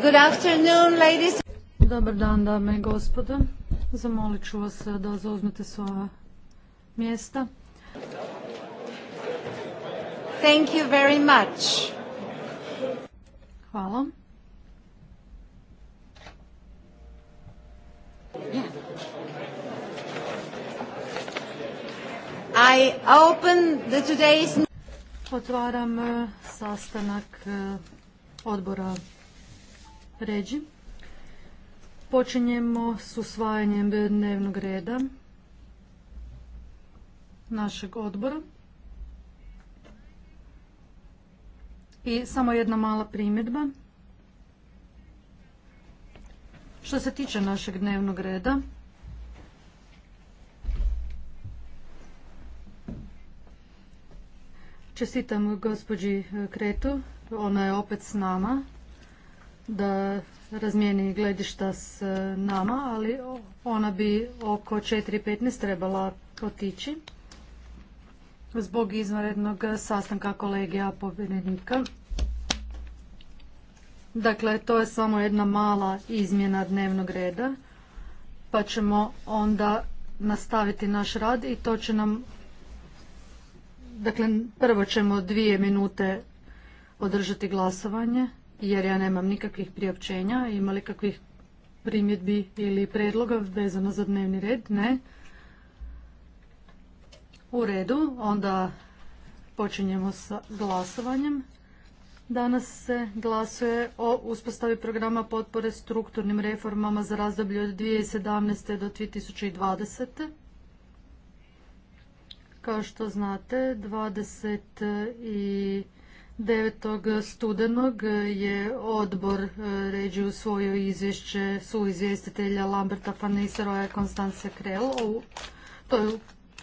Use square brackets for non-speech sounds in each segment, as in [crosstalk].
Good afternoon, ladies. Dobar dan, dame i gospodo. Zamolit ću vas da zauzmete svoja mjesta. Thank you very much. Hvala. I open the today's Otvaram e, sastanak e, odbora Ređi. Počinjemo s usvajanjem dnevnog reda našeg odbora. I samo jedna mala primjedba. Što se tiče našeg dnevnog reda, Čestitam gospođi eh, Kretu, ona je opet s nama da razmijeni gledišta s eh, nama, ali ona bi oko 4.15 trebala otići zbog izvanrednog sastanka kolegija povjerenika. Dakle, to je samo jedna mala izmjena dnevnog reda, pa ćemo onda nastaviti naš rad i to će nam Dakle, prvo ćemo dvije minute održati glasovanje, jer ja nemam nikakvih priopćenja. Ima li kakvih primjedbi ili predloga vezano za dnevni red? Ne. U redu, onda počinjemo sa glasovanjem. Danas se glasuje o uspostavi programa potpore strukturnim reformama za razdoblje od 2017. do 2020. Kao što znate, 29. studenog je odbor e, ređi svoju izvješće su izvjestitelja Lamberta Fanisaroja i Konstance Krell u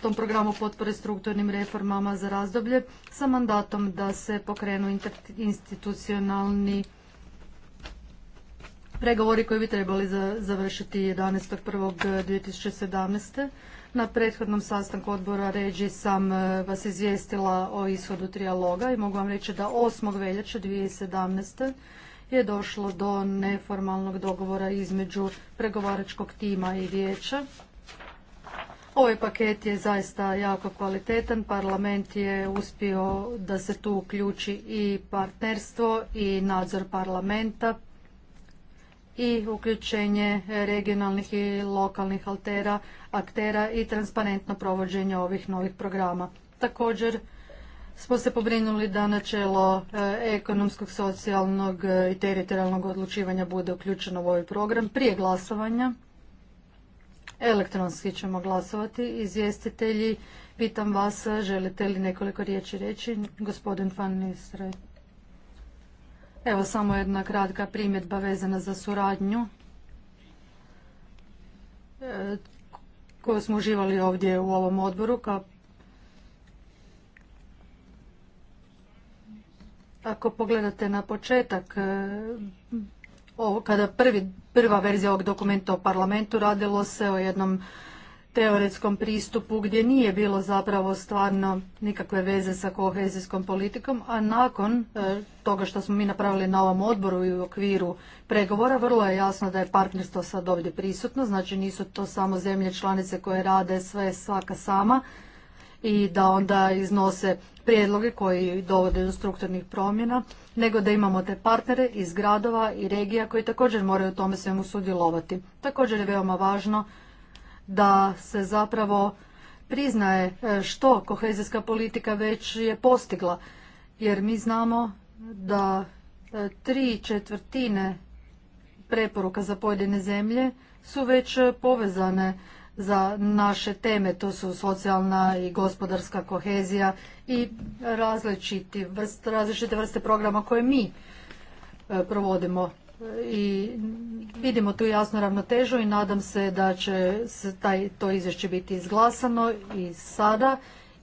tom programu potpore strukturnim reformama za razdoblje sa mandatom da se pokrenu institucionalni pregovori koji bi trebali završiti 11.1.2017. Na prethodnom sastanku odbora Ređi sam e, vas izvijestila o ishodu trijaloga i mogu vam reći da 8. veljače 2017 je došlo do neformalnog dogovora između pregovaračkog tima i vijeća. Ovaj paket je zaista jako kvalitetan. Parlament je uspio da se tu uključi i partnerstvo i nadzor parlamenta i uključenje regionalnih i lokalnih altera, aktera i transparentno provođenje ovih novih programa. Također smo se pobrinuli da načelo e, ekonomskog, socijalnog e, i teritorijalnog odlučivanja bude uključeno u ovaj program prije glasovanja. Elektronski ćemo glasovati. Izvjestitelji, pitam vas, želite li nekoliko riječi reći? Gospodin van Evo samo jedna kratka primjedba vezana za suradnju e, koju smo uživali ovdje u ovom odboru ako pogledate na početak e, kada prva verzija ovog dokumenta o parlamentu radilo se o jednom teoretskom pristupu gdje nije bilo zapravo stvarno nikakve veze sa kohezijskom politikom, a nakon e, toga što smo mi napravili na ovom odboru i u okviru pregovora, vrlo je jasno da je partnerstvo sad ovdje prisutno, znači nisu to samo zemlje članice koje rade sve svaka sama i da onda iznose prijedloge koji dovode do strukturnih promjena, nego da imamo te partnere iz gradova i regija koji također moraju u tome svemu sudjelovati. Također je veoma važno da se zapravo priznaje e, što kohezijska politika već je postigla. Jer mi znamo da e, tri četvrtine preporuka za pojedine zemlje su već povezane za naše teme, to su socijalna i gospodarska kohezija i različite vrste, programa koje mi e, provodimo i vidimo tu jasnu ravnotežu i nadam se da će taj, to izvješće biti izglasano i sada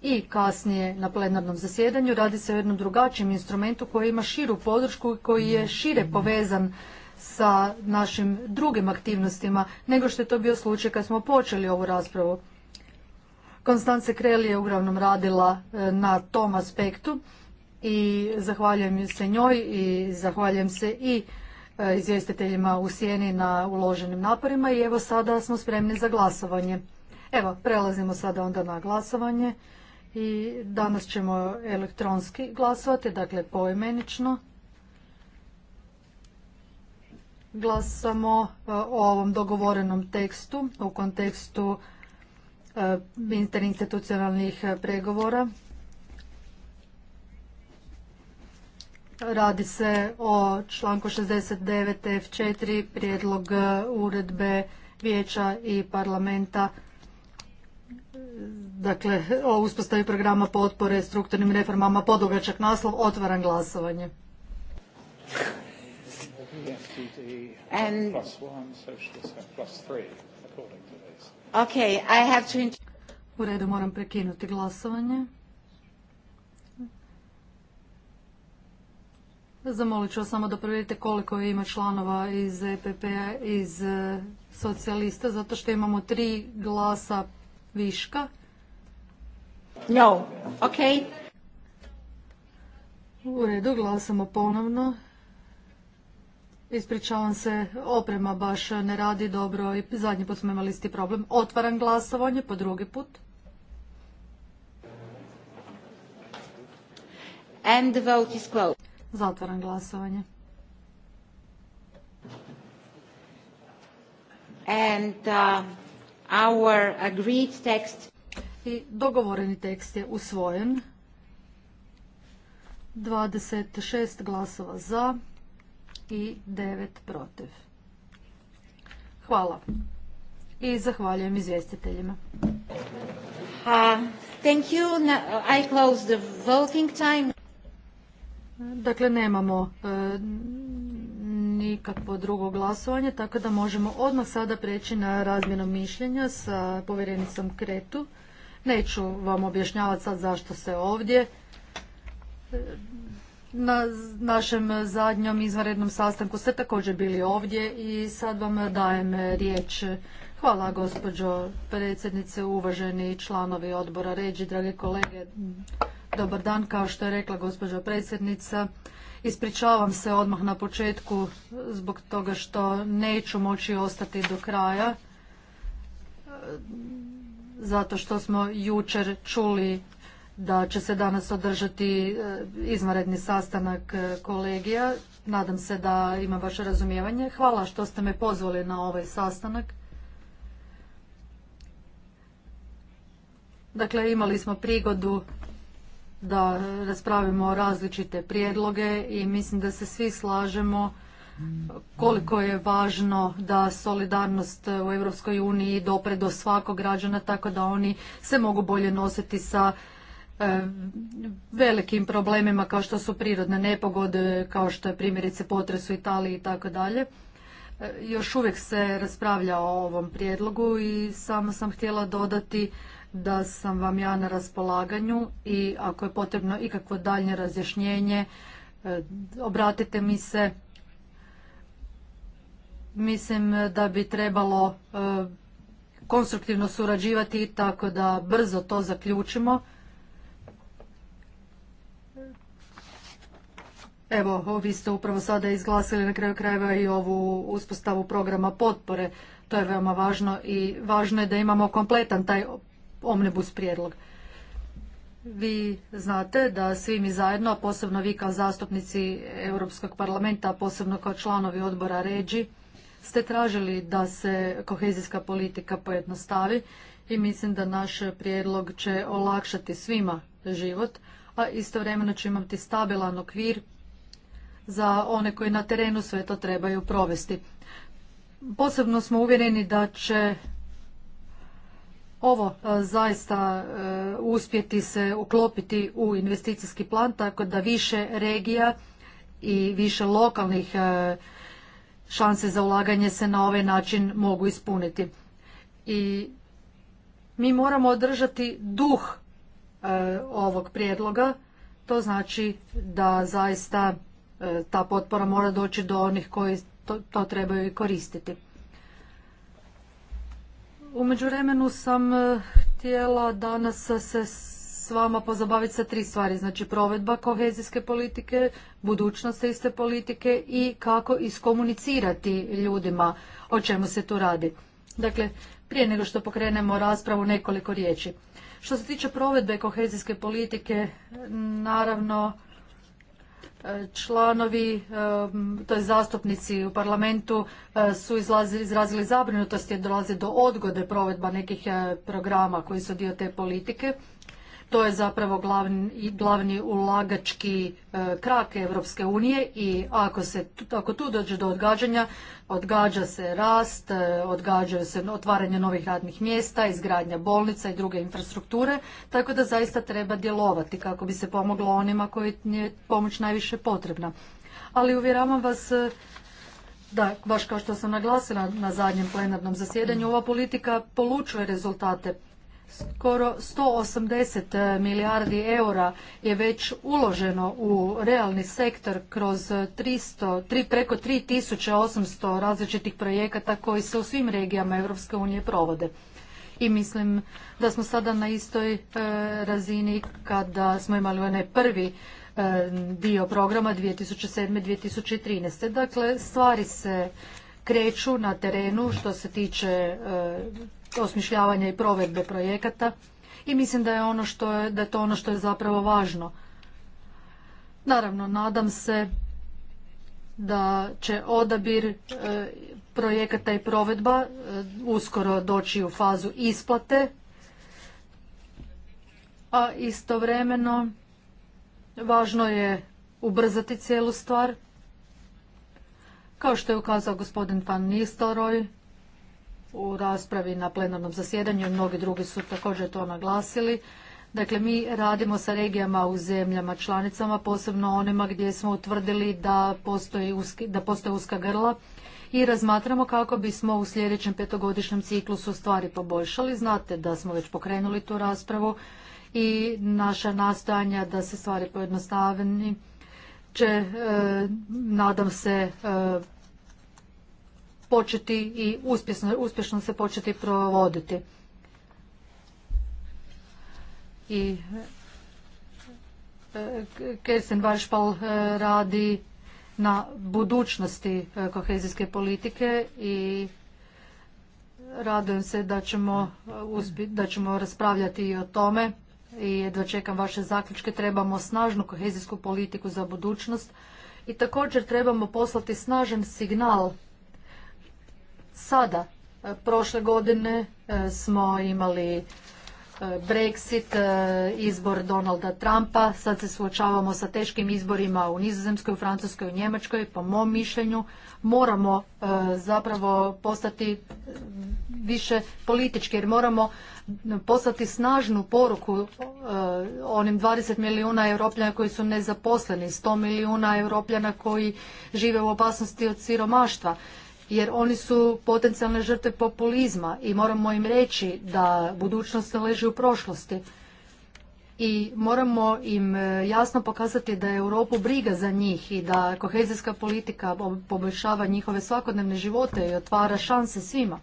i kasnije na plenarnom zasjedanju. Radi se o jednom drugačijem instrumentu koji ima širu podršku i koji je šire povezan sa našim drugim aktivnostima nego što je to bio slučaj kad smo počeli ovu raspravu. Konstance Kreli je uglavnom radila e, na tom aspektu i zahvaljujem se njoj i zahvaljujem se i E, izvjestiteljima u sjeni na uloženim naporima i evo sada smo spremni za glasovanje. Evo, prelazimo sada onda na glasovanje i danas ćemo elektronski glasovati, dakle poimenično. Glasamo e, o ovom dogovorenom tekstu u kontekstu e, interinstitucionalnih pregovora Radi se o članku 69 F4 prijedlog e, uredbe vijeća i parlamenta dakle o uspostavi programa potpore strukturnim reformama podugačak naslov otvaram glasovanje. U redu moram prekinuti glasovanje. Zamolit ću samo da provjerite koliko ima članova iz EPP-a, iz e, socijalista, zato što imamo tri glasa viška. No, ok. U redu, glasamo ponovno. Ispričavam se, oprema baš ne radi dobro i zadnji put smo imali isti problem. Otvaram glasovanje po drugi put. And the vote is closed. Zatvaram glasovanje. And uh, our agreed text i dogovoreni tekst je usvojen. 26 glasova za i 9 protiv. Hvala. I zahvaljujem izvjestiteljima. Uh, thank you. I close the voting time. Dakle, nemamo e, nikakvo drugo glasovanje, tako da možemo odmah sada preći na razmjenu mišljenja sa povjerenicom Kretu. Neću vam objašnjavati sad zašto se ovdje. E, na našem zadnjom izvanrednom sastanku ste također bili ovdje i sad vam dajem riječ. Hvala gospođo predsjednice, uvaženi članovi odbora Ređi, drage kolege. Dobar dan, kao što je rekla gospođa predsjednica. Ispričavam se odmah na početku zbog toga što neću moći ostati do kraja, e, zato što smo jučer čuli da će se danas održati e, izvanredni sastanak e, kolegija. Nadam se da ima vaše razumijevanje. Hvala što ste me pozvali na ovaj sastanak. Dakle, imali smo prigodu da raspravimo različite prijedloge i mislim da se svi slažemo koliko je važno da solidarnost u Europskoj uniji dopre do svakog građana tako da oni se mogu bolje nositi sa velikim problemima kao što su prirodne nepogode, kao što je primjerice potres u Italiji i tako dalje. Još uvijek se raspravlja o ovom prijedlogu i samo sam htjela dodati da sam vam ja na raspolaganju i ako je potrebno ikakvo daljnje razjašnjenje, e, obratite mi se. Mislim da bi trebalo e, konstruktivno surađivati tako da brzo to zaključimo. Evo, vi ste upravo sada izglasili na kraju krajeva i ovu uspostavu programa potpore. To je veoma važno i važno je da imamo kompletan taj omnibus prijedlog. Vi znate da svi mi zajedno, a posebno vi kao zastupnici Europskog parlamenta, a posebno kao članovi odbora Ređi, ste tražili da se kohezijska politika pojednostavi i mislim da naš prijedlog će olakšati svima život, a istovremeno će imati stabilan okvir za one koji na terenu sve to trebaju provesti. Posebno smo uvjereni da će ovo e, zaista e, uspjeti se uklopiti u investicijski plan tako da više regija i više lokalnih e, šanse za ulaganje se na ovaj način mogu ispuniti. I mi moramo održati duh ovog prijedloga, to znači da zaista ta potpora mora doći do onih koji to, trebaju i koristiti. U međuvremenu sam e, htjela danas se s vama pozabaviti sa tri stvari, znači provedba kohezijske politike, budućnost iste politike i kako iskomunicirati ljudima o čemu se tu radi. Dakle, prije nego što pokrenemo raspravu nekoliko riječi. Što se tiče provedbe kohezijske politike, naravno E, članovi, e, to je zastupnici u parlamentu, e, su izrazili zabrinutost jer dolazi do odgode provedba nekih programa koji su dio te politike. To je zapravo glavni, glavni ulagački e, krak Europske unije i ako, se, ako tu dođe do odgađanja, odgađa se rast, e, odgađaju se otvaranje novih radnih mjesta, izgradnja bolnica i druge infrastrukture, tako da zaista treba djelovati kako bi se pomoglo onima koji je pomoć najviše potrebna. Ali uvjeravam vas e, da, baš kao što sam naglasila na zadnjem plenarnom zasjedanju, ova politika polučuje rezultate skoro 180 eh, milijardi eura je već uloženo u realni sektor kroz preko tri, preko 3800 različitih projekata koji se u svim regijama Europske unije provode. I mislim da smo sada na istoj eh, razini kada smo imali onaj prvi eh, dio programa 2007-2013. Dakle, stvari se kreću na terenu što se tiče osmišljavanja i provedbe projekata i mislim da je ono što je, da je to ono što je zapravo važno. Naravno, nadam se da će odabir e, projekata i provedba e, uskoro doći u fazu isplate, a istovremeno važno je ubrzati cijelu stvar. Kao što je ukazao gospodin Pan Nistoroj, u raspravi na plenarnom zasjedanju i mnogi drugi su također to naglasili. Dakle, mi radimo sa regijama u zemljama članicama, posebno onima gdje smo utvrdili da postoje da postoje uska grla i razmatramo kako bismo u sljedećem petogodišnjem ciklusu stvari poboljšali. Znate da smo već pokrenuli tu raspravu i naša nastojanja da se stvari pojednostavni će, e, nadam se, e, početi i uspješno, uspješno se početi provoditi. I e, Kersen Varšpal e, radi na budućnosti e, kohezijske politike i radujem se da ćemo, da ćemo raspravljati i o tome i jedva čekam vaše zaključke. Trebamo snažnu kohezijsku politiku za budućnost i također trebamo poslati snažan signal sada. E, prošle godine e, smo imali e, Brexit, izbor Donalda Trumpa, sad se suočavamo sa teškim izborima u Nizozemskoj, u Francuskoj, u Njemačkoj, po mom mišljenju moramo zapravo postati više politički jer moramo poslati snažnu poruku onim 20 milijuna europljana koji su nezaposleni, 100 milijuna europljana koji žive u opasnosti od siromaštva jer oni su potencijalne žrtve populizma i moramo im reći da budućnost ne leži u prošlosti. I moramo im e, jasno pokazati da je Europu briga za njih i da kohezijska politika poboljšava njihove svakodnevne živote i otvara šanse svima.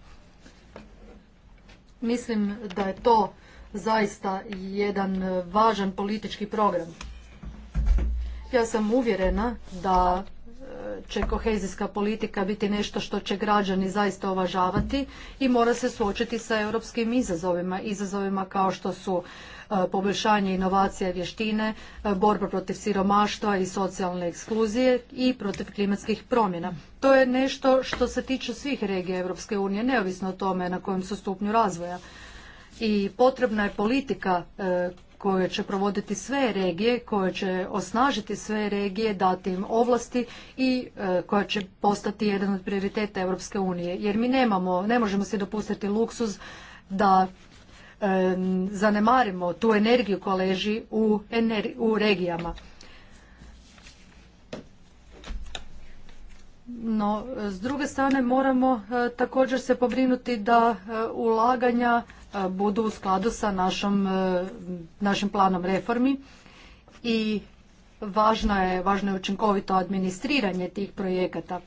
Mislim da je to zaista jedan e, važan politički program. Ja sam uvjerena da će kohezijska politika biti nešto što će građani zaista uvažavati i mora se suočiti sa europskim izazovima, izazovima kao što su e, poboljšanje inovacija i vještine, e, borba protiv siromaštva i socijalne ekskluzije i protiv klimatskih promjena. To je nešto što se tiče svih regija Europske unije, neovisno o tome na kojem su stupnju razvoja. I potrebna je politika e, koje će provoditi sve regije, koje će osnažiti sve regije, dati im ovlasti i e, koja će postati jedan od prioriteta Europske unije. Jer mi nemamo, ne možemo se dopustiti luksuz da e, zanemarimo tu energiju koja leži u regijama. No, s druge strane moramo e, također se pobrinuti da e, ulaganja e, budu u skladu sa našim planom reformi i važno je, važno je učinkovito administriranje tih projekata.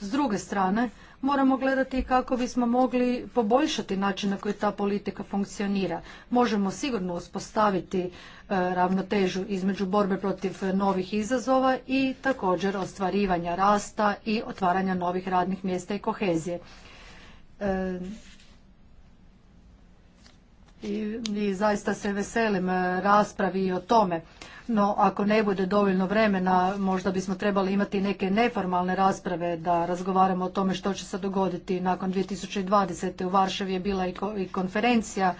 S druge strane, moramo gledati kako bismo mogli poboljšati način na koji ta politika funkcionira. Možemo sigurno uspostaviti e, ravnotežu između borbe protiv novih izazova i također ostvarivanja rasta i otvaranja novih radnih mjesta i kohezije. E, i, zaista se veselim e, raspravi i o tome. No, ako ne bude dovoljno vremena, možda bismo trebali imati neke neformalne rasprave da razgovaramo o tome što će se dogoditi nakon 2020. U Varšavi je bila i konferencija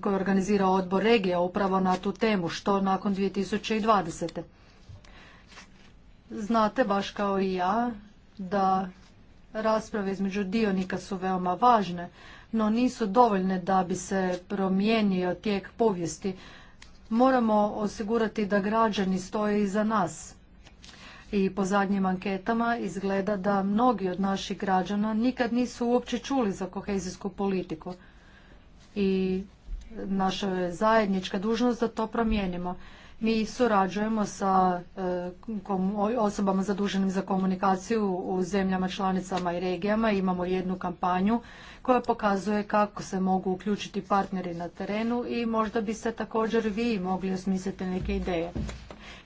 koju je organizirao odbor regija upravo na tu temu, što nakon 2020. Znate, baš kao i ja, da rasprave između dionika su veoma važne no nisu dovoljne da bi se promijenio tijek povijesti. Moramo osigurati da građani stoje iza nas. I po zadnjim anketama izgleda da mnogi od naših građana nikad nisu uopće čuli za kohezijsku politiku. I naša je zajednička dužnost da to promijenimo. Mi surađujemo sa e, osobama zaduženim za komunikaciju u zemljama, članicama i regijama. Imamo jednu kampanju koja pokazuje kako se mogu uključiti partneri na terenu i možda bi se također vi mogli osmisliti neke ideje.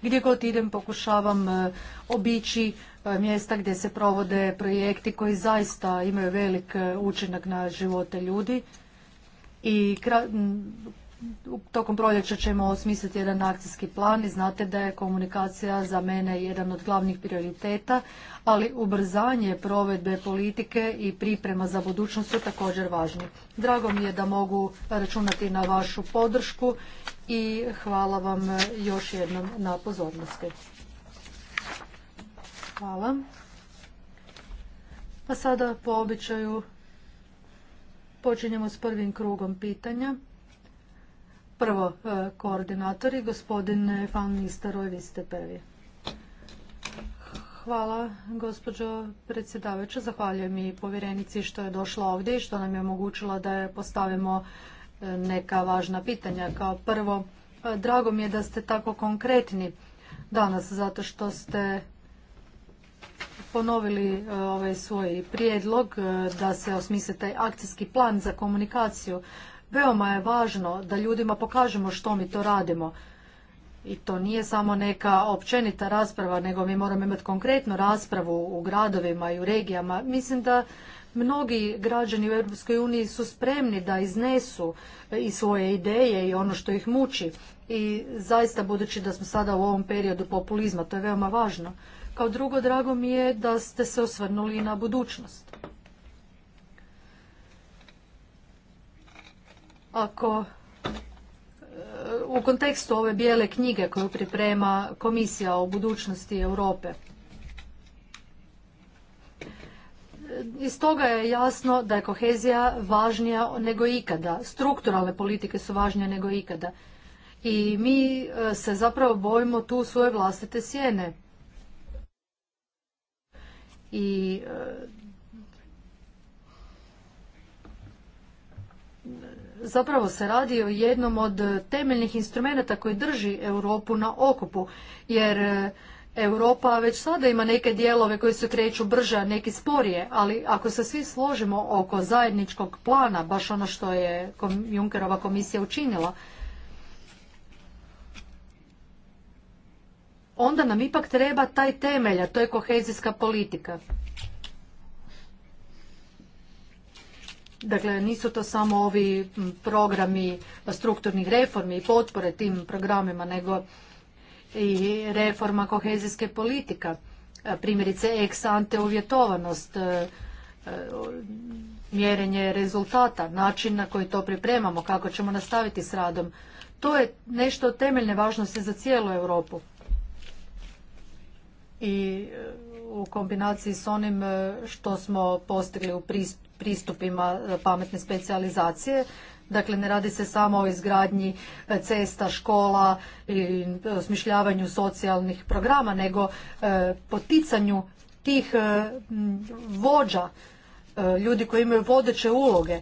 Gdje god idem pokušavam e, obići e, mjesta gdje se provode projekti koji zaista imaju velik e, učinak na živote ljudi i Tokom proljeća ćemo osmisliti jedan akcijski plan i znate da je komunikacija za mene jedan od glavnih prioriteta, ali ubrzanje provedbe politike i priprema za budućnost su također važni. Drago mi je da mogu računati na vašu podršku i hvala vam još jednom na pozornosti. Hvala. Pa sada po običaju počinjemo s prvim krugom pitanja. Prvo, e, koordinatori, gospodin Van Nistaroj, vi ste prvi. Hvala, gospođo predsjedavajuća. Zahvaljujem i povjerenici što je došla ovdje i što nam je omogućila da je postavimo e, neka važna pitanja. Kao prvo, e, drago mi je da ste tako konkretni danas, zato što ste ponovili ovaj svoj prijedlog da se osmisli taj akcijski plan za komunikaciju. Veoma je važno da ljudima pokažemo što mi to radimo. I to nije samo neka općenita rasprava, nego mi moramo imati konkretnu raspravu u gradovima i u regijama. Mislim da mnogi građani u EU su spremni da iznesu i svoje ideje i ono što ih muči. I zaista budući da smo sada u ovom periodu populizma, to je veoma važno. Kao drugo, drago mi je da ste se osvrnuli na budućnost. ako e, u kontekstu ove bijele knjige koju priprema komisija o budućnosti Europe. Iz toga je jasno da je kohezija važnija nego ikada. Strukturalne politike su važnije nego ikada. I mi e, se zapravo bojimo tu svoje vlastite sjene. I e, zapravo se radi o jednom od temeljnih instrumenata koji drži Europu na okupu, jer eh, Europa već sada ima neke dijelove koji se kreću brže, a neki sporije, ali ako se svi složimo oko zajedničkog plana, baš ono što je Junckerova komisija učinila, onda nam ipak treba taj temelj, a to je kohezijska politika. Dakle, nisu to samo ovi programi strukturnih reformi i potpore tim programima, nego i reforma kohezijske politika. E, primjerice, ex ante uvjetovanost, e, e, mjerenje rezultata, način na koji to pripremamo, kako ćemo nastaviti s radom. To je nešto od temeljne važnosti za cijelu Europu. I u kombinaciji s onim što smo postigli u pristupu pristupima e, pametne specijalizacije. Dakle, ne radi se samo o izgradnji e, cesta, škola i e, osmišljavanju socijalnih programa, nego poticanju tih vođa, ljudi koji imaju vodeće uloge,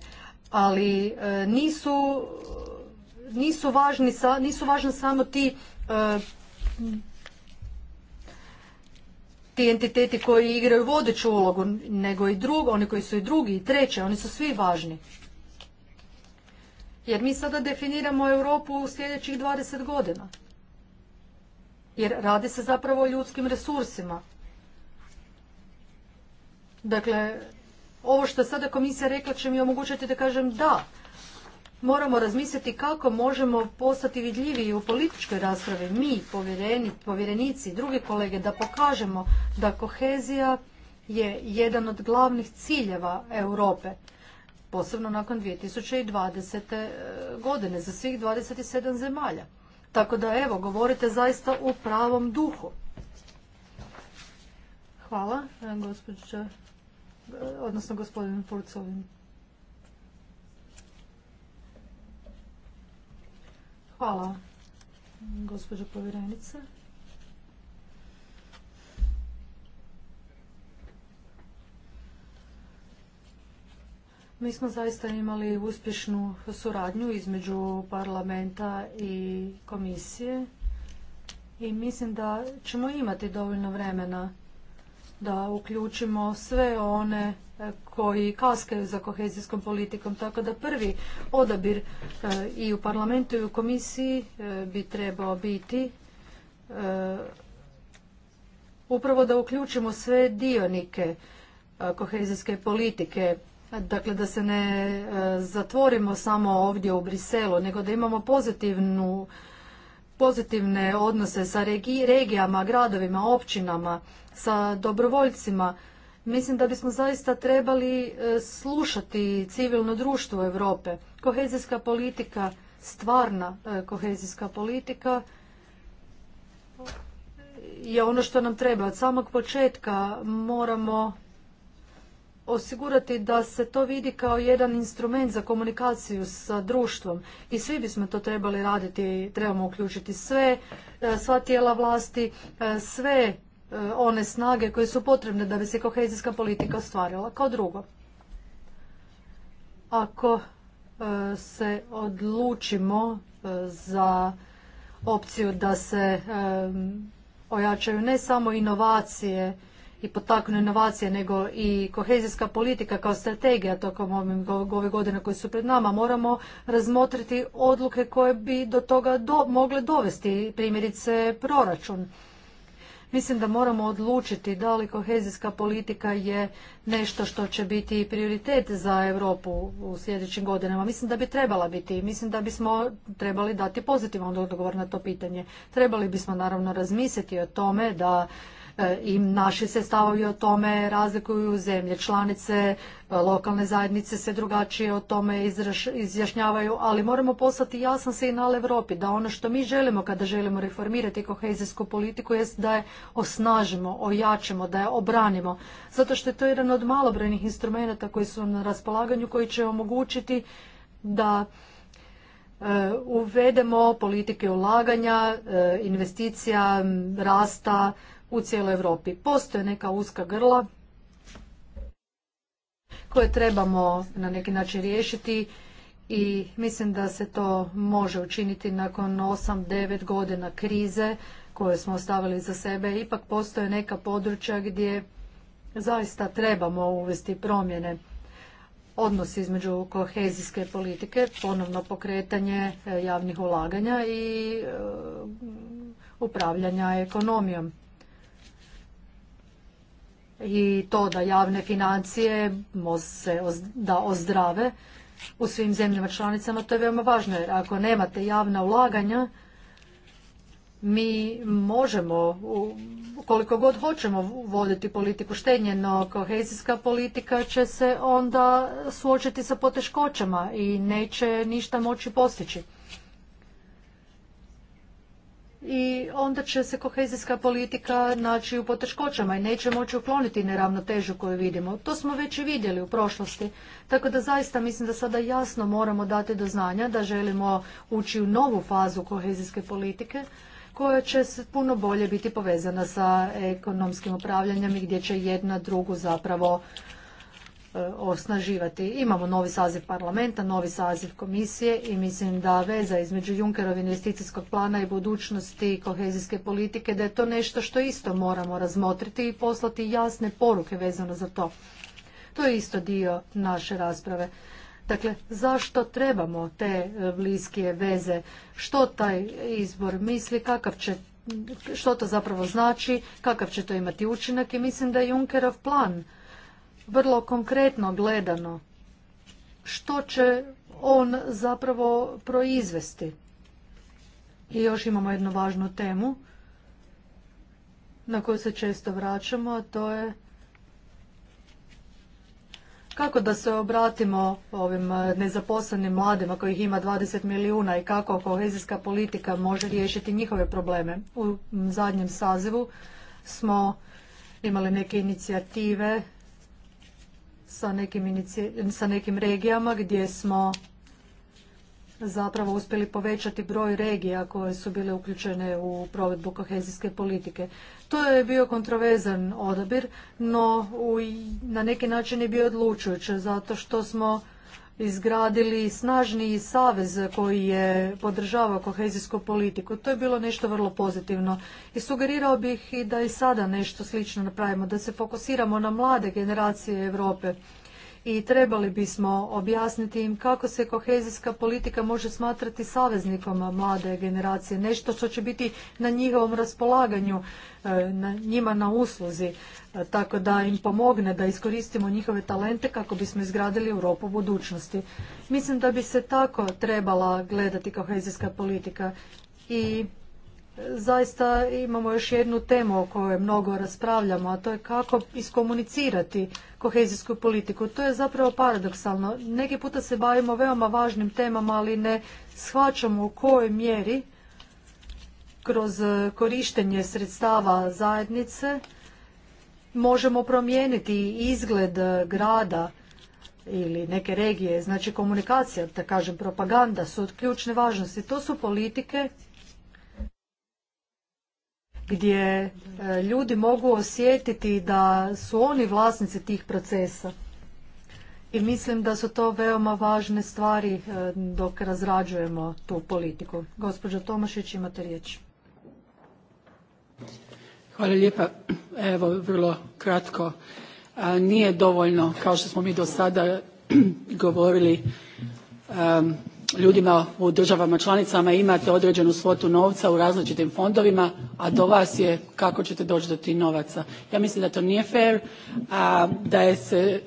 ali nisu, nisu, važni, nisu važni samo ti ti entiteti koji igraju vodeću ulogu, nego i drugi, oni koji su i drugi i treći, oni su svi važni. Jer mi sada definiramo Europu u sljedećih 20 godina. Jer radi se zapravo o ljudskim resursima. Dakle, ovo što je sada komisija rekla će mi omogućiti da kažem da, moramo razmisliti kako možemo postati vidljiviji u političkoj raspravi, mi, povjerenici povjerenici, drugi kolege, da pokažemo da kohezija je jedan od glavnih ciljeva Europe, posebno nakon 2020. E, godine za svih 27 zemalja. Tako da evo, govorite zaista u pravom duhu. Hvala, e, gospođa, e, odnosno gospodin Purcovin. Hvala, gospođa povjerenice. Mi smo zaista imali uspješnu suradnju između parlamenta i komisije i mislim da ćemo imati dovoljno vremena da uključimo sve one koji kaskaju za kohezijskom politikom. Tako da prvi odabir eh, i u parlamentu i u komisiji eh, bi trebao biti eh, upravo da uključimo sve dionike kohezijske politike. Dakle, da se ne zatvorimo samo ovdje u Briselu, nego da imamo pozitivnu pozitivne odnose sa regijama, gradovima, općinama, sa dobrovoljcima, Mislim da bismo zaista trebali e, slušati civilno društvo Europe. Kohezijska politika, stvarna e, kohezijska politika je ono što nam treba. Od samog početka moramo osigurati da se to vidi kao jedan instrument za komunikaciju sa društvom i svi bismo to trebali raditi, trebamo uključiti sve, e, sva tijela vlasti, sve E, one snage koje su potrebne da bi se kohezijska politika ostvarila. Kao drugo, ako e, se odlučimo e, za opciju da se ojačaju ne samo inovacije i potaknu inovacije, nego i kohezijska politika kao strategija tokom ove godine koje su pred nama, moramo razmotriti odluke koje bi do toga mogle dovesti, primjerice proračun. Mislim da moramo odlučiti da li kohezijska politika je nešto što će biti prioritet za Europu u sljedećim godinama. Mislim da bi trebala biti i mislim da bismo trebali dati pozitivan odgovor na to pitanje. Trebali bismo naravno razmisliti o tome da i naši se stavovi o tome razlikuju zemlje članice, lokalne zajednice se drugačije o tome izjašnjavaju, ali moramo poslati jasan signal Europi da ono što mi želimo kada želimo reformirati kohezijsku politiku jest da je osnažimo, ojačamo da je obranimo. Zato što je to jedan od malobrojnih instrumenta koji su na raspolaganju koji će omogućiti da e, uvedemo politike ulaganja, e, investicija, rasta, u cijeloj Europi. Postoje neka uska grla koje trebamo na neki način riješiti i mislim da se to može učiniti nakon 8-9 godina krize koje smo ostavili za sebe. Ipak postoje neka područja gdje zaista trebamo uvesti promjene. Odnos između kohezijske politike, ponovno pokretanje e, javnih ulaganja i e, upravljanja ekonomijom i to da javne financije se da ozdrave u svim zemljama članicama, to je veoma važno jer ako nemate javna ulaganja, mi možemo koliko god hoćemo voditi politiku štednje, no kohezijska politika će se onda suočiti sa poteškoćama i neće ništa moći postići i onda će se kohezijska politika naći u poteškoćama i neće moći ukloniti neravnotežu koju vidimo. To smo već i vidjeli u prošlosti. Tako da zaista mislim da sada jasno moramo dati do znanja da želimo ući u novu fazu kohezijske politike koja će se puno bolje biti povezana sa ekonomskim upravljanjem i gdje će jedna drugu zapravo E, osnaživati. Imamo novi saziv parlamenta, novi saziv komisije i mislim da veza između Junkerov investicijskog plana i budućnosti kohezijske politike da je to nešto što isto moramo razmotriti i poslati jasne poruke vezano za to. To je isto dio naše rasprave. Dakle, zašto trebamo te e, bliske veze? Što taj izbor misli? Kakav će što to zapravo znači, kakav će to imati učinak i mislim da je Junkerov plan vrlo konkretno gledano što će on zapravo proizvesti. I još imamo jednu važnu temu na koju se često vraćamo, a to je kako da se obratimo ovim nezaposlenim mladima kojih ima 20 milijuna i kako kohezijska politika može riješiti njihove probleme. U zadnjem sazivu smo imali neke inicijative sa nekim, regijama gdje smo zapravo uspjeli povećati broj regija koje su bile uključene u provedbu kohezijske politike. To je bio kontrovezan odabir, no na neki način je bio odlučujući zato što smo izgradili snažniji savez koji je podržavao kohezijsku politiku. To je bilo nešto vrlo pozitivno. I sugerirao bih i da i sada nešto slično napravimo, da se fokusiramo na mlade generacije Europe i trebali bismo objasniti im kako se kohezijska politika može smatrati saveznikom mlade generacije, nešto što će biti na njihovom raspolaganju, e, na njima na usluzi, e, tako da im pomogne da iskoristimo njihove talente kako bismo izgradili Europu budućnosti. Mislim da bi se tako trebala gledati kohezijska politika i zaista imamo još jednu temu o kojoj mnogo raspravljamo, a to je kako iskomunicirati kohezijsku politiku. To je zapravo paradoksalno. Neki puta se bavimo veoma važnim temama, ali ne shvaćamo u kojoj mjeri kroz korištenje sredstava zajednice možemo promijeniti izgled grada ili neke regije, znači komunikacija, da kažem propaganda su od ključne važnosti. To su politike gdje e, ljudi mogu osjetiti da su oni vlasnici tih procesa. I mislim da su to veoma važne stvari e, dok razrađujemo tu politiku. Gospođo Tomašić, imate riječ. Hvala lijepa. Evo, vrlo kratko. E, nije dovoljno, kao što smo mi do sada [clears throat] govorili, ljudima u državama članicama imate određenu svotu novca u različitim fondovima a do vas je kako ćete doći do tih novaca. ja mislim da to nije fer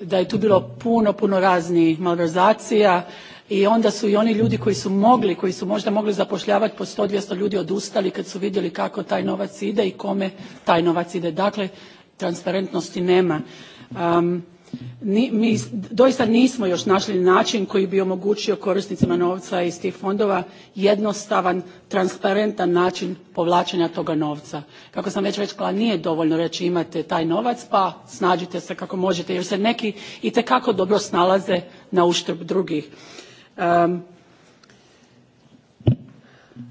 da je, tu bilo puno puno raznih malverzacija i onda su i oni ljudi koji su mogli koji su možda mogli zapošljavati po sto dvjesto ljudi odustali kad su vidjeli kako taj novac ide i kome taj novac ide. dakle transparentnosti nema mi doista nismo još našli način koji bi omogućio korisnicima novca iz tih fondova jednostavan, transparentan način povlačenja toga novca. Kako sam već rekla, nije dovoljno reći imate taj novac pa snađite se kako možete jer se neki itekako dobro snalaze na uštrb drugih.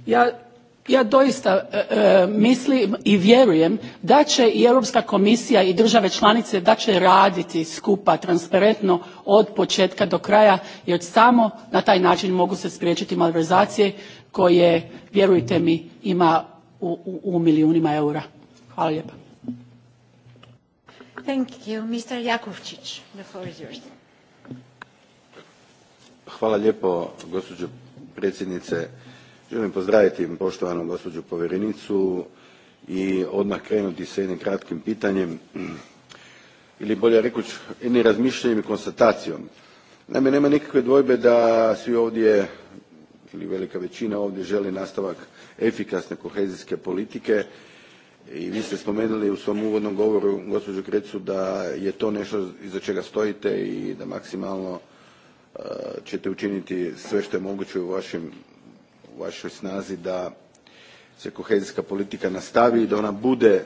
ja ja doista e, e, mislim i vjerujem da će i europska komisija i države članice da će raditi skupa transparentno od početka do kraja jer samo na taj način mogu se spriječiti malverzacije koje vjerujte mi ima u, milijunima eura. Hvala lijepa. predsjednice želim pozdraviti poštovanu gospođu povjerenicu i odmah krenuti sa jednim kratkim pitanjem ili bolje rekući, jednim razmišljanjem i konstatacijom. naime nema nikakve dvojbe da svi ovdje ili velika većina ovdje želi nastavak efikasne kohezijske politike i vi ste spomenuli u svom uvodnom govoru gospođu Krecu da je to nešto iza čega stojite i da maksimalno e, ćete učiniti sve što je moguće u vašim vašoj snazi da se kohezijska politika nastavi i da ona bude e,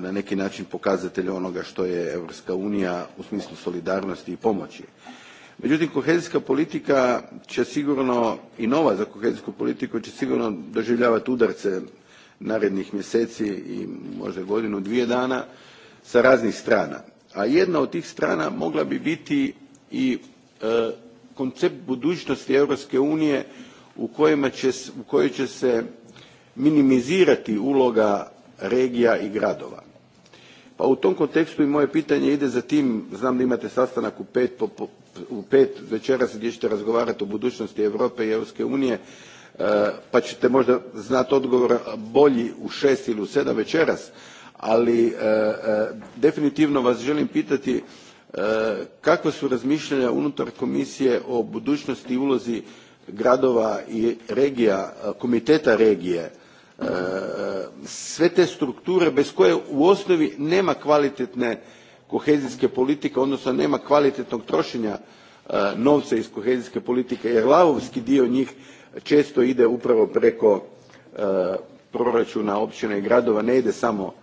na neki način pokazatelj onoga što je europska unija u smislu solidarnosti i pomoći. međutim kohezijska politika će sigurno i nova za kohezijsku politiku će sigurno doživljavati udarce narednih mjeseci i možda godinu dvije dana sa raznih strana a jedna od tih strana mogla bi biti i e, koncept budućnosti europske unije u kojoj će se minimizirati uloga regija i gradova. Pa u tom kontekstu i moje pitanje ide za tim, znam da imate sastanak u pet, u pet večeras gdje ćete razgovarati o budućnosti Europe i Europske unije, eh, pa ćete možda znati odgovor bolji u šest ili u sedam večeras, ali eh, eh, definitivno vas želim pitati kakva su razmišljanja unutar komisije o budućnosti i ulozi gradova i regija komiteta regije e, sve te strukture bez koje u osnovi nema kvalitetne kohezijske politike odnosno nema kvalitetnog trošenja e, novca iz kohezijske politike jer lavovski dio njih često ide upravo preko e, proračuna općina i gradova ne ide samo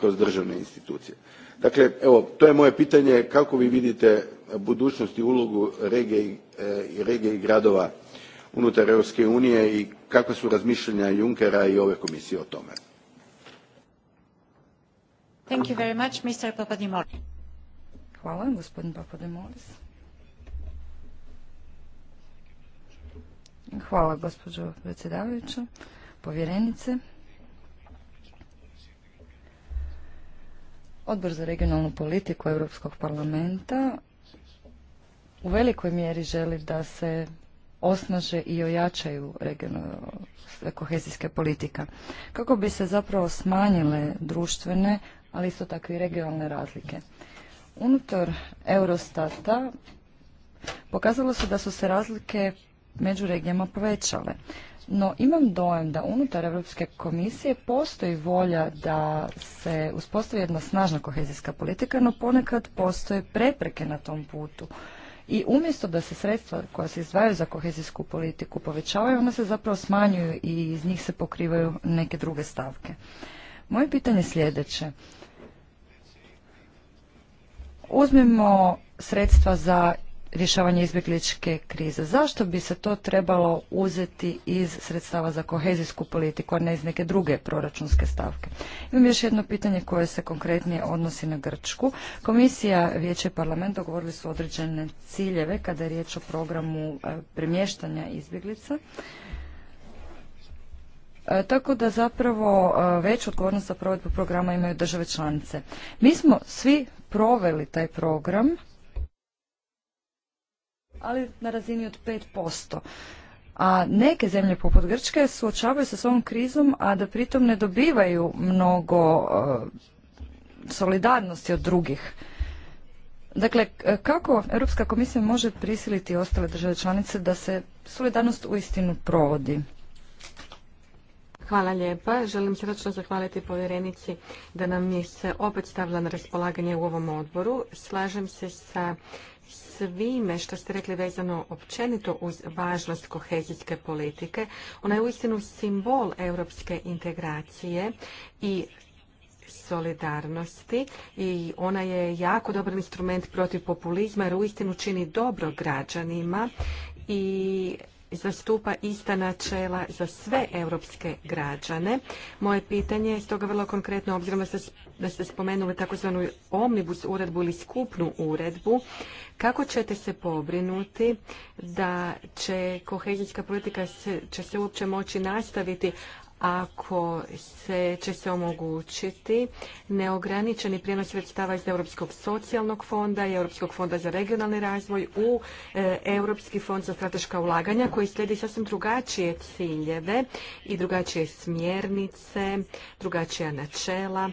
kroz državne institucije. Dakle, evo, to je moje pitanje kako vi vidite budućnost i ulogu regije i, regije i gradova unutar Europske unije i kakva su razmišljanja Junckera i ove komisije o tome? Thank you very much, Mr. Hvala, gospodin Hvala, gospođo predsjedavajuća, povjerenice. Odbor za regionalnu politiku Europskog parlamenta u velikoj mjeri želi da se osnaže i ojačaju e, kohezijske politika. Kako bi se zapravo smanjile društvene, ali isto tako i regionalne razlike. Unutar Eurostata pokazalo se da su se razlike među regijama povećale. No imam dojam da unutar Europske komisije postoji volja da se uspostavi jedna snažna kohezijska politika, no ponekad postoje prepreke na tom putu. I umjesto da se sredstva koja se izdvajaju za kohezijsku politiku povećavaju, ona se zapravo smanjuju i iz njih se pokrivaju neke druge stavke. Moje pitanje je sljedeće. Uzmimo sredstva za rješavanje izbjegličke krize. Zašto bi se to trebalo uzeti iz sredstava za kohezijsku politiku, a ne iz neke druge proračunske stavke? Imam još jedno pitanje koje se konkretnije odnosi na Grčku. Komisija, Vijeće i parlament dogovorili su određene ciljeve kada je riječ o programu e, premještanja izbjeglica. E, tako da zapravo e, veću odgovornost za provedbu programa imaju države članice. Mi smo svi proveli taj program ali na razini od 5%. A neke zemlje poput Grčke suočavaju se s ovom krizom, a da pritom ne dobivaju mnogo e, solidarnosti od drugih. Dakle, e, kako Europska komisija može prisiliti ostale države članice da se solidarnost uistinu provodi? Hvala lijepa. Želim srdačno zahvaliti povjerenici da nam je se opet stavila na raspolaganje u ovom odboru. Slažem se sa svime što ste rekli vezano općenito uz važnost kohezijske politike. Ona je uistinu simbol europske integracije i solidarnosti i ona je jako dobar instrument protiv populizma jer uistinu čini dobro građanima i zastupa ista načela za sve europske građane. Moje pitanje je stoga vrlo konkretno, obzirom da ste, da ste spomenuli takozvanu omnibus uredbu ili skupnu uredbu, kako ćete se pobrinuti da će kohezijska politika će se uopće moći nastaviti ako se, će se omogućiti neograničeni prijenos sredstava iz Europskog socijalnog fonda i Europskog fonda za regionalni razvoj u e, Europski fond za strateška ulaganja koji slijedi sasvim drugačije ciljeve i drugačije smjernice, drugačija načela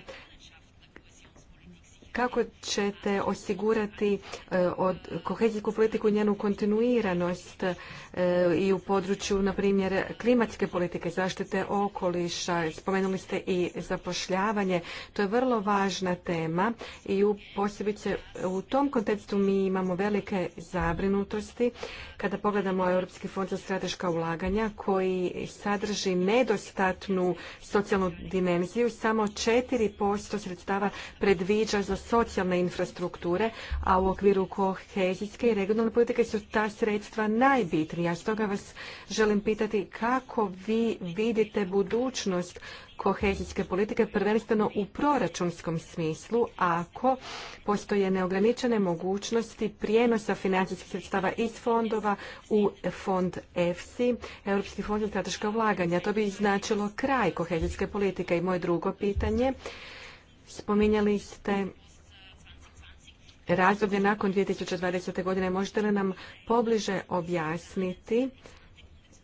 kako ćete osigurati e, od kohezijsku politiku njenu kontinuiranost e, i u području, na primjer, klimatske politike, zaštite okoliša, spomenuli ste i zapošljavanje. To je vrlo važna tema i u posebice u tom kontekstu mi imamo velike zabrinutosti kada pogledamo Europski fond za strateška ulaganja koji sadrži nedostatnu socijalnu dimenziju, samo 4% sredstava predviđa za socijalne infrastrukture, a u okviru kohezijske i regionalne politike su ta sredstva najbitnija. Stoga vas želim pitati kako vi vidite budućnost kohezijske politike, prvenstveno u proračunskom smislu, ako postoje neograničene mogućnosti prijenosa financijskih sredstava iz fondova u fond EFSI, Europski fond za strateška ulaganja. To bi značilo kraj kohezijske politike. I moje drugo pitanje, spominjali ste razdoblje nakon 2020. godine. Možete li nam pobliže objasniti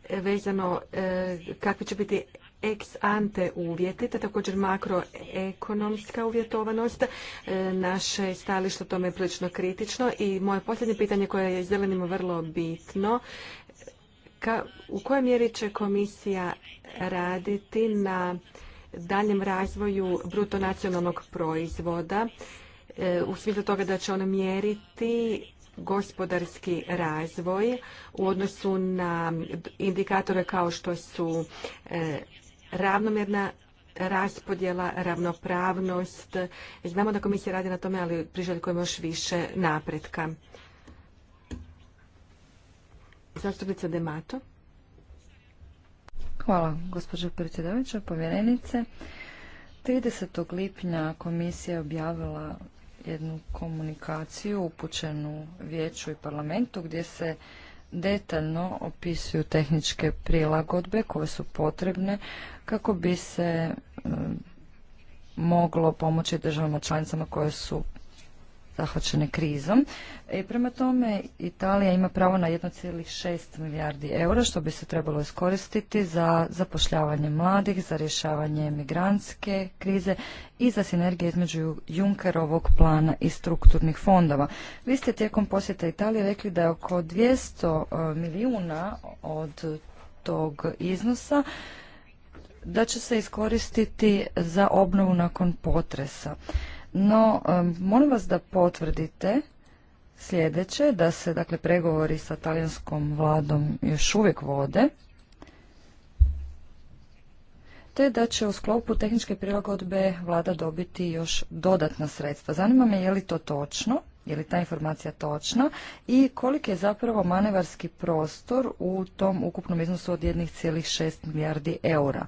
e, vezano e, kakvi će biti ex ante uvjeti, te također makroekonomska uvjetovanost. E, naše stalište o tome je prilično kritično i moje posljednje pitanje koje je zelenimo vrlo bitno, u kojoj mjeri će komisija raditi na daljem razvoju bruto nacionalnog proizvoda E, u smislu toga da će ona mjeriti gospodarski razvoj u odnosu na indikatore kao što su e, ravnomjerna raspodjela, ravnopravnost. Znamo da komisija radi na tome, ali priželjkujemo još više napretka. Zastupnica Demato. Hvala, gospođo predsjedavajuća, povjerenice. 30. lipnja komisija objavila jednu komunikaciju upućenu vijeću i parlamentu gdje se detaljno opisuju tehničke prilagodbe koje su potrebne kako bi se e, moglo pomoći državama članicama koje su zahvaćene krizom. I e, prema tome Italija ima pravo na 1,6 milijardi eura što bi se trebalo iskoristiti za zapošljavanje mladih, za rješavanje migrantske krize i za sinergije između Junkerovog plana i strukturnih fondova. Vi ste tijekom posjeta Italije rekli da je oko 200 e, milijuna od tog iznosa da će se iskoristiti za obnovu nakon potresa. No, molim vas da potvrdite sljedeće, da se dakle pregovori sa talijanskom vladom još uvijek vode, te da će u sklopu tehničke prilagodbe vlada dobiti još dodatna sredstva. Zanima me je li to točno, je li ta informacija točna i koliki je zapravo manevarski prostor u tom ukupnom iznosu od 1,6 milijardi eura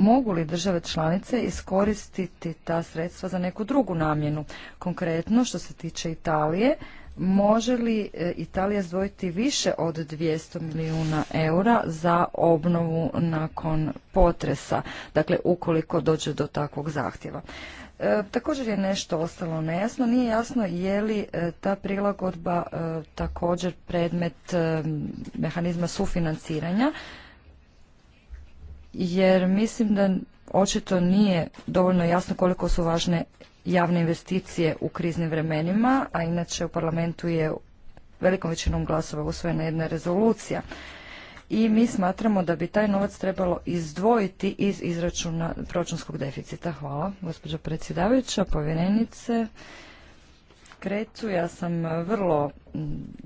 mogu li države članice iskoristiti ta sredstva za neku drugu namjenu. Konkretno, što se tiče Italije, može li e, Italija zvojiti više od 200 milijuna eura za obnovu nakon potresa, dakle ukoliko dođe do takvog zahtjeva. E, također je nešto ostalo nejasno. Nije jasno je li e, ta prilagodba također predmet mehanizma sufinanciranja jer mislim da očito nije dovoljno jasno koliko su važne javne investicije u kriznim vremenima, a inače u parlamentu je velikom većinom glasova usvojena jedna rezolucija. I mi smatramo da bi taj novac trebalo izdvojiti iz izračuna proračunskog deficita. Hvala, gospođo predsjedavajuća, povjerenice. Kretu. Ja sam e, vrlo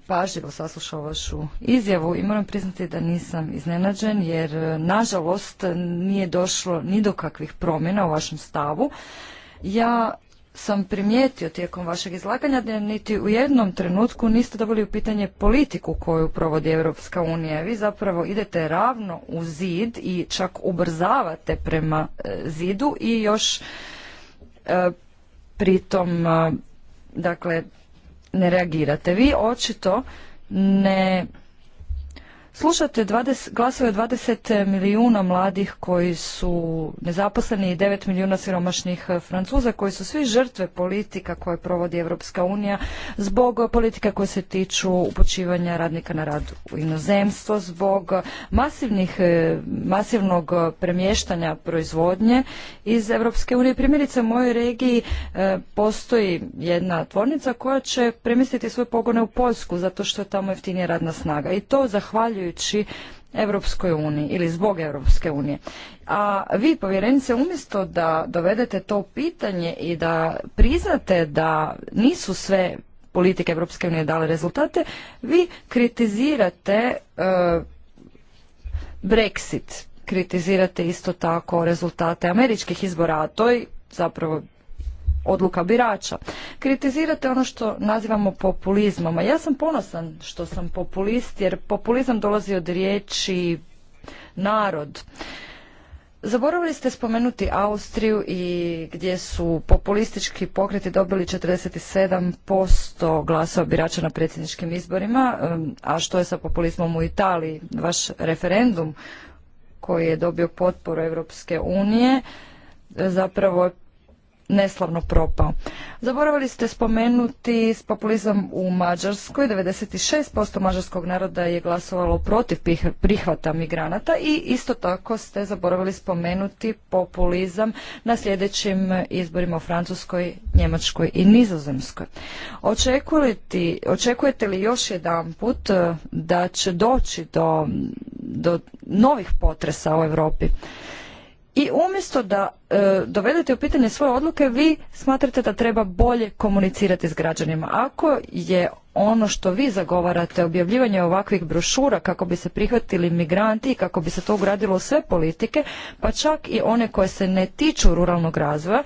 pažljivo saslušao vašu izjavu i moram priznati da nisam iznenađen jer e, nažalost nije došlo ni do kakvih promjena u vašem stavu. Ja sam primijetio tijekom vašeg izlaganja da niti u jednom trenutku niste dobili u pitanje politiku koju provodi Europska unija. Vi zapravo idete ravno u zid i čak ubrzavate prema e, zidu i još pritom Dakle, ne reagirate. Vi očito ne Slušate 20, glasove 20 milijuna mladih koji su nezaposleni i 9 milijuna siromašnih eh, Francuza koji su svi žrtve politika koje provodi Europska unija zbog politika koje se tiču upočivanja radnika na rad u inozemstvo, zbog masivnih, eh, masivnog premještanja proizvodnje iz Europske unije. Primjerice u mojoj regiji eh, postoji jedna tvornica koja će premjestiti svoje pogone u Poljsku zato što je tamo jeftinija radna snaga i to zahvaljuju zahvaljujući Europskoj uniji ili zbog Europske unije. A vi, povjerenice, umjesto da dovedete to pitanje i da priznate da nisu sve politike Europske unije dale rezultate, vi kritizirate e, Brexit, kritizirate isto tako rezultate američkih izbora, a to je zapravo odluka birača. Kritizirate ono što nazivamo populizmom, a ja sam ponosan što sam populist jer populizam dolazi od riječi narod. Zaboravili ste spomenuti Austriju i gdje su populistički pokreti dobili 47% glasova birača na predsjedničkim izborima, a što je sa populizmom u Italiji? Vaš referendum koji je dobio potporu Europske unije zapravo je neslavno propao. Zaboravili ste spomenuti populizam u Mađarskoj. 96% mađarskog naroda je glasovalo protiv prihvata migranata i isto tako ste zaboravili spomenuti populizam na sljedećim izborima u Francuskoj, Njemačkoj i Nizozemskoj. Očekujete, očekujete li još jedan put e, da će doći do, do novih potresa u Europi? I umjesto da e, dovedete u pitanje svoje odluke, vi smatrate da treba bolje komunicirati s građanima. Ako je ono što vi zagovarate, objavljivanje ovakvih brošura kako bi se prihvatili migranti i kako bi se to ugradilo u sve politike, pa čak i one koje se ne tiču ruralnog razvoja,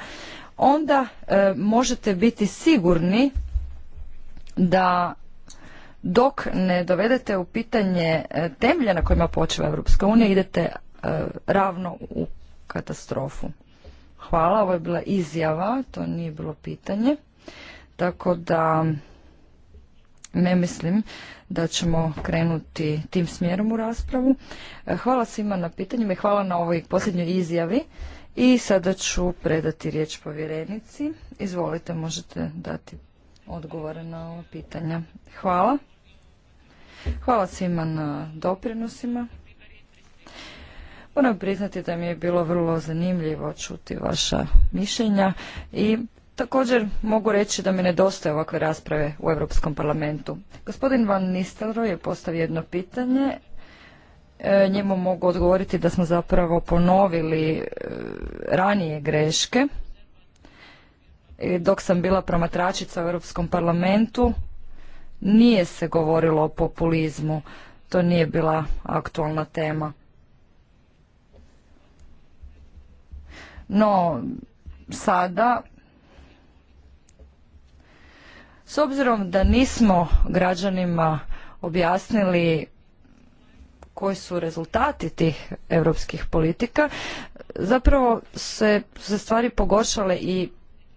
onda e, možete biti sigurni da dok ne dovedete u pitanje e, temelja na kojima počeva Europska unija, idete ravno u katastrofu. Hvala, ovo je bila izjava, to nije bilo pitanje. Tako da ne mislim da ćemo krenuti tim smjerom u raspravu. E, hvala svima na pitanjima i hvala na ovoj posljednjoj izjavi. I sada ću predati riječ povjerenici. Izvolite, možete dati odgovore na ova pitanja. Hvala. Hvala svima na doprinosima Moram priznati da mi je bilo vrlo zanimljivo čuti vaša mišljenja i također mogu reći da mi nedostaje ovakve rasprave u Europskom parlamentu. Gospodin Van Nistelro je postavio jedno pitanje. E, njemu mogu odgovoriti da smo zapravo ponovili e, ranije greške. dok sam bila promatračica u Europskom parlamentu nije se govorilo o populizmu. To nije bila aktualna tema. No, sada s obzirom da nismo građanima objasnili koji su rezultati tih europskih politika, zapravo se, se stvari pogoršale i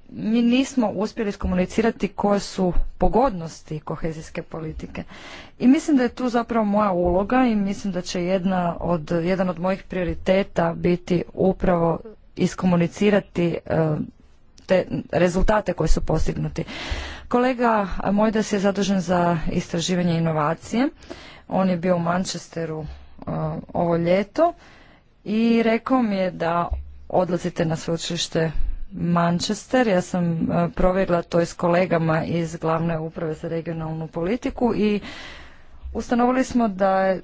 mi nismo uspjeli skomunicirati koje su pogodnosti kohezijske politike. I mislim da je tu zapravo moja uloga i mislim da će jedna od, jedan od mojih prioriteta biti upravo iskomunicirati eh, te rezultate koji su postignuti. Kolega Mojdas je zadužen za istraživanje inovacije. On je bio u Manchesteru eh, ovo ljeto i rekao mi je da odlazite na sveučilište Manchester. Ja sam eh, provjerila to s kolegama iz glavne uprave za regionalnu politiku i ustanovili smo da je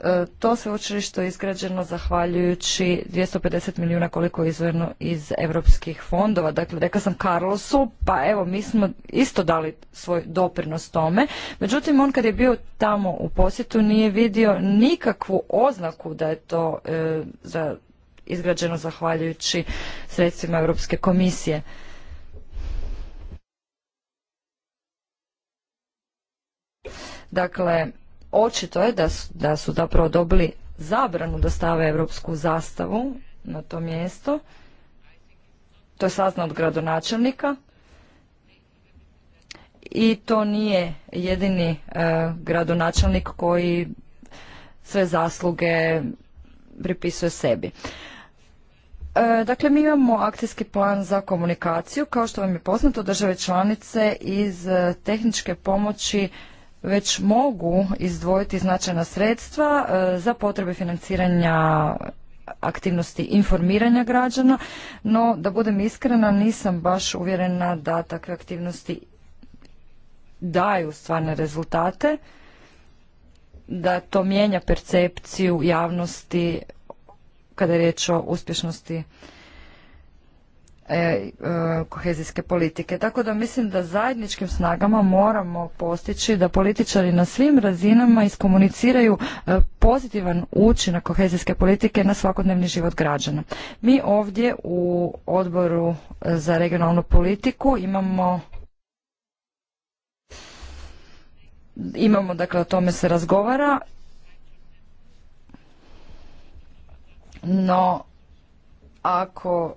E, to sveučilište je izgrađeno zahvaljujući 250 milijuna koliko je izvojeno iz europskih fondova. Dakle, rekao sam Carlosu, pa evo, mi smo isto dali svoj doprinos tome. Međutim, on kad je bio tamo u posjetu nije vidio nikakvu oznaku da je to e, za, izgrađeno zahvaljujući sredstvima Europske komisije. Dakle, očito je da su, da zapravo dobili zabranu da stave europsku zastavu na to mjesto. To je sazna od gradonačelnika. I to nije jedini e, gradonačelnik koji sve zasluge pripisuje sebi. E, dakle, mi imamo akcijski plan za komunikaciju. Kao što vam je poznato, države članice iz e, tehničke pomoći već mogu izdvojiti značajna sredstva e, za potrebe financiranja aktivnosti informiranja građana, no da budem iskrena nisam baš uvjerena da takve aktivnosti daju stvarne rezultate, da to mijenja percepciju javnosti kada je riječ o uspješnosti E, e, kohezijske politike. Tako da mislim da zajedničkim snagama moramo postići da političari na svim razinama iskomuniciraju e, pozitivan učinak kohezijske politike na svakodnevni život građana. Mi ovdje u odboru za regionalnu politiku imamo imamo, dakle o tome se razgovara no ako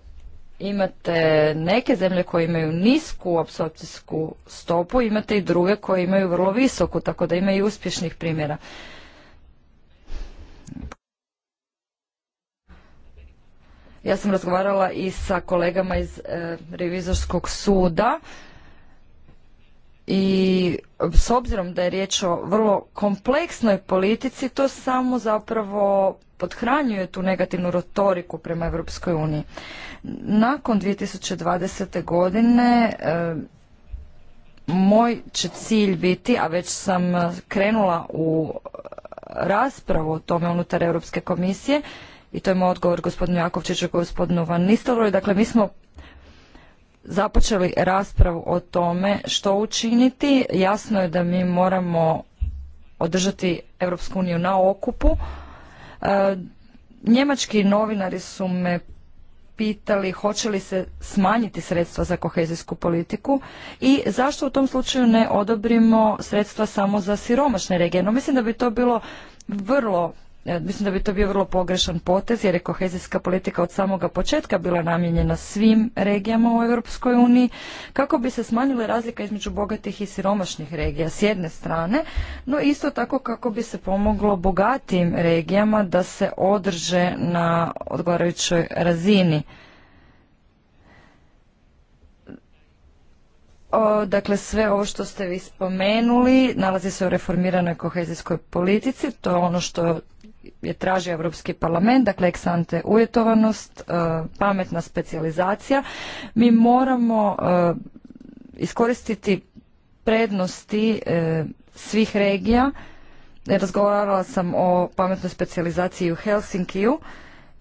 imate neke zemlje koje imaju nisku apsorpcijsku stopu, imate i druge koje imaju vrlo visoku, tako da ima i uspješnih primjera. Ja sam razgovarala i sa kolegama iz eh, revizorskog suda i s obzirom da je riječ o vrlo kompleksnoj politici, to samo zapravo podhranjuje tu negativnu rotoriku prema Europskoj uniji. Nakon 2020. godine e, moj će cilj biti, a već sam krenula u raspravu o tome unutar Europske komisije, i to je moj odgovor gospodinu Jakovčiću i gospodinu Van Nistelrooy. Dakle, mi smo započeli raspravu o tome što učiniti. Jasno je da mi moramo održati Europsku uniju na okupu. E, njemački novinari su me pitali hoće li se smanjiti sredstva za kohezijsku politiku i zašto u tom slučaju ne odobrimo sredstva samo za siromašne regije. No mislim da bi to bilo vrlo E, mislim da bi to bio vrlo pogrešan potez jer je kohezijska politika od samoga početka bila namijenjena svim regijama u Europskoj uniji kako bi se smanjile razlika između bogatih i siromašnih regija s jedne strane, no isto tako kako bi se pomoglo bogatijim regijama da se održe na odgovarajućoj razini. dakle sve ovo što ste vi spomenuli nalazi se u reformiranoj kohezijskoj politici, to je ono što je traži Europski parlament, dakle eksante uvjetovanost, e, pametna specijalizacija. Mi moramo e, iskoristiti prednosti e, svih regija. Razgovarala sam o pametnoj specijalizaciji u Helsinkiju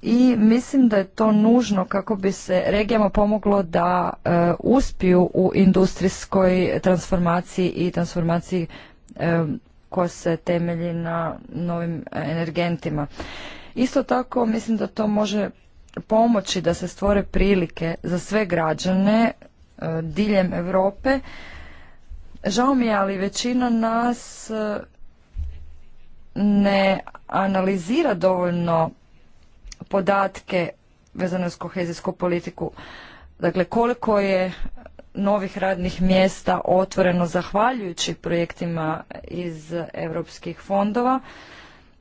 i mislim da je to nužno kako bi se regijama pomoglo da uspiju u industrijskoj transformaciji i transformaciji koja se temelji na novim e, energentima. Isto tako mislim da to može pomoći da se stvore prilike za sve građane e, diljem Europe. Žao mi je, ali većina nas e, ne analizira dovoljno podatke vezane uz kohezijsku politiku. Dakle, koliko je novih radnih mjesta otvoreno zahvaljujući projektima iz europskih fondova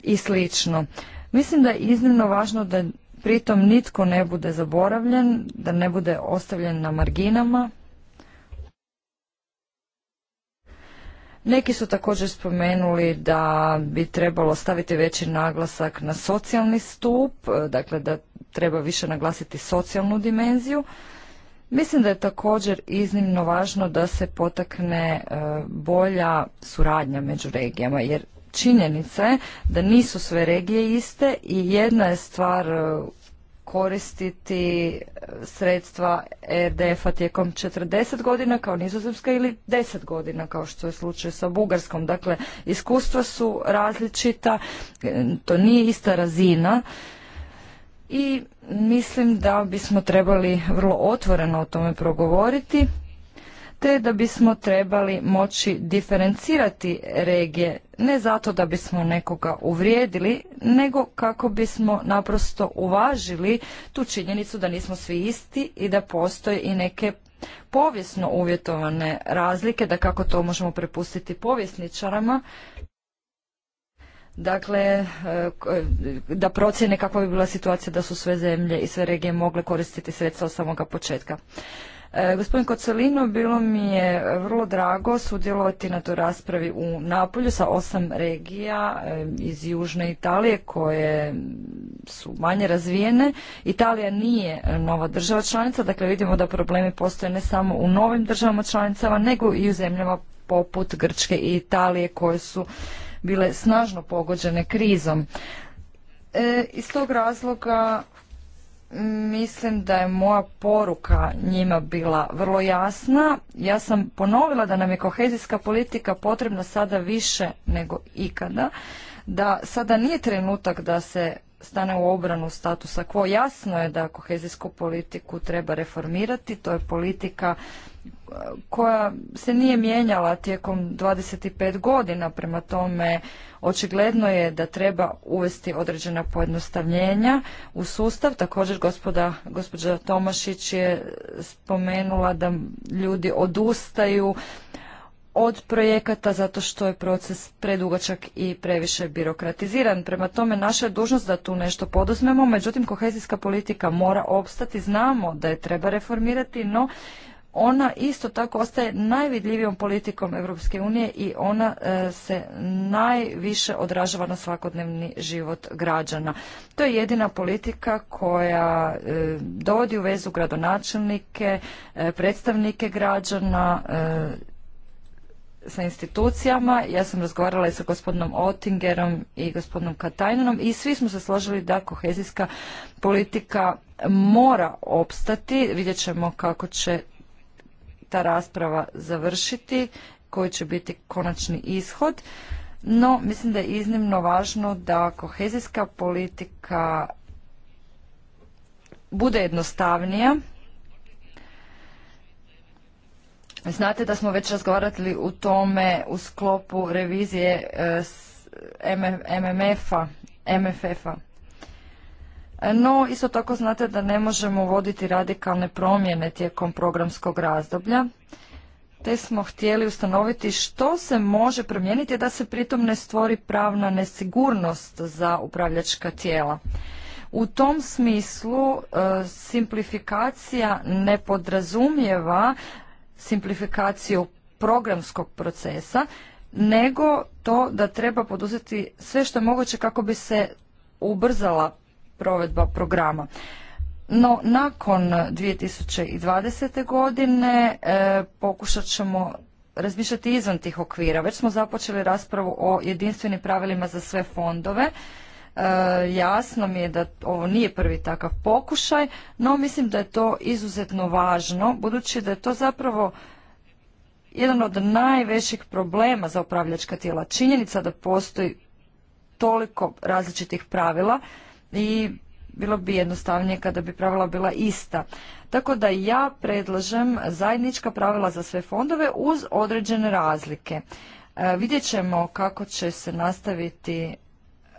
i slično. Mislim da je iznimno važno da pritom nitko ne bude zaboravljen, da ne bude ostavljen na marginama. Neki su također spomenuli da bi trebalo staviti veći naglasak na socijalni stup, dakle da treba više naglasiti socijalnu dimenziju. Mislim da je također iznimno važno da se potakne e, bolja suradnja među regijama, jer činjenica je da nisu sve regije iste i jedna je stvar e, koristiti e, sredstva rdf a tijekom 40 godina kao nizozemska ili 10 godina kao što je slučaj sa Bugarskom. Dakle, iskustva su različita, to nije ista razina i mislim da bismo trebali vrlo otvoreno o tome progovoriti te da bismo trebali moći diferencirati regije ne zato da bismo nekoga uvrijedili nego kako bismo naprosto uvažili tu činjenicu da nismo svi isti i da postoje i neke povijesno uvjetovane razlike da kako to možemo prepustiti povjesničarama dakle e, da procjene kakva bi bila situacija da su sve zemlje i sve regije mogle koristiti sredstva od samoga početka. E, gospodin Kocelino, bilo mi je vrlo drago sudjelovati na toj raspravi u Napolju sa osam regija e, iz Južne Italije koje su manje razvijene. Italija nije nova država članica, dakle vidimo da problemi postoje ne samo u novim državama članicama, nego i u zemljama poput Grčke i Italije koje su bile snažno pogođene krizom. E, iz tog razloga mislim da je moja poruka njima bila vrlo jasna. Ja sam ponovila da nam je kohezijska politika potrebna sada više nego ikada, da sada nije trenutak da se stane u obranu statusa quo. Jasno je da kohezijsku politiku treba reformirati, to je politika koja se nije mijenjala tijekom 25 godina, prema tome očigledno je da treba uvesti određena pojednostavljenja u sustav. Također gospoda, gospođa Tomašić je spomenula da ljudi odustaju od projekata zato što je proces predugačak i previše birokratiziran. Prema tome, naša je dužnost da tu nešto poduzmemo, međutim kohezijska politika mora opstati, znamo da je treba reformirati, no ona isto tako ostaje najvidljivijom politikom Europske unije i ona e, se najviše odražava na svakodnevni život građana. To je jedina politika koja e, dovodi u vezu gradonačelnike, e, predstavnike građana sa institucijama. Ja sam razgovarala i sa gospodinom Otingerom i gospodinom Katajnom i svi smo se složili da kohezijska politika mora opstati. Vidjet ćemo kako će ta rasprava završiti, koji će biti konačni ishod. No, mislim da je iznimno važno da kohezijska politika bude jednostavnija. Znate da smo već razgovarali u tome u sklopu revizije eh, MMF-a, MFF-a. No, isto tako znate da ne možemo voditi radikalne promjene tijekom programskog razdoblja, te smo htjeli ustanoviti što se može promijeniti da se pritom ne stvori pravna nesigurnost za upravljačka tijela. U tom smislu e, simplifikacija ne podrazumijeva simplifikaciju programskog procesa, nego to da treba poduzeti sve što je moguće kako bi se ubrzala provedba programa. No, nakon 2020. godine e, pokušat ćemo razmišljati izvan tih okvira. Već smo započeli raspravu o jedinstvenim pravilima za sve fondove. E, jasno mi je da ovo nije prvi takav pokušaj, no mislim da je to izuzetno važno, budući da je to zapravo jedan od najvećih problema za upravljačka tijela. Činjenica da postoji toliko različitih pravila i bilo bi jednostavnije kada bi pravila bila ista. Tako da ja predlažem zajednička pravila za sve fondove uz određene razlike. E, vidjet ćemo kako će se nastaviti e,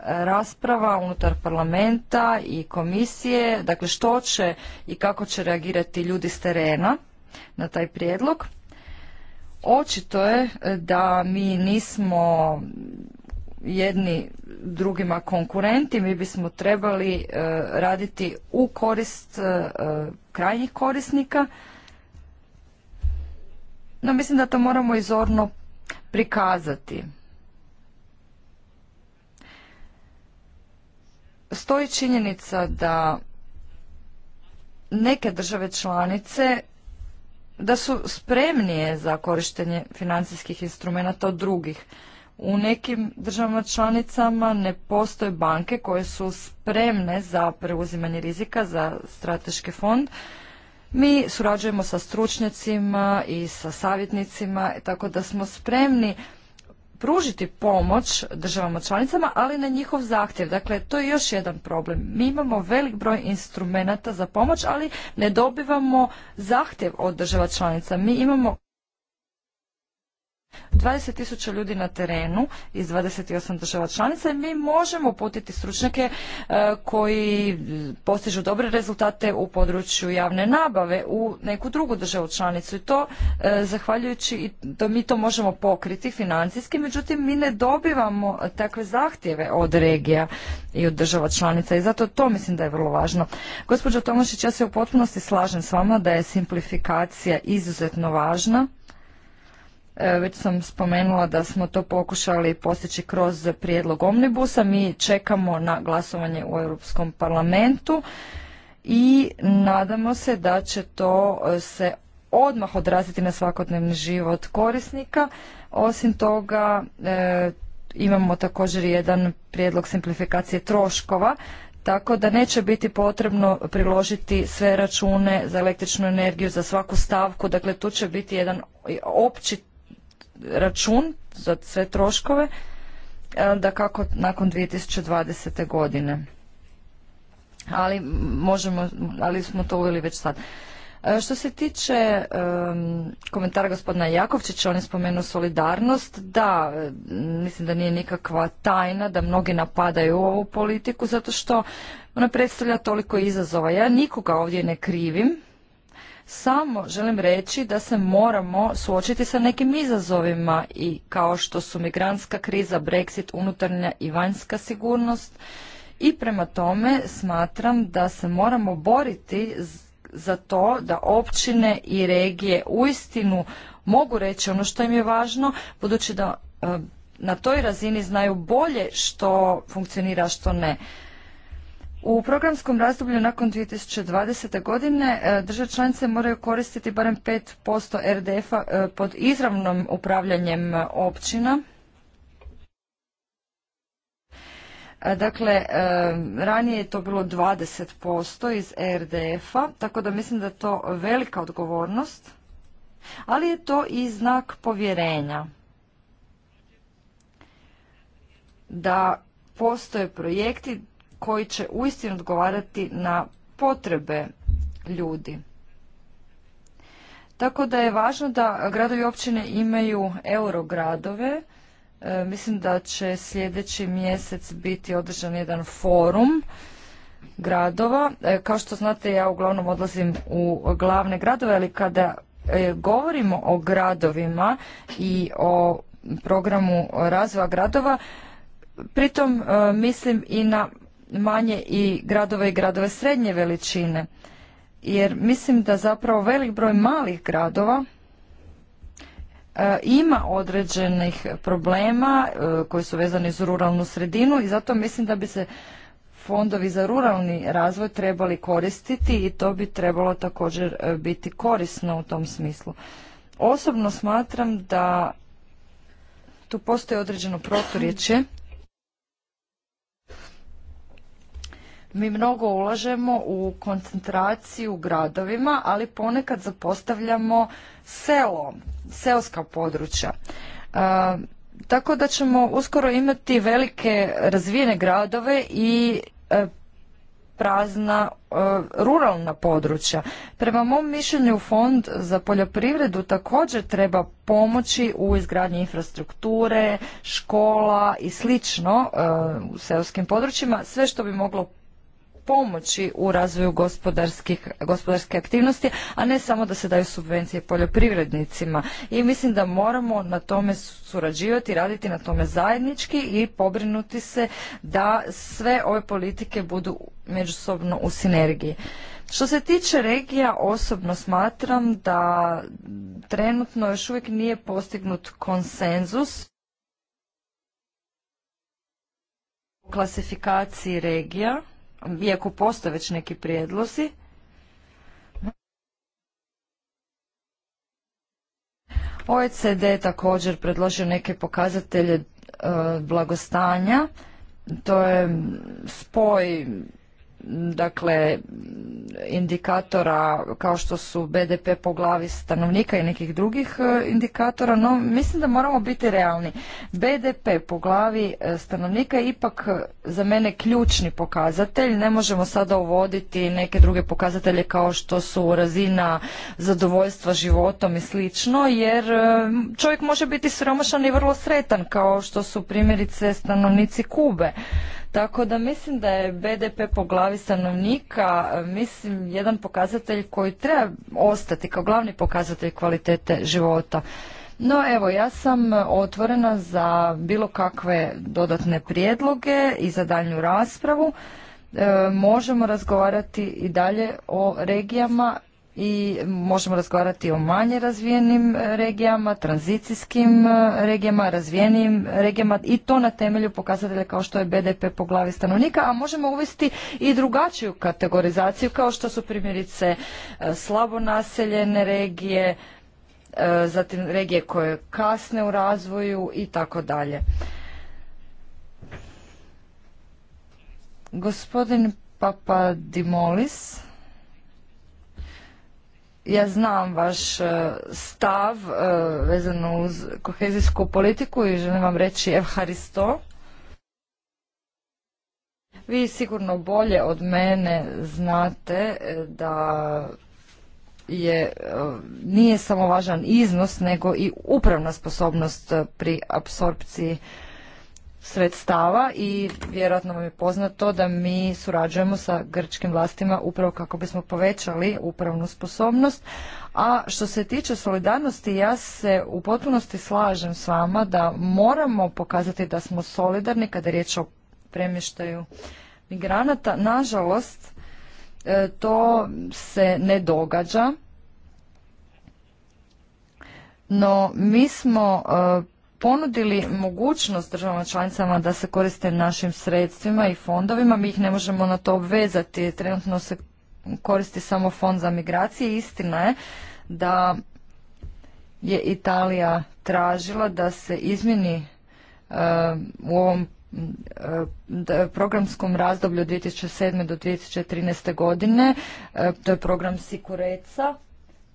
rasprava unutar parlamenta i komisije, dakle što će i kako će reagirati ljudi s terena na taj prijedlog. Očito je da mi nismo jedni drugima konkurenti, mi bismo trebali e, raditi u korist e, e, krajnjih korisnika. No mislim da to moramo izorno prikazati. Stoji činjenica da neke države članice da su spremnije za korištenje financijskih instrumenata od drugih. U nekim državama članicama ne postoje banke koje su spremne za preuzimanje rizika za strateški fond. Mi surađujemo sa stručnjacima i sa savjetnicima, tako da smo spremni pružiti pomoć državama članicama, ali na njihov zahtjev. Dakle, to je još jedan problem. Mi imamo velik broj instrumenata za pomoć, ali ne dobivamo zahtjev od država članica. Mi imamo 20 tisuća ljudi na terenu iz 28 država članica i mi možemo putiti stručnjake e, koji postižu dobre rezultate u području javne nabave u neku drugu državu članicu i to e, zahvaljujući da mi to možemo pokriti financijski, međutim mi ne dobivamo takve zahtjeve od regija i od država članica i zato to mislim da je vrlo važno. Gospođo Tomašić, ja se u potpunosti slažem s vama da je simplifikacija izuzetno važna E, već sam spomenula da smo to pokušali postići kroz prijedlog omnibusa. Mi čekamo na glasovanje u Europskom parlamentu i nadamo se da će to e, se odmah odraziti na svakodnevni život korisnika. Osim toga, e, imamo također jedan prijedlog simplifikacije troškova, tako da neće biti potrebno priložiti sve račune za električnu energiju, za svaku stavku, dakle tu će biti jedan opći račun za sve troškove e, da kako nakon 2020. godine. Ali možemo, ali smo to uveli već sad. E, što se tiče um, komentara gospodina Jakovčića, on je spomenuo solidarnost. Da, mislim da nije nikakva tajna da mnogi napadaju ovu politiku zato što ona predstavlja toliko izazova. Ja nikoga ovdje ne krivim, samo želim reći da se moramo suočiti sa nekim izazovima i kao što su migrantska kriza, Brexit, unutarnja i vanjska sigurnost i prema tome smatram da se moramo boriti za to da općine i regije uistinu mogu reći ono što im je važno, budući da eh, na toj razini znaju bolje što funkcionira, što ne. U programskom razdoblju nakon 2020. godine e, države članice moraju koristiti barem 5% RDF-a e, pod izravnom upravljanjem e, općina. Dakle, ranije je to bilo 20% iz RDF-a, tako da mislim da je to velika odgovornost, ali je to i znak povjerenja da postoje projekti koji će uistinu odgovarati na potrebe ljudi. Tako da je važno da gradovi i općine imaju eurogradove. E, mislim da će sljedeći mjesec biti održan jedan forum gradova. E, kao što znate, ja uglavnom odlazim u glavne gradove, ali kada e, govorimo o gradovima i o programu razvoja gradova, pritom mislim i na manje i gradove i gradove srednje veličine. Jer mislim da zapravo velik broj malih gradova e, ima određenih problema e, koji su vezani za ruralnu sredinu i zato mislim da bi se fondovi za ruralni razvoj trebali koristiti i to bi trebalo također e, biti korisno u tom smislu. Osobno smatram da tu postoji određeno proturječje Mi mnogo ulažemo u koncentraciju u gradovima, ali ponekad zapostavljamo selo, seoska područja. E, tako da ćemo uskoro imati velike razvijene gradove i e, prazna e, ruralna područja. Prema mom mišljenju fond za poljoprivredu također treba pomoći u izgradnji infrastrukture, škola i slično u seoskim područjima, sve što bi moglo pomoći u razvoju gospodarske aktivnosti, a ne samo da se daju subvencije poljoprivrednicima. I mislim da moramo na tome surađivati, raditi na tome zajednički i pobrinuti se da sve ove politike budu međusobno u sinergiji. Što se tiče regija, osobno smatram da trenutno još uvijek nije postignut konsenzus klasifikaciji regija iako postoje već neki prijedlozi, OECD je također predložio neke pokazatelje e, blagostanja. To je spoj dakle indikatora kao što su BDP po glavi stanovnika i nekih drugih e, indikatora, no mislim da moramo biti realni. BDP po glavi e, stanovnika je ipak za mene ključni pokazatelj, ne možemo sada uvoditi neke druge pokazatelje kao što su razina zadovoljstva životom i slično, jer e, čovjek može biti siromašan i vrlo sretan kao što su primjerice stanovnici Kube. Tako da mislim da je BDP po glavi glavi stanovnika, mislim, jedan pokazatelj koji treba ostati kao glavni pokazatelj kvalitete života. No evo, ja sam otvorena za bilo kakve dodatne prijedloge i za daljnju raspravu. E, možemo razgovarati i dalje o regijama i možemo razgovarati o manje razvijenim e, regijama, tranzicijskim e, regijama, razvijenim regijama i to na temelju pokazatelja kao što je BDP po glavi stanovnika, a možemo uvesti i drugačiju kategorizaciju kao što su primjerice e, slabo naseljene regije, zatim regije koje kasne u razvoju i tako dalje. Gospodin Papadimolis ja znam vaš e, stav e, vezano uz kohezijsku politiku i želim vam reći Evharisto. Vi sigurno bolje od mene znate e, da je, nije samo važan iznos nego i upravna sposobnost pri apsorpciji sredstava i vjerojatno vam je poznato da mi surađujemo sa grčkim vlastima upravo kako bismo povećali upravnu sposobnost. A što se tiče solidarnosti, ja se u potpunosti slažem s vama da moramo pokazati da smo solidarni kada je riječ o premještaju migranata. Nažalost, e, to se ne događa. No, mi smo e, ponudili mogućnost državama članicama da se koriste našim sredstvima i fondovima, mi ih ne možemo na to obvezati. Trenutno se koristi samo fond za migracije. Istina je da je Italija tražila da se izmjeni eh, u ovom eh, programskom razdoblju 2007. do 2013. godine, eh, to je program Sikureca,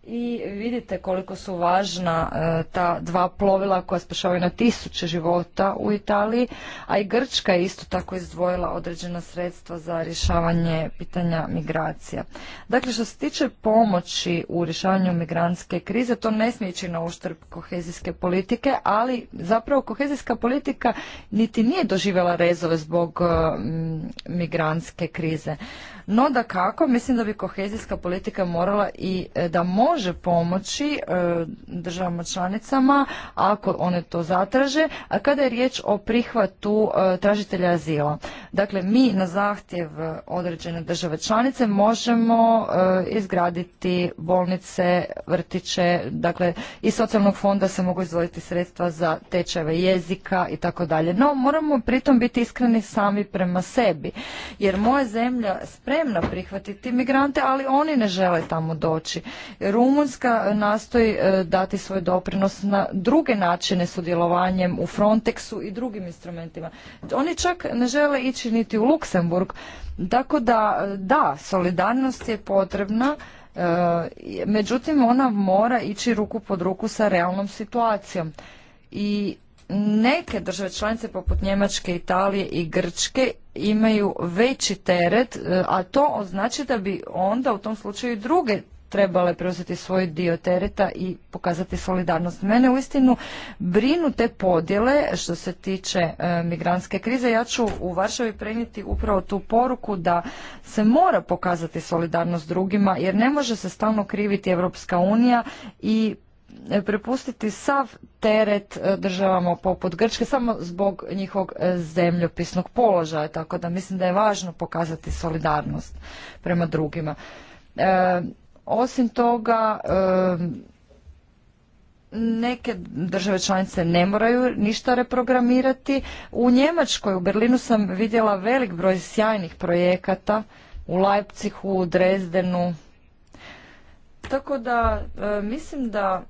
i vidite koliko su važna e, ta dva plovila koja spašavaju na tisuće života u Italiji, a i Grčka je isto tako izdvojila određena sredstva za rješavanje pitanja migracija. Dakle, što se tiče pomoći u rješavanju migrantske krize, to ne smije ići na uštrb kohezijske politike, ali zapravo kohezijska politika niti nije doživjela rezove zbog e, migrantske krize. No da kako, mislim da bi kohezijska politika morala i e, da može pomoći e, državama članicama ako one to zatraže, a kada je riječ o prihvatu e, tražitelja azila. Dakle, mi na zahtjev određene države članice možemo izgraditi bolnice, vrtiće, dakle iz socijalnog fonda se mogu izvojiti sredstva za tečajeve jezika i tako dalje. No, moramo pritom biti iskreni sami prema sebi, jer moja zemlja spremna spremna prihvatiti migrante, ali oni ne žele tamo doći. Rumunska nastoji e, dati svoj doprinos na druge načine sudjelovanjem u Frontexu i drugim instrumentima. Oni čak ne žele ići niti u Luksemburg. Tako da, da, solidarnost je potrebna, e, međutim ona mora ići ruku pod ruku sa realnom situacijom. I neke države članice poput Njemačke, Italije i Grčke imaju veći teret, e, a to znači da bi onda u tom slučaju druge trebale preuzeti svoj dio tereta i pokazati solidarnost. Mene uistinu brinu te podjele što se tiče e, migrantske krize. Ja ću u Varšavi prenijeti upravo tu poruku da se mora pokazati solidarnost drugima jer ne može se stalno kriviti Europska unija i prepustiti sav teret e, državama poput Grčke samo zbog njihovog e, zemljopisnog položaja, tako da mislim da je važno pokazati solidarnost prema drugima. E, osim toga, neke države članice ne moraju ništa reprogramirati. U Njemačkoj, u Berlinu sam vidjela velik broj sjajnih projekata, u Leipzigu, u Drezdenu. Tako da mislim da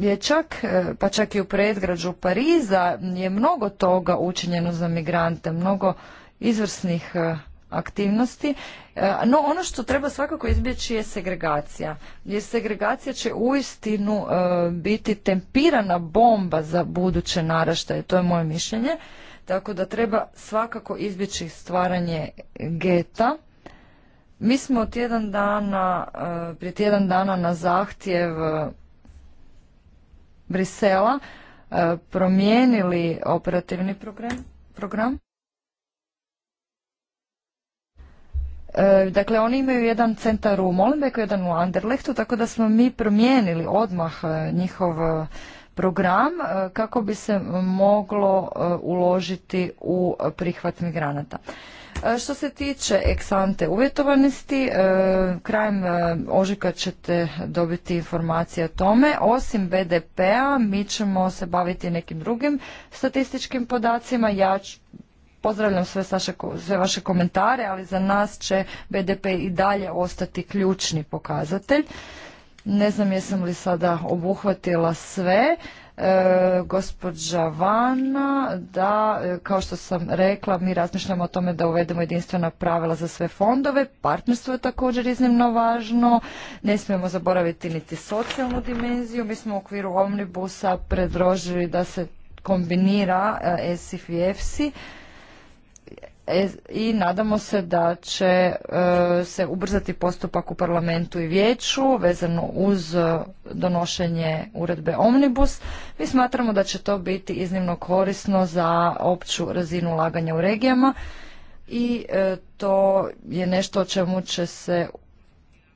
je čak, e, pa čak i u predgrađu Pariza je mnogo toga učinjeno za migrante, mnogo izvrsnih e, aktivnosti. E, no ono što treba svakako izbjeći je segregacija. Jer segregacija će uistinu biti tempirana bomba za buduće naraštaje, to je moje mišljenje. Tako da treba svakako izbjeći stvaranje geta. Mi smo tjedan dana, prije tjedan dana na zahtjev Brisela e, promijenili operativni program. program. E, dakle, oni imaju jedan centar u Molenbeku, jedan u Anderlehtu, tako da smo mi promijenili odmah e, njihov program kako bi se moglo uložiti u prihvat migranata. E, što se tiče eksante uvjetovanosti, e, krajem e, ožika ćete dobiti informacije o tome. Osim BDP-a mi ćemo se baviti nekim drugim statističkim podacima. Ja pozdravljam sve, vaše komentare, ali za nas će BDP i dalje ostati ključni pokazatelj. Ne znam jesam li sada obuhvatila sve. E, gospođa Vana, da, e, kao što sam rekla, mi razmišljamo o tome da uvedemo jedinstvena pravila za sve fondove. Partnerstvo je također iznimno važno. Ne smijemo zaboraviti niti socijalnu dimenziju. Mi smo u okviru Omnibusa predložili da se kombinira ESIF i EFSI E, i nadamo se da će e, se ubrzati postupak u parlamentu i vijeću vezano uz e, donošenje uredbe Omnibus. Mi smatramo da će to biti iznimno korisno za opću razinu ulaganja u regijama i to je nešto o čemu će se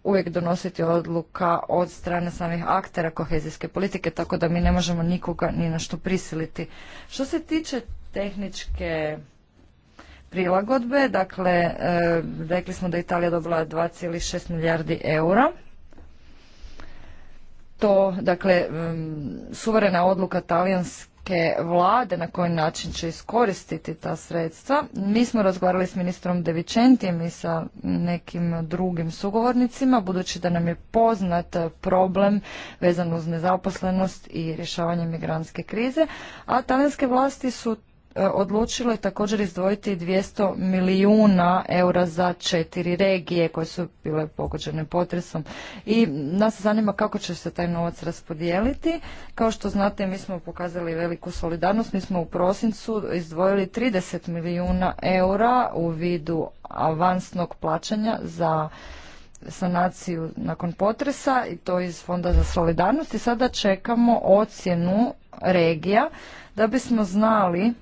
uvijek donositi odluka od strane samih aktera kohezijske politike, tako da mi ne možemo nikoga ni na što prisiliti. Što se tiče tehničke prilagodbe. Dakle, e, rekli smo da je Italija dobila 2,6 milijardi eura. To, dakle, suverena odluka talijanske vlade na koji način će iskoristiti ta sredstva. Mi smo razgovarali s ministrom Devičentijem i sa nekim drugim sugovornicima, budući da nam je poznat problem vezan uz nezaposlenost i rješavanje migrantske krize, a talijanske vlasti su E, odlučilo je također izdvojiti 200 milijuna eura za četiri regije koje su bile pogođene potresom i nas zanima kako će se taj novac raspodijeliti. Kao što znate mi smo pokazali veliku solidarnost, mi smo u prosincu izdvojili 30 milijuna eura u vidu avansnog plaćanja za sanaciju nakon potresa i to iz Fonda za solidarnost i sada čekamo ocjenu regija da bismo znali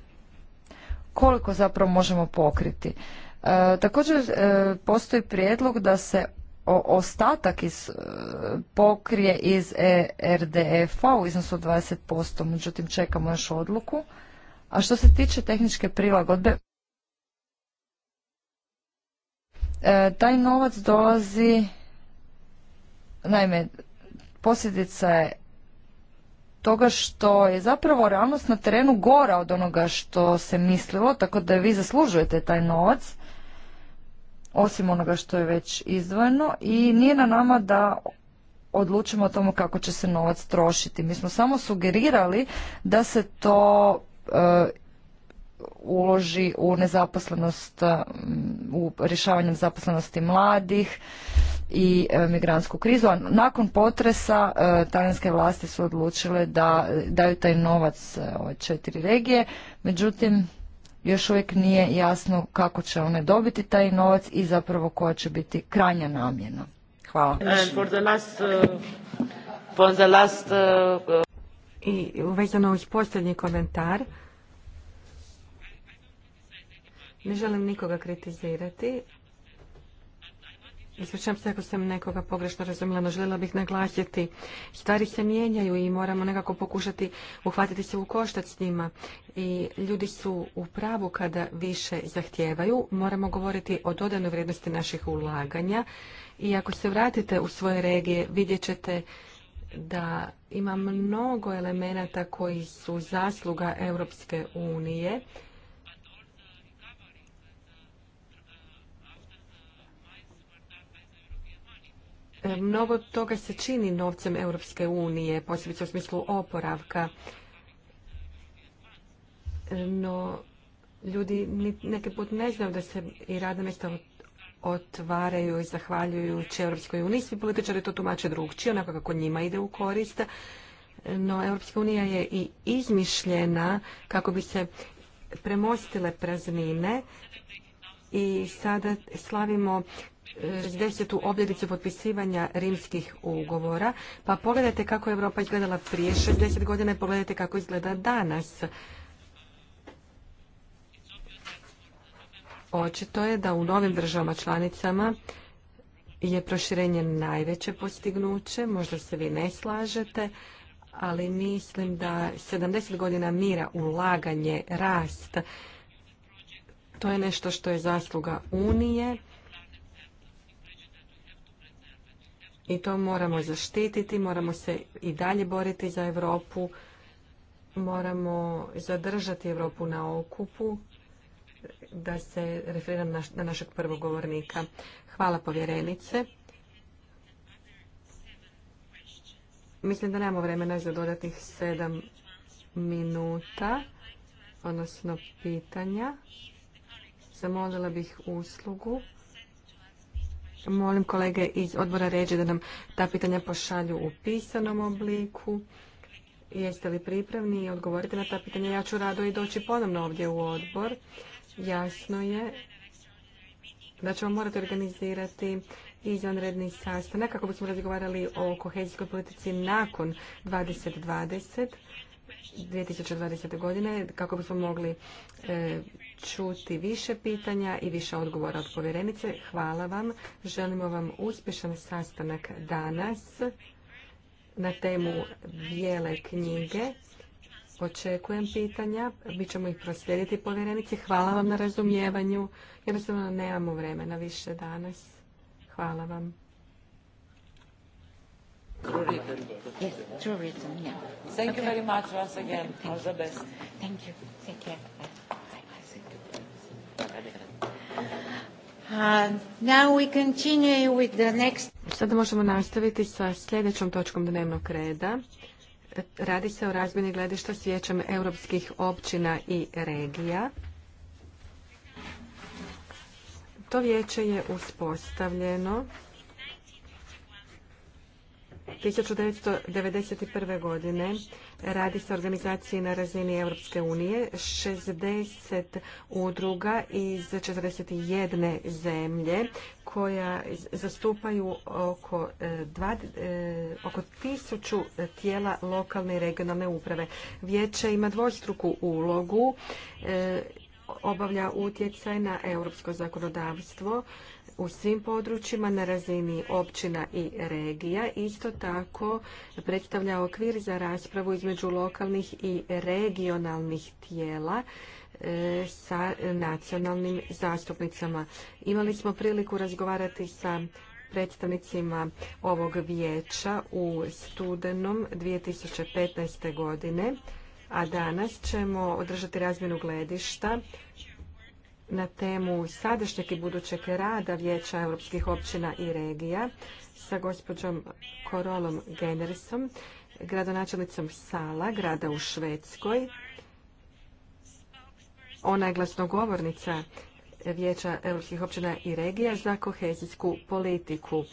koliko zapravo možemo pokriti. E, također e, postoji prijedlog da se ostatak iz, e, pokrije iz ERDF-a u iznosu od 20%, međutim čekamo još odluku. A što se tiče tehničke prilagodbe, taj novac dolazi, naime, posljedica je toga što je zapravo realnost na terenu gora od onoga što se mislilo, tako da vi zaslužujete taj novac, osim onoga što je već izdvojeno i nije na nama da odlučimo o tome kako će se novac trošiti. Mi smo samo sugerirali da se to e, uloži u nezaposlenost, u rješavanje zaposlenosti mladih, i e, migrantsku krizu, a nakon potresa e, talijanske vlasti su odlučile da e, daju taj novac ove četiri regije, međutim još uvijek nije jasno kako će one dobiti taj novac i zapravo koja će biti krajnja namjena. Hvala. I uvezano uz posljednji komentar, ne želim nikoga kritizirati, Ispričavam se ako sam nekoga pogrešno razumjela, no željela bih naglasiti. Stvari se mijenjaju i moramo nekako pokušati uhvatiti se u koštac s njima. I ljudi su u pravu kada više zahtijevaju. Moramo govoriti o dodanoj vrijednosti naših ulaganja. I ako se vratite u svoje regije, vidjet ćete da ima mnogo elemenata koji su zasluga Europske unije Mnogo toga se čini novcem Europske unije, posebice u smislu oporavka. No, ljudi neki put ne znaju da se i radna mjesta otvaraju i zahvaljujući Europskoj uniji. Svi političari to tumače drugčije, onako kako njima ide u korist. No, Europska unija je i izmišljena kako bi se premostile praznine i sada slavimo desetu obljednicu potpisivanja rimskih ugovora, pa pogledajte kako je Europa izgledala prije 60 godina i pogledajte kako izgleda danas. Očito je da u novim državama članicama je proširenje najveće postignuće, možda se vi ne slažete, ali mislim da 70 godina mira, ulaganje, rast, to je nešto što je zasluga Unije i to moramo zaštititi, moramo se i dalje boriti za Europu, moramo zadržati Europu na okupu, da se referiram na, na našeg prvog govornika. Hvala povjerenice. Mislim da nemamo vremena za dodatnih sedam minuta, odnosno pitanja. Zamolila bih uslugu Molim kolege iz odbora ređe da nam ta pitanja pošalju u pisanom obliku. Jeste li pripravni i odgovorite na ta pitanja? Ja ću rado i doći ponovno ovdje u odbor. Jasno je da ćemo morati organizirati izvanredni sastanak kako bismo razgovarali o kohezijskoj politici nakon 2020. 2020. godine kako bismo mogli e, čuti više pitanja i više odgovora od povjerenice. Hvala vam. Želimo vam uspješan sastanak danas na temu bijele knjige. Očekujem pitanja. Mi ćemo ih proslijediti povjerenici. Hvala vam na razumijevanju. Jednostavno nemamo vremena više danas. Hvala vam. Through written. Yes, through written, yeah. Thank okay. you very much once again. Thank All the best. Thank you. Take care. Uh, now we continue with the next... Sada možemo nastaviti sa sljedećom točkom dnevnog reda. Radi se o razmjeni gledišta s vijećem europskih općina i regija. To vijeće je uspostavljeno 1991. godine radi se o organizaciji na razini Europske unije, 60 udruga iz 41 zemlje koja zastupaju oko, e, dva, e, oko tisuću tijela lokalne i regionalne uprave. Vijeće ima dvostruku ulogu, e, obavlja utjecaj na europsko zakonodavstvo, u svim područjima na razini općina i regija. Isto tako predstavlja okvir za raspravu između lokalnih i regionalnih tijela e, sa nacionalnim zastupnicama. Imali smo priliku razgovarati sa predstavnicima ovog vijeća u studenom 2015. godine, a danas ćemo održati razmjenu gledišta na temu sadašnjeg i budućeg rada Vijeća europskih općina i regija sa gospođom Korolom Genersom, gradonačelnicom Sala, grada u Švedskoj. Ona je glasnogovornica Vijeća europskih općina i regija za kohezijsku politiku.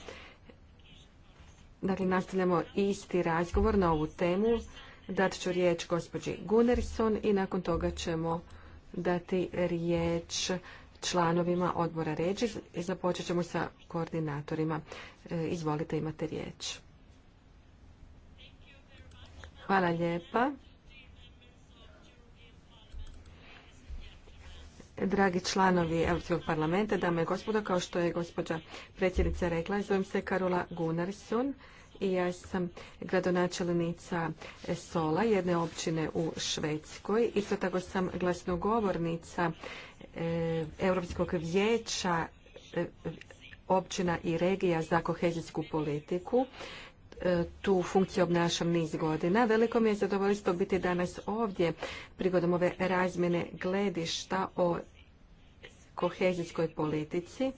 Dakle, nastavljamo isti razgovor na ovu temu. Dat ću riječ gospođi Gunerson i nakon toga ćemo dati riječ članovima odbora ređi započet ćemo sa koordinatorima. E, izvolite, imate riječ. Hvala lijepa. Dragi članovi Europskog parlamenta, dame i gospodo, kao što je gospođa predsjednica rekla, zovem se Karola Gunarsson i ja sam gradonačelnica Sola, jedne općine u Švedskoj. Isto tako sam glasnogovornica e, Europskog vijeća e, općina i regija za kohezijsku politiku. E, tu funkciju obnašam niz godina. Veliko mi je zadovoljstvo biti danas ovdje prigodom ove razmjene gledišta o kohezijskoj politici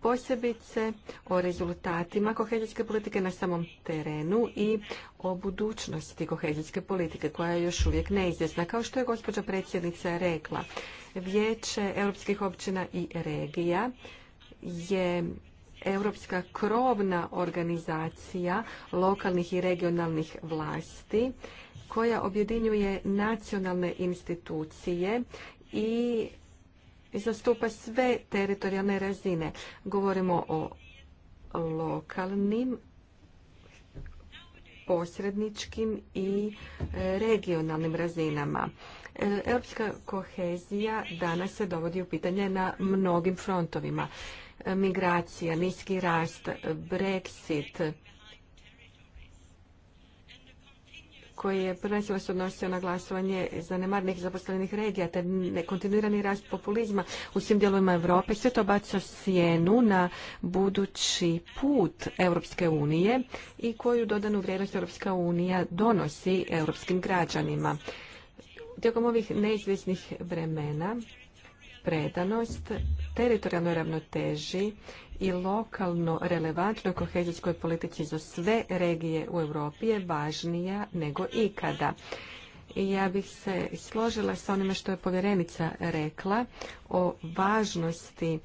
posebice o rezultatima kohezijske politike na samom terenu i o budućnosti kohezijske politike koja je još uvijek neizvjesna. Kao što je gospođa predsjednica rekla, Vijeće europskih općina i regija je europska krovna organizacija lokalnih i regionalnih vlasti koja objedinjuje nacionalne institucije i zastupa sve teritorijalne razine. Govorimo o lokalnim, posredničkim i e, regionalnim razinama. E, Europska kohezija danas se dovodi u pitanje na mnogim frontovima. E, migracija, niski rast, Brexit, koji je prvenstveno se odnosio na glasovanje zanemarnih zaposlenih regija, te nekontinuirani rast populizma u svim dijelovima Europe, sve to baca sjenu na budući put Europske unije i koju dodanu vrijednost Europska unija donosi europskim građanima. Tijekom ovih neizvjesnih vremena predanost, teritorijalnoj ravnoteži i lokalno relevantnoj kohezijskoj politici za sve regije u Europi je važnija nego ikada. I ja bih se složila sa onime što je povjerenica rekla o važnosti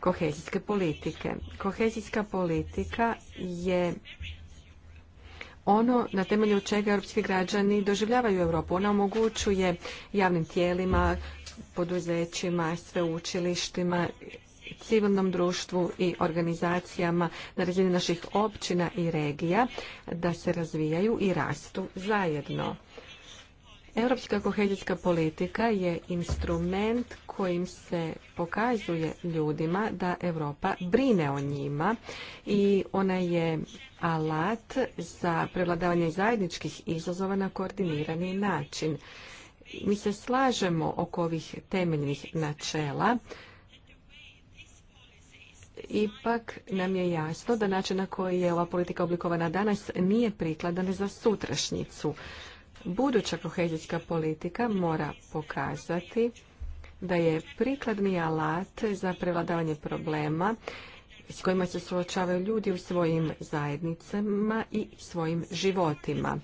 kohezijske politike. Kohezijska politika je ono na temelju čega europski građani doživljavaju Europu. Ona omogućuje javnim tijelima, poduzećima, sveučilištima civilnom društvu i organizacijama na razini naših općina i regija da se razvijaju i rastu zajedno. Europska kohezijska politika je instrument kojim se pokazuje ljudima da Europa brine o njima i ona je alat za prevladavanje zajedničkih izazova na koordinirani način. Mi se slažemo oko ovih temeljnih načela, ipak nam je jasno da način na koji je ova politika oblikovana danas nije prikladan za sutrašnjicu. Buduća kohezijska politika mora pokazati da je prikladni alat za prevladavanje problema s kojima se suočavaju ljudi u svojim zajednicama i svojim životima.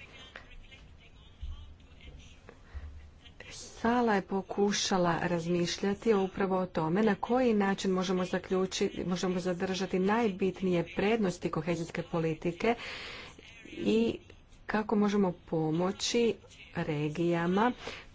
Sala je pokušala razmišljati upravo o tome na koji način možemo zaključiti, možemo zadržati najbitnije prednosti kohezijske politike i kako možemo pomoći regijama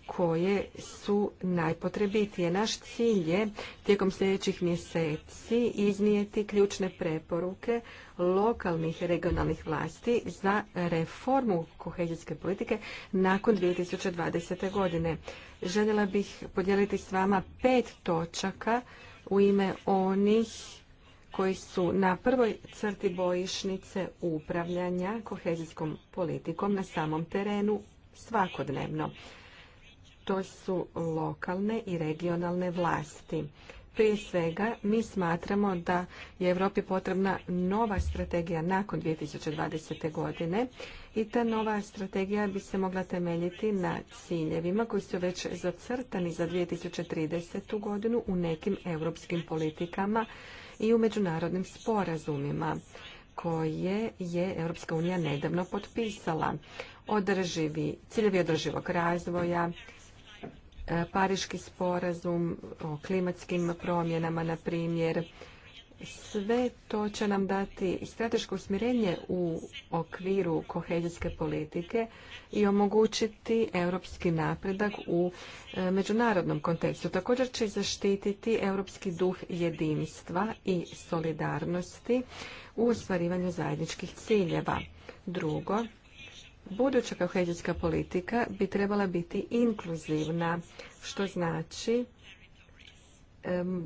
koje su najpotrebitije. Naš cilj je tijekom sljedećih mjeseci iznijeti ključne preporuke lokalnih i regionalnih vlasti za reformu kohezijske politike nakon 2020. godine. Željela bih podijeliti s vama pet točaka u ime onih koji su na prvoj crti bojišnice upravljanja kohezijskom politikom na samom terenu svakodnevno. To su lokalne i regionalne vlasti. Prije svega, mi smatramo da je Europi potrebna nova strategija nakon 2020. godine i ta nova strategija bi se mogla temeljiti na ciljevima koji su već zacrtani za 2030. godinu u nekim europskim politikama i u međunarodnim sporazumima koje je Europska unija nedavno potpisala. Održivi, ciljevi održivog razvoja, E, Pariški sporazum o klimatskim promjenama, na primjer. Sve to će nam dati strateško usmjerenje u okviru kohezijske politike i omogućiti europski napredak u e, međunarodnom kontekstu. Također će zaštititi europski duh jedinstva i solidarnosti u ostvarivanju zajedničkih ciljeva. Drugo, Buduća kohezijska politika bi trebala biti inkluzivna, što znači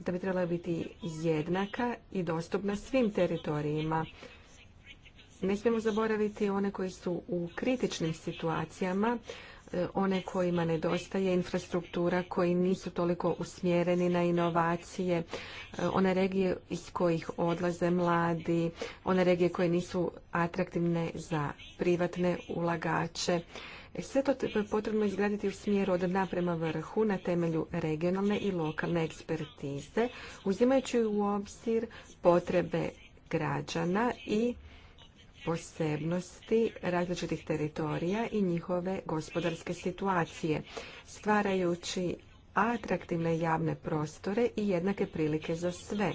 da bi trebala biti jednaka i dostupna svim teritorijima. Ne smijemo zaboraviti one koji su u kritičnim situacijama, E, one kojima nedostaje infrastruktura, koji nisu toliko usmjereni na inovacije, e, one regije iz kojih odlaze mladi, one regije koje nisu atraktivne za privatne ulagače. E, sve to potrebno izgraditi u smjeru od naprema vrhu na temelju regionalne i lokalne ekspertize, uzimajući u obzir potrebe građana i posebnosti različitih teritorija i njihove gospodarske situacije, stvarajući atraktivne javne prostore i jednake prilike za sve.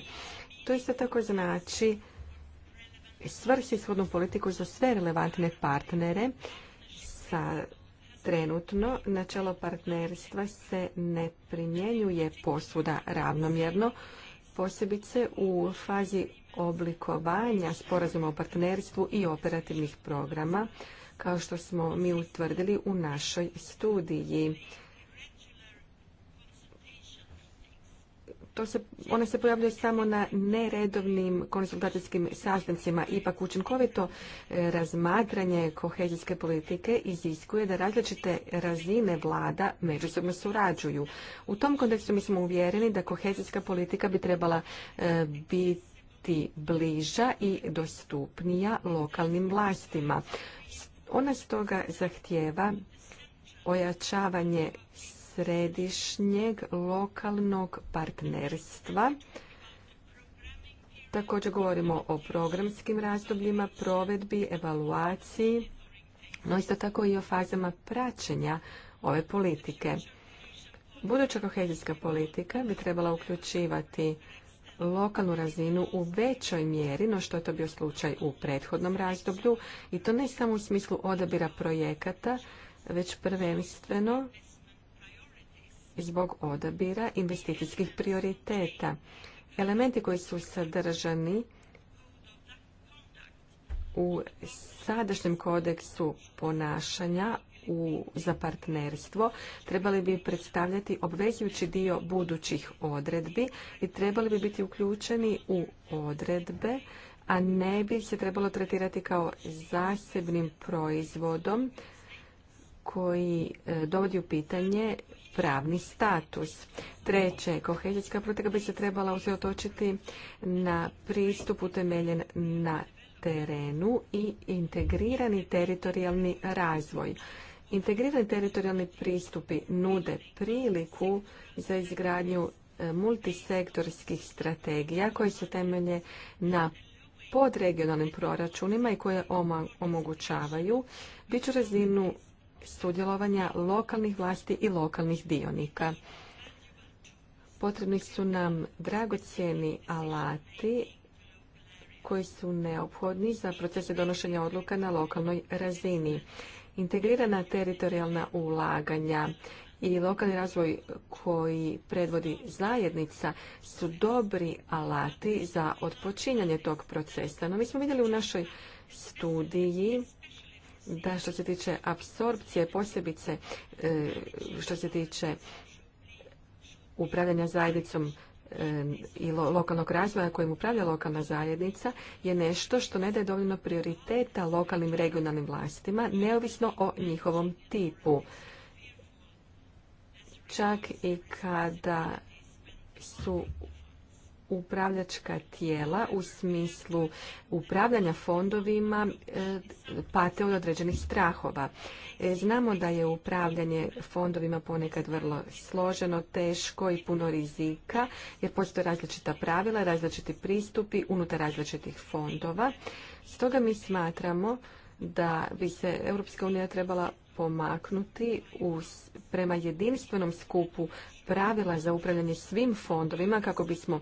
To isto tako znači svrsishodnu politiku za sve relevantne partnere sa Trenutno načelo partnerstva se ne primjenjuje posvuda ravnomjerno, posebice u fazi oblikovanja sporazuma o partnerstvu i operativnih programa, kao što smo mi utvrdili u našoj studiji. To ona se pojavljuje samo na neredovnim konsultacijskim sastancima. Ipak učinkovito e, razmatranje kohezijske politike iziskuje da različite razine vlada međusobno surađuju. U tom kontekstu mi smo uvjereni da kohezijska politika bi trebala e, biti biti bliža i dostupnija lokalnim vlastima. Ona stoga zahtjeva ojačavanje središnjeg lokalnog partnerstva. Također govorimo o programskim razdobljima, provedbi, evaluaciji, no isto tako i o fazama praćenja ove politike. Buduća kohezijska politika bi trebala uključivati lokalnu razinu u većoj mjeri no što je to bio slučaj u prethodnom razdoblju i to ne samo u smislu odabira projekata, već prvenstveno zbog odabira investicijskih prioriteta. Elementi koji su sadržani u sadašnjem kodeksu ponašanja za partnerstvo trebali bi predstavljati obvezujući dio budućih odredbi i trebali bi biti uključeni u odredbe, a ne bi se trebalo tretirati kao zasebnim proizvodom koji e, dovodi u pitanje pravni status. Treće, kohezijska politika bi se trebala usredotočiti na pristup utemeljen na terenu i integrirani teritorijalni razvoj. Integrirani teritorijalni pristupi nude priliku za izgradnju e, multisektorskih strategija koje se temelje na podregionalnim proračunima i koje omogućavaju biću razinu sudjelovanja lokalnih vlasti i lokalnih dionika. Potrebni su nam dragocjeni alati koji su neophodni za procese donošenja odluka na lokalnoj razini. Integrirana teritorijalna ulaganja i lokalni razvoj koji predvodi zajednica su dobri alati za odpočinjanje tog procesa. No mi smo vidjeli u našoj studiji da što se tiče apsorpcije, posebice e, što se tiče upravljanja zajednicom i lokalnog razvoja kojim upravlja lokalna zajednica je nešto što ne daje dovoljno prioriteta lokalnim regionalnim vlastima neovisno o njihovom tipu. Čak i kada su upravljačka tijela u smislu upravljanja fondovima e, pate od određenih strahova. E, znamo da je upravljanje fondovima ponekad vrlo složeno, teško i puno rizika, jer postoje različita pravila, različiti pristupi unutar različitih fondova. Stoga mi smatramo da bi se Europska unija trebala pomaknuti u, prema jedinstvenom skupu pravila za upravljanje svim fondovima kako bismo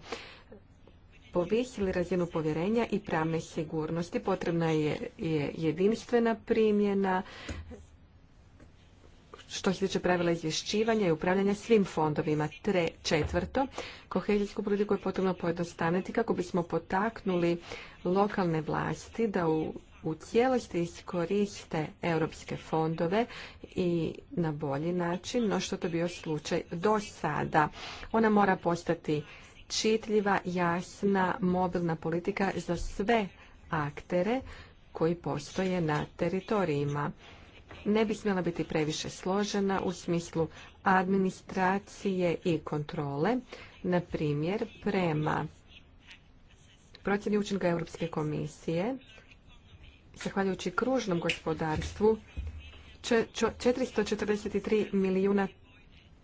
povisili razinu povjerenja i pravne sigurnosti. Potrebna je, jedinstvena primjena što se tiče pravila izvješćivanja i upravljanja svim fondovima. Tre, četvrto, kohezijsku politiku je potrebno pojednostaviti kako bismo potaknuli lokalne vlasti da u u cijelosti iskoriste europske fondove i na bolji način no što to bio slučaj do sada. Ona mora postati čitljiva, jasna, mobilna politika za sve aktere koji postoje na teritorijima. Ne bi smjela biti previše složena u smislu administracije i kontrole. Na primjer, prema procjeni učinka Europske komisije, zahvaljujući kružnom gospodarstvu, 443 milijuna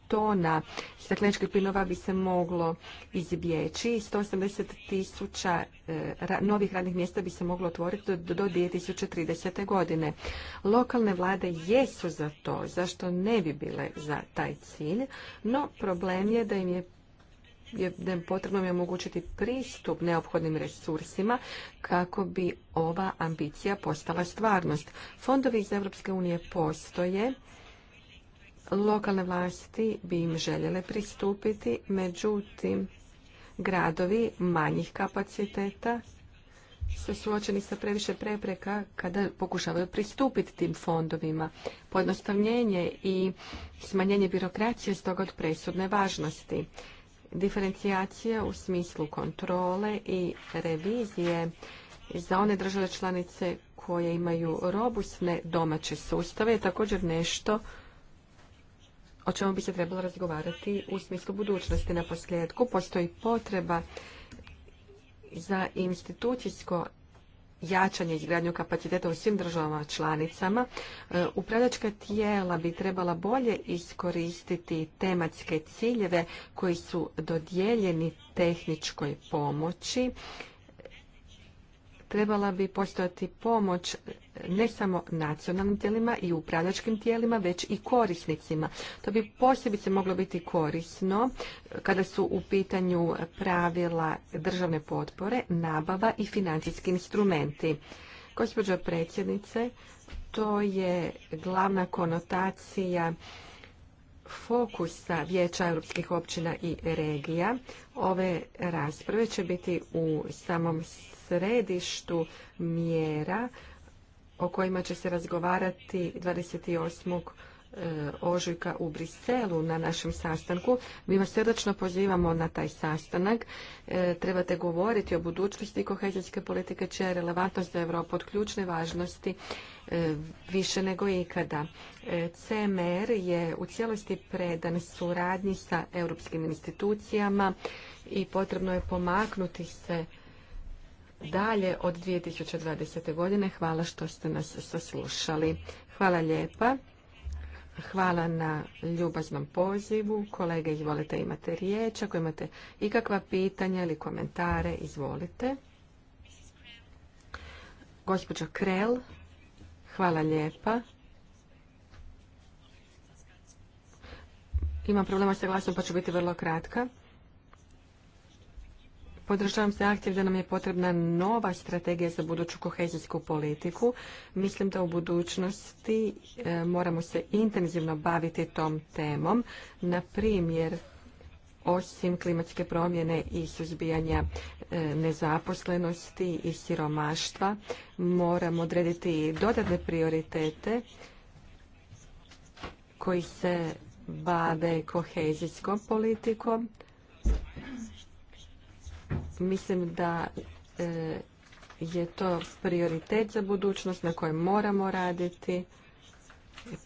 tona stakleničkih plinova bi se moglo izbjeći i 180 tisuća e, novih radnih mjesta bi se moglo otvoriti do 2030. godine. Lokalne vlade jesu za to, zašto ne bi bile za taj cilj, no problem je da im je je potrebno je omogućiti pristup neophodnim resursima kako bi ova ambicija postala stvarnost. Fondovi iz Europske unije postoje, Lokalne vlasti bi im željele pristupiti, međutim, gradovi manjih kapaciteta su suočeni sa previše prepreka kada pokušavaju pristupiti tim fondovima. Pojednostavljenje i smanjenje birokracije stoga od presudne važnosti. Diferencijacija u smislu kontrole i revizije za one države članice koje imaju robustne domaće sustave je također nešto o čemu bi se trebalo razgovarati u smislu budućnosti. Na posljedku postoji potreba za institucijsko jačanje izgradnju kapaciteta u svim državama članicama. E, upravljačka tijela bi trebala bolje iskoristiti tematske ciljeve koji su dodijeljeni tehničkoj pomoći trebala bi postojati pomoć ne samo nacionalnim tijelima i upravljačkim tijelima, već i korisnicima. To bi posebice moglo biti korisno kada su u pitanju pravila državne potpore, nabava i financijski instrumenti. Gospođo predsjednice, to je glavna konotacija fokusa Vijeća europskih općina i regija. Ove rasprave će biti u samom središtu mjera o kojima će se razgovarati 28 e, ožujka u Briselu na našem sastanku. Mi vas srdačno pozivamo na taj sastanak. E, trebate govoriti o budućnosti kohezijske politike, čija je relevantnost za Europu od ključne važnosti e, više nego ikada. CMR je u cijelosti predan suradnji sa europskim institucijama i potrebno je pomaknuti se dalje od 2020. godine. Hvala što ste nas saslušali. Hvala lijepa. Hvala na ljubaznom pozivu. Kolege, izvolite, imate riječ. Ako imate ikakva pitanja ili komentare, izvolite. Gospođo Krel, hvala lijepa. Imam problema sa glasom, pa ću biti vrlo kratka. Podržavam se aktiv da nam je potrebna nova strategija za buduću kohezijsku politiku. Mislim da u budućnosti e, moramo se intenzivno baviti tom temom. Na primjer, osim klimatske promjene i suzbijanja e, nezaposlenosti i siromaštva, moramo odrediti dodatne prioritete koji se bave kohezijskom politikom Mislim da e, je to prioritet za budućnost na kojem moramo raditi.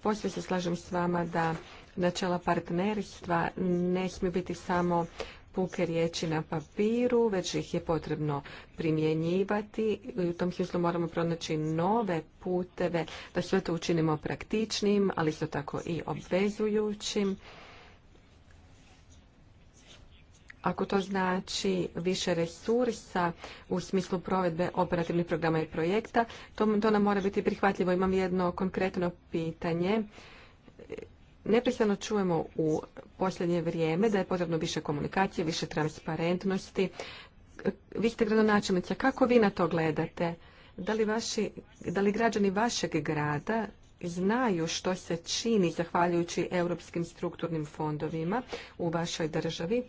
Poslije se slažem s vama da načela partnerstva ne smije biti samo puke riječi na papiru, već ih je potrebno primjenjivati. U tom smislu moramo pronaći nove puteve da sve to učinimo praktičnim, ali isto tako i obvezujućim. Ako to znači više resursa u smislu provedbe operativnih programa i projekta, to, to nam mora biti prihvatljivo. Imam jedno konkretno pitanje. Neprestano čujemo u posljednje vrijeme da je potrebno više komunikacije, više transparentnosti. Vi ste gradonačelnica, kako vi na to gledate? Da li, vaši, da li građani vašeg grada znaju što se čini zahvaljujući europskim strukturnim fondovima u vašoj državi?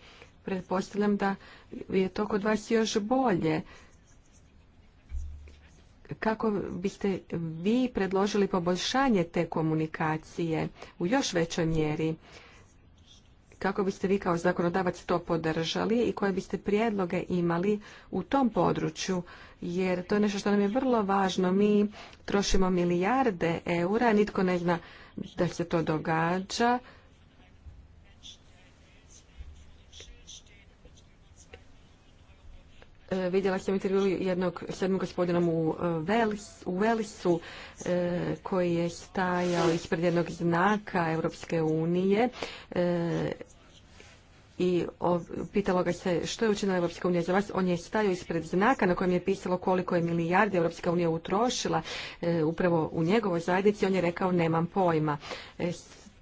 pretpostavljam da je to kod vas još bolje. Kako biste vi predložili poboljšanje te komunikacije u još većoj mjeri? Kako biste vi kao zakonodavac to podržali i koje biste prijedloge imali u tom području? Jer to je nešto što nam je vrlo važno. Mi trošimo milijarde eura, nitko ne zna da se to događa E, vidjela sam intervju jednog sedmog gospodina u, e, Vels, u Velsu e, koji je stajao ispred jednog znaka Europske unije i pitalo ga se što je učinila Europska unija za vas. On je stajao ispred znaka na kojem je pisalo koliko je milijardi Europska unija utrošila upravo u njegovoj zajednici. On je rekao nemam pojma.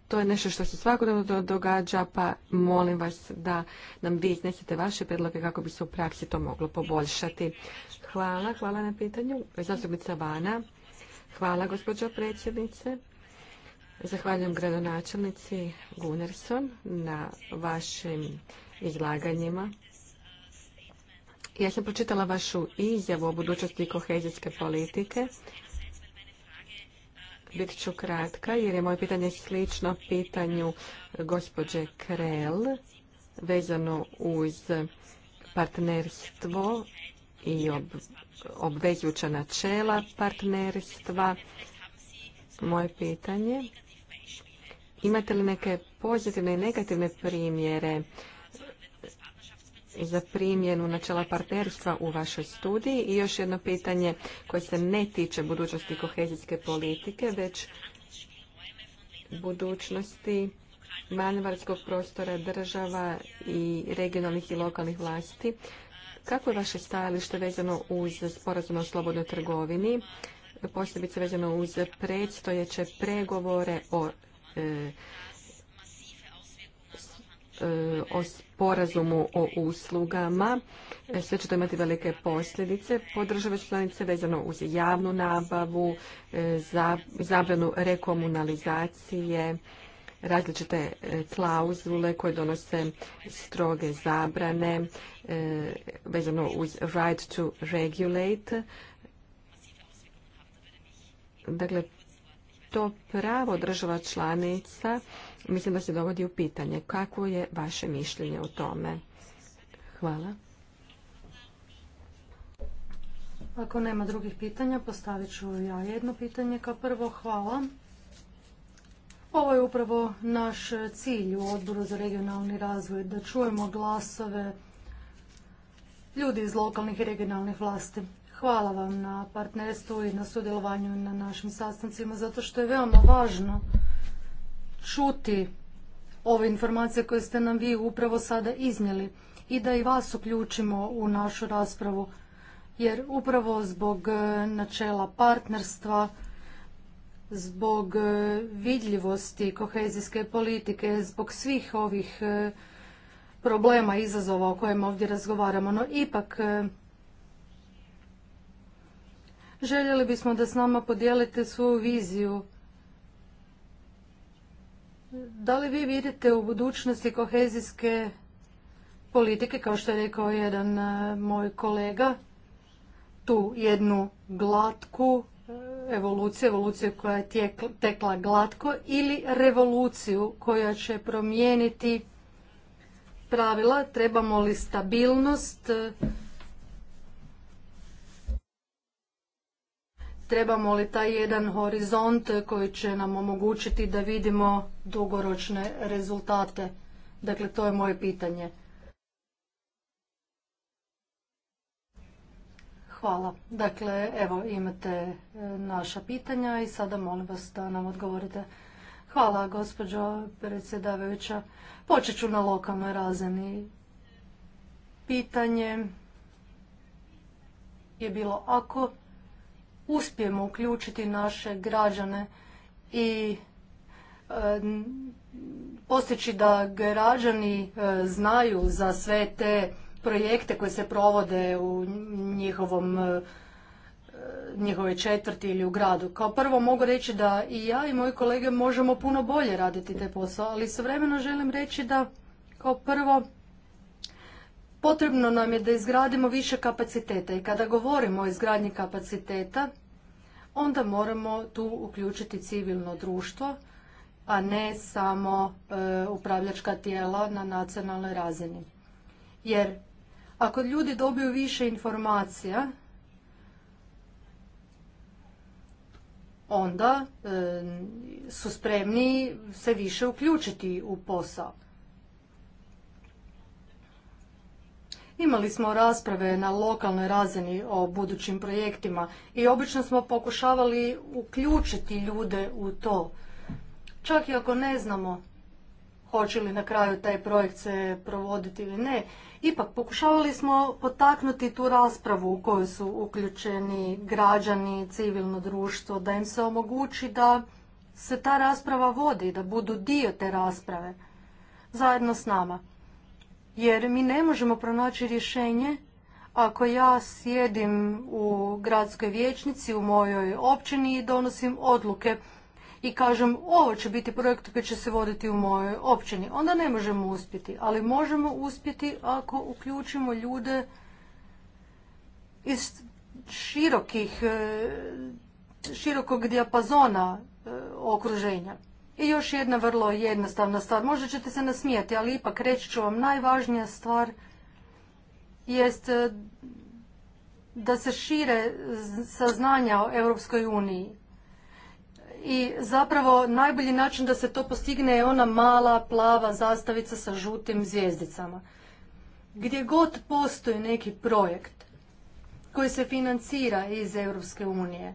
To je nešto što se svakodnevno događa, pa molim vas da nam vi iznesete vaše predloge kako bi se u praksi to moglo poboljšati. Hvala, hvala na pitanju. Zastupnica Vana. Hvala, gospođo predsjednice. Zahvaljujem gradonačelnici Gunerson na vašim izlaganjima. Ja sam pročitala vašu izjavu o budućnosti kohezijske politike Bit ću kratka jer je moje pitanje slično pitanju gospođe Krell vezano uz partnerstvo i ob, obvezujuća načela partnerstva. Moje pitanje, imate li neke pozitivne i negativne primjere za primjenu načela partnerstva u vašoj studiji i još jedno pitanje koje se ne tiče budućnosti kohezijske politike, već budućnosti manevarskog prostora država i regionalnih i lokalnih vlasti. Kako je vaše stajalište vezano uz sporazum o slobodnoj trgovini, posebice vezano uz predstojeće pregovore o e, E, o sporazumu o uslugama. E, sve će to imati velike posljedice po države članice vezano uz javnu nabavu, e, zabranu rekomunalizacije, različite klauzule koje donose stroge zabrane vezano uz right to regulate. Dakle, to pravo država članica mislim da se dovodi u pitanje. Kako je vaše mišljenje o tome? Hvala. Ako nema drugih pitanja, postavit ću ja jedno pitanje. Kao prvo, hvala. Ovo je upravo naš cilj u odboru za regionalni razvoj, da čujemo glasove ljudi iz lokalnih i regionalnih vlasti. Hvala vam na partnerstvu i na sudjelovanju na našim sastancima, zato što je veoma važno čuti ove informacije koje ste nam vi upravo sada iznijeli i da i vas uključimo u našu raspravu jer upravo zbog e, načela partnerstva, zbog e, vidljivosti kohezijske politike, zbog svih ovih e, problema, izazova o kojima ovdje razgovaramo, no ipak željeli bismo da s nama podijelite svoju viziju da li vi vidite u budućnosti kohezijske politike, kao što je rekao jedan e, moj kolega, tu jednu glatku e, evoluciju, evoluciju koja je tekla glatko ili revoluciju koja će promijeniti pravila, trebamo li stabilnost, e, Trebamo li taj jedan horizont koji će nam omogućiti da vidimo dugoročne rezultate? Dakle, to je moje pitanje. Hvala. Dakle, evo imate e, naša pitanja i sada molim vas da nam odgovorite. Hvala, gospođo predsjedavajuća. Počet ću na lokalnoj razini. Pitanje je bilo ako uspijemo uključiti naše građane i e, postići da građani e, znaju za sve te projekte koje se provode u njihovom e, njihove četvrti ili u gradu. Kao prvo mogu reći da i ja i moji kolege možemo puno bolje raditi te posao, ali istovremeno želim reći da kao prvo Potrebno nam je da izgradimo više kapaciteta i kada govorimo o izgradnji kapaciteta, onda moramo tu uključiti civilno društvo, a ne samo e, upravljačka tijela na nacionalnoj razini. Jer ako ljudi dobiju više informacija, onda e, su spremni se više uključiti u posao. Imali smo rasprave na lokalnoj razini o budućim projektima i obično smo pokušavali uključiti ljude u to. Čak i ako ne znamo hoće li na kraju taj projekt se provoditi ili ne, ipak pokušavali smo potaknuti tu raspravu u koju su uključeni građani, civilno društvo, da im se omogući da se ta rasprava vodi, da budu dio te rasprave zajedno s nama jer mi ne možemo pronaći rješenje ako ja sjedim u gradskoj vijećnici u mojoj općini i donosim odluke i kažem ovo će biti projekt koji će se voditi u mojoj općini, onda ne možemo uspjeti, ali možemo uspjeti ako uključimo ljude iz širokih, e, širokog dijapazona e, okruženja. I još jedna vrlo jednostavna stvar, možda ćete se nasmijati, ali ipak reći ću vam najvažnija stvar jest e, da se šire saznanja o Europskoj uniji. I zapravo najbolji način da se to postigne je ona mala plava zastavica sa žutim zvijezdicama. Gdje god postoji neki projekt koji se financira iz Europske unije,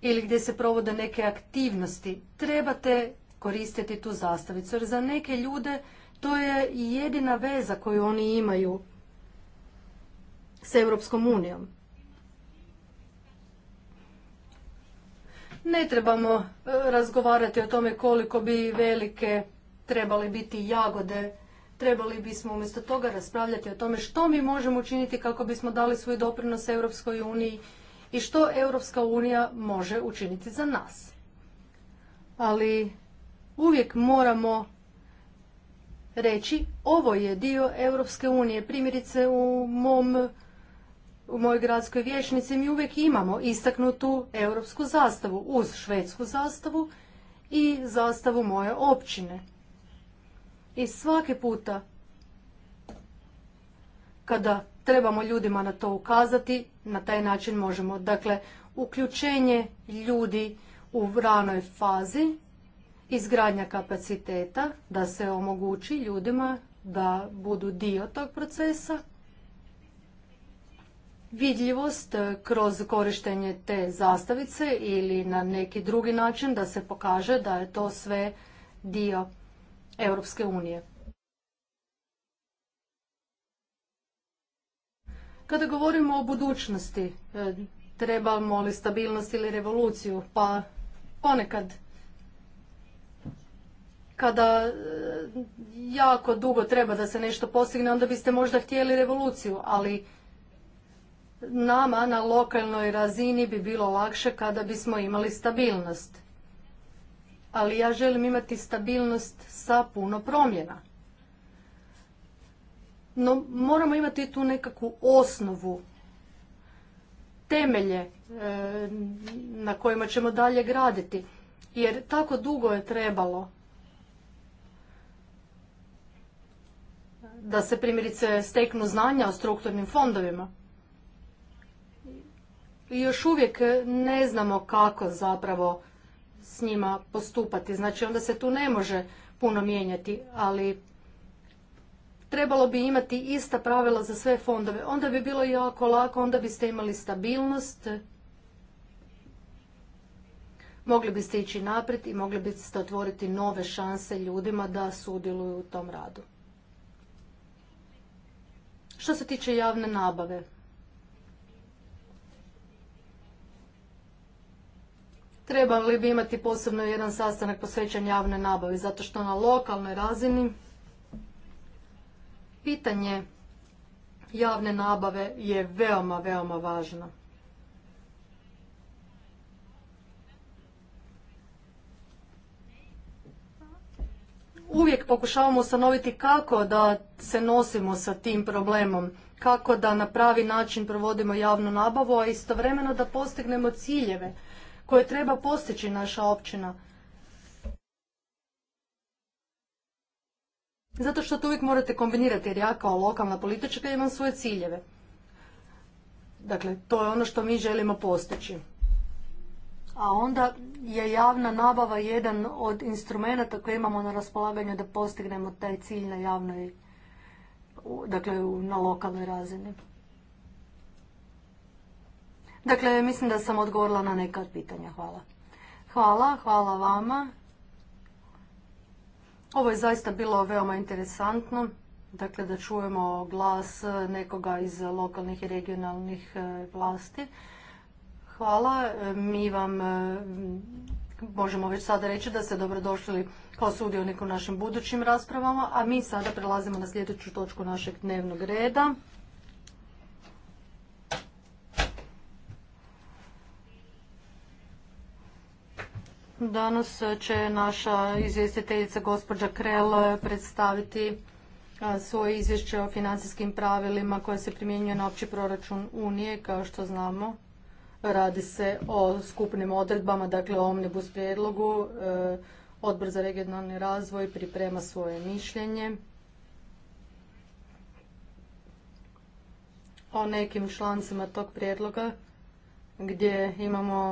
ili gdje se provode neke aktivnosti, trebate koristiti tu zastavicu. Jer za neke ljude to je jedina veza koju oni imaju s Europskom unijom. Ne trebamo e, razgovarati o tome koliko bi velike trebali biti jagode. Trebali bismo umjesto toga raspravljati o tome što mi možemo učiniti kako bismo dali svoj doprinos Europskoj uniji i što Europska unija može učiniti za nas. Ali uvijek moramo reći ovo je dio Europske unije. Primjerice u mom u mojoj gradskoj vječnici mi uvijek imamo istaknutu europsku zastavu uz švedsku zastavu i zastavu moje općine. I svaki puta kada trebamo ljudima na to ukazati, na taj način možemo. Dakle, uključenje ljudi u ranoj fazi, izgradnja kapaciteta, da se omogući ljudima da budu dio tog procesa, vidljivost e, kroz korištenje te zastavice ili na neki drugi način da se pokaže da je to sve dio Europske unije. Kada govorimo o budućnosti, e, trebamo li stabilnost ili revoluciju? Pa ponekad kada e, jako dugo treba da se nešto postigne, onda biste možda htjeli revoluciju, ali nama na lokalnoj razini bi bilo lakše kada bismo imali stabilnost. Ali ja želim imati stabilnost sa puno promjena no moramo imati tu nekakvu osnovu, temelje e, na kojima ćemo dalje graditi. Jer tako dugo je trebalo da se primjerice steknu znanja o strukturnim fondovima. I još uvijek ne znamo kako zapravo s njima postupati. Znači onda se tu ne može puno mijenjati, ali trebalo bi imati ista pravila za sve fondove. Onda bi bilo jako lako, onda biste imali stabilnost, mogli biste ići naprijed i mogli biste otvoriti nove šanse ljudima da sudjeluju u tom radu. Što se tiče javne nabave, trebali bi imati posebno jedan sastanak posvećan javnoj nabavi, zato što na lokalnoj razini Pitanje javne nabave je veoma, veoma važno. Uvijek pokušavamo ustanoviti kako da se nosimo sa tim problemom, kako da na pravi način provodimo javnu nabavu, a istovremeno da postignemo ciljeve koje treba postići naša općina. Zato što to uvijek morate kombinirati, jer ja kao lokalna politička imam svoje ciljeve. Dakle, to je ono što mi želimo postići. A onda je javna nabava jedan od instrumenta koje imamo na raspolaganju da postignemo taj cilj na javnoj, dakle na lokalnoj razini. Dakle, mislim da sam odgovorila na neka od pitanja. Hvala. Hvala, hvala vama ovo je zaista bilo veoma interesantno, dakle da čujemo glas nekoga iz lokalnih i regionalnih e, vlasti. Hvala, mi vam e, možemo već sada reći da ste dobrodošli kao sudionik u našim budućim raspravama, a mi sada prelazimo na sljedeću točku našeg dnevnog reda. Danas će naša izvjestiteljica gospođa Krel predstaviti svoje izvješće o financijskim pravilima koje se primjenjuje na opći proračun Unije, kao što znamo. Radi se o skupnim odredbama, dakle o omnibus prijedlogu. E, Odbor za regionalni razvoj priprema svoje mišljenje. O nekim člancima tog prijedloga gdje imamo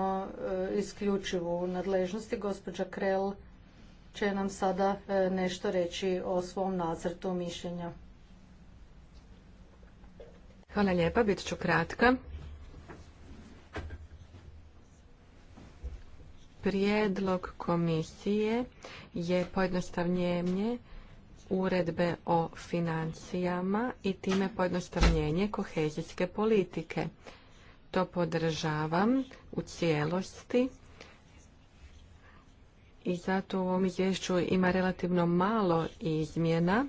e, isključivu nadležnost i gospođa Krell će nam sada e, nešto reći o svom nacrtu mišljenja. Hvala lijepa, bit ću kratka. Prijedlog komisije je pojednostavljenje uredbe o financijama i time pojednostavljenje kohezijske politike to podržavam u cijelosti i zato u ovom izvješću ima relativno malo izmjena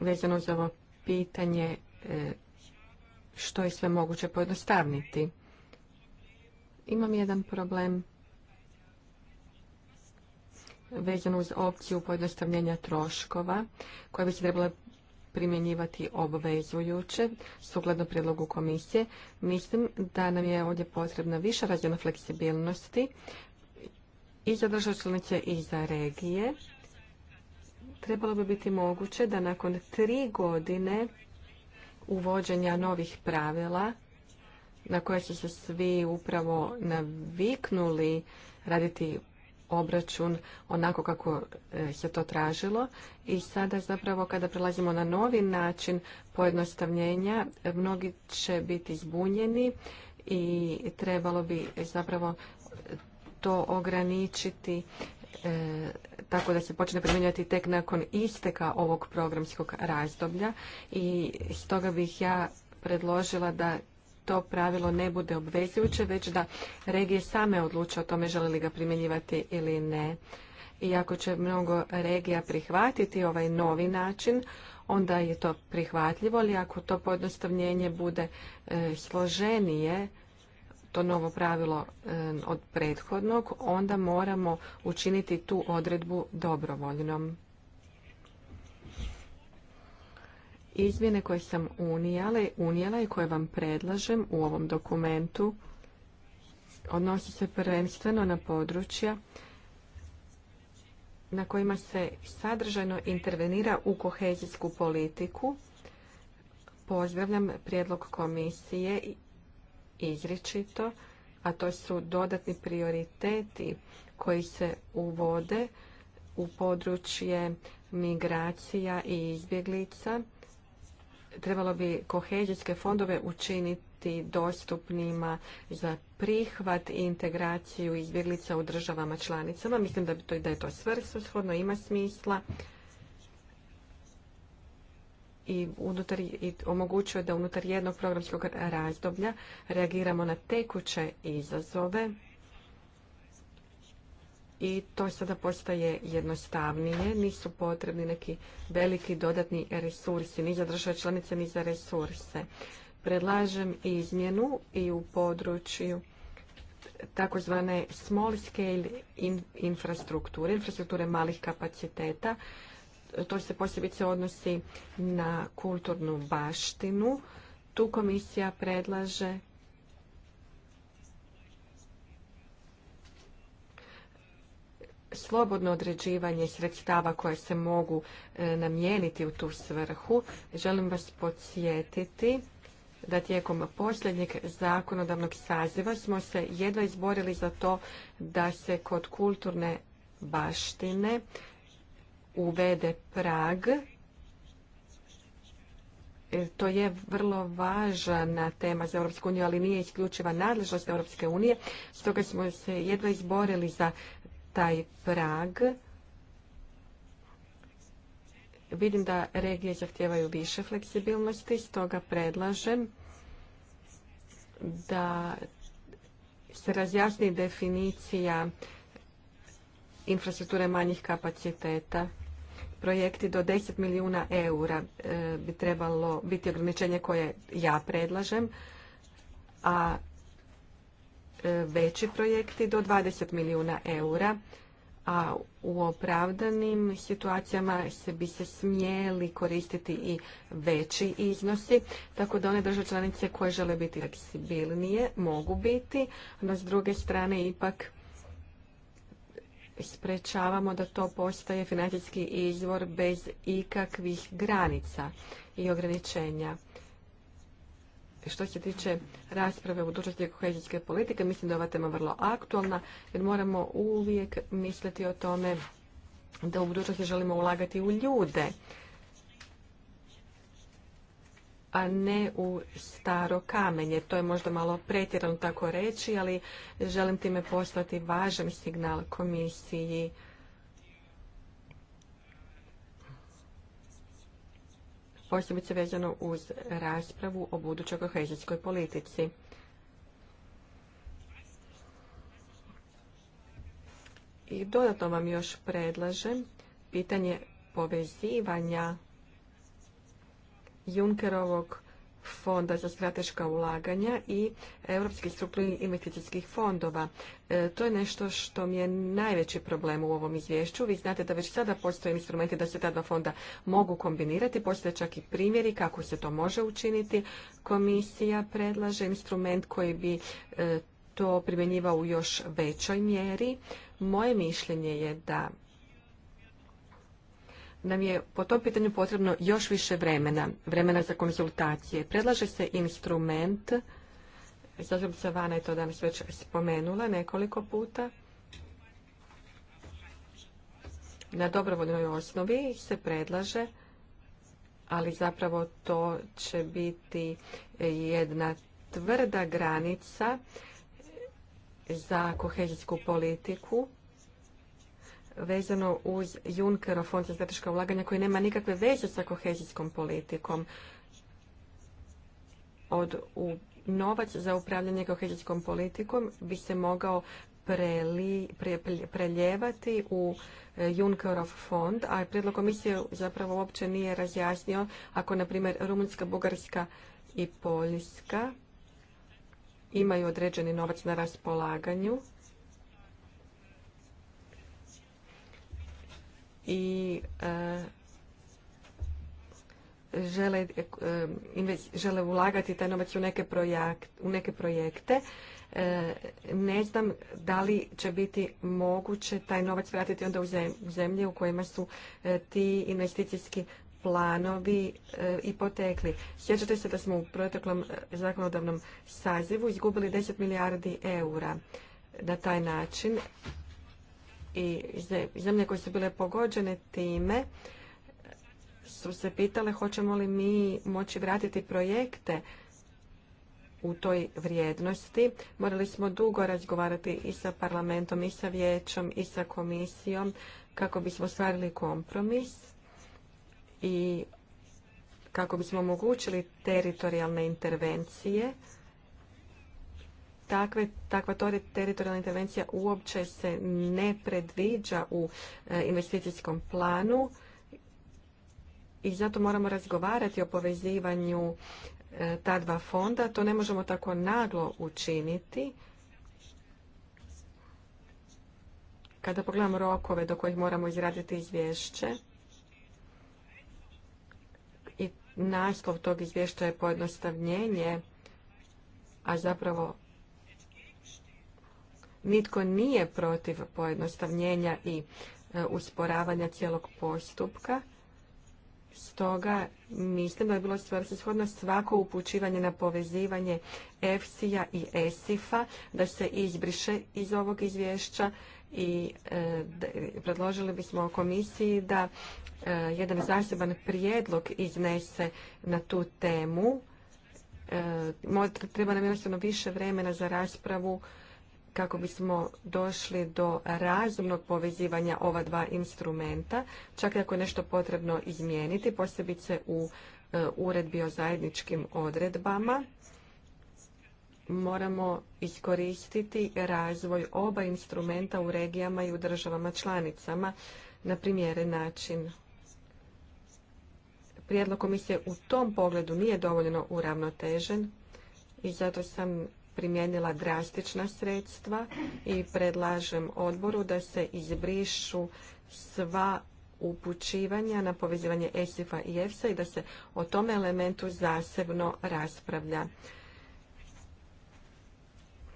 vezano za ovo pitanje e, što je sve moguće pojednostavniti. Imam jedan problem vezano uz opciju pojednostavljenja troškova koja bi se trebala primjenjivati obvezujuće sukladno prijedlogu komisije. Mislim da nam je ovdje potrebna viša razina fleksibilnosti i za države članice i za regije. Trebalo bi biti moguće da nakon tri godine uvođenja novih pravila na koje su se svi upravo naviknuli raditi obračun onako kako se eh, to tražilo i sada zapravo kada prelazimo na novi način pojednostavljenja mnogi će biti zbunjeni i trebalo bi zapravo to ograničiti eh, tako da se počne primjenjivati tek nakon isteka ovog programskog razdoblja i stoga bih ja predložila da to pravilo ne bude obvezujuće, već da regije same odluče o tome žele li ga primjenjivati ili ne. I ako će mnogo regija prihvatiti ovaj novi način, onda je to prihvatljivo, ali ako to pojednostavljenje bude e, složenije, to novo pravilo e, od prethodnog, onda moramo učiniti tu odredbu dobrovoljnom. Izmjene koje sam unijela i koje vam predlažem u ovom dokumentu odnosi se prvenstveno na područja na kojima se sadržajno intervenira u kohezijsku politiku. Pozdravljam prijedlog komisije izričito, a to su dodatni prioriteti koji se uvode u područje migracija i izbjeglica trebalo bi kohezijske fondove učiniti dostupnima za prihvat i integraciju izbjeglica u državama članicama. Mislim da, bi to, da je to svrsishodno, ima smisla i, unutar, i omogućuje da unutar jednog programskog razdoblja reagiramo na tekuće izazove i to sada postaje jednostavnije. Nisu potrebni neki veliki dodatni resursi, ni za države članice, ni za resurse. Predlažem izmjenu i u području takozvane small scale infrastrukture, infrastrukture malih kapaciteta. To se posebice odnosi na kulturnu baštinu. Tu komisija predlaže slobodno određivanje sredstava koje se mogu e, namijeniti u tu svrhu. Želim vas podsjetiti da tijekom posljednjeg zakonodavnog saziva smo se jedva izborili za to da se kod kulturne baštine uvede prag. E, to je vrlo važna tema za Europsku uniju, ali nije isključiva nadležnost Europske unije. Stoga smo se jedva izborili za taj prag. Vidim da regije zahtijevaju više fleksibilnosti, stoga predlažem da se razjasni definicija infrastrukture manjih kapaciteta. Projekti do 10 milijuna eura e, bi trebalo biti ograničenje koje ja predlažem, a E, veći projekti do 20 milijuna eura, a u opravdanim situacijama se bi se smjeli koristiti i veći iznosi, tako da one države članice koje žele biti fleksibilnije mogu biti, no s druge strane ipak sprečavamo da to postaje financijski izvor bez ikakvih granica i ograničenja što se tiče rasprave o budućnosti kohezijske politike, mislim da je ova tema vrlo aktualna, jer moramo uvijek misliti o tome da u budućnosti želimo ulagati u ljude, a ne u staro kamenje. To je možda malo pretjerano tako reći, ali želim time poslati važan signal komisiji posebice vezano uz raspravu o budućoj kohezijskoj politici. I dodatno vam još predlažem pitanje povezivanja Junkerovog fonda za strateška ulaganja i europskih strukturnih investicijskih fondova. E, to je nešto što mi je najveći problem u ovom izvješću. Vi znate da već sada postoje instrumenti da se ta dva fonda mogu kombinirati. Postoje čak i primjeri kako se to može učiniti. Komisija predlaže instrument koji bi e, to primjenjivao u još većoj mjeri. Moje mišljenje je da nam je po tom pitanju potrebno još više vremena, vremena za konzultacije. Predlaže se instrument, se Vana je to danas već spomenula nekoliko puta, na dobrovoljnoj osnovi se predlaže, ali zapravo to će biti jedna tvrda granica za kohezijsku politiku vezano uz Junckerov fond za strateška ulaganja koji nema nikakve veze sa kohezijskom politikom. Od u, novac za upravljanje kohezijskom politikom bi se mogao preli, preljevati u e, Junkerov fond, a predlog komisije zapravo uopće nije razjasnio ako, na primjer, Rumunjska, Bugarska i Poljska imaju određeni novac na raspolaganju i e, žele, e, žele ulagati taj novac u neke, projekt, u neke projekte. E, ne znam da li će biti moguće taj novac vratiti onda u zemlje u kojima su ti investicijski planovi i potekli. Sjećate se da smo u proteklom zakonodavnom sazivu izgubili 10 milijardi eura na taj način i zemlje koje su bile pogođene time su se pitale hoćemo li mi moći vratiti projekte u toj vrijednosti. Morali smo dugo razgovarati i sa parlamentom, i sa vijećom, i sa komisijom kako bismo stvarili kompromis i kako bismo omogućili teritorijalne intervencije takve, takva teritorijalna intervencija uopće se ne predviđa u e, investicijskom planu i zato moramo razgovarati o povezivanju e, ta dva fonda. To ne možemo tako naglo učiniti. Kada pogledamo rokove do kojih moramo izraditi izvješće, i naslov tog izvješća je pojednostavljenje, a zapravo Nitko nije protiv pojednostavljenja i e, usporavanja cijelog postupka. Stoga mislim da je bilo svrsishodno svako upućivanje na povezivanje EFSI-a i ESIF-a da se izbriše iz ovog izvješća i e, predložili bismo komisiji da e, jedan zaseban prijedlog iznese na tu temu. treba nam jednostavno više vremena za raspravu kako bismo došli do razumnog povezivanja ova dva instrumenta, čak i ako je nešto potrebno izmijeniti, posebice u e, uredbi o zajedničkim odredbama, moramo iskoristiti razvoj oba instrumenta u regijama i u državama članicama na primjeren način. Prijedlog komisije u tom pogledu nije dovoljno uravnotežen i zato sam primijenila drastična sredstva i predlažem odboru da se izbrišu sva upućivanja na povezivanje ESIF-a i EFSA i da se o tom elementu zasebno raspravlja.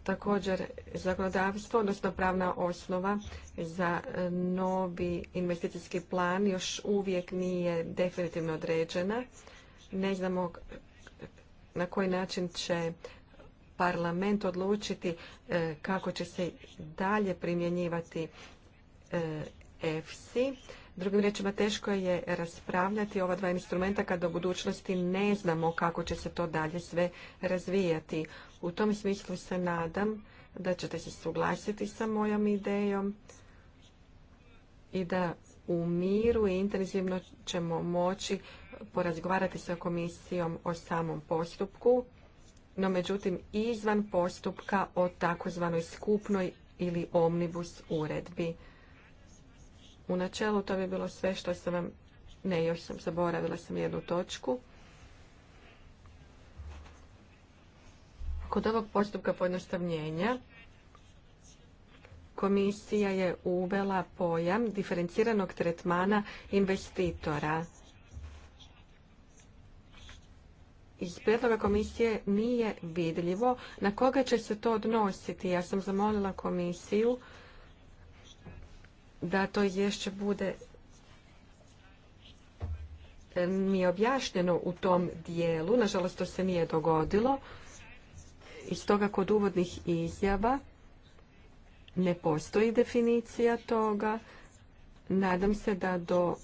Također, zakonodavstvo, odnosno pravna osnova za novi investicijski plan još uvijek nije definitivno određena. Ne znamo na koji način će parlament odlučiti e, kako će se dalje primjenjivati EFSI. Drugim riječima, teško je raspravljati ova dva instrumenta kada u budućnosti ne znamo kako će se to dalje sve razvijati. U tom smislu se nadam da ćete se suglasiti sa mojom idejom i da u miru i intenzivno ćemo moći porazgovarati sa komisijom o samom postupku no međutim izvan postupka o takozvanoj skupnoj ili omnibus uredbi. U načelu to bi bilo sve što sam vam... Ne, još sam zaboravila sam jednu točku. Kod ovog postupka pojednostavnjenja komisija je uvela pojam diferenciranog tretmana investitora. iz prijedloga komisije nije vidljivo na koga će se to odnositi. Ja sam zamolila komisiju da to izvješće bude e, mi objašnjeno u tom dijelu. Nažalost, to se nije dogodilo. Iz toga kod uvodnih izjava ne postoji definicija toga. Nadam se da do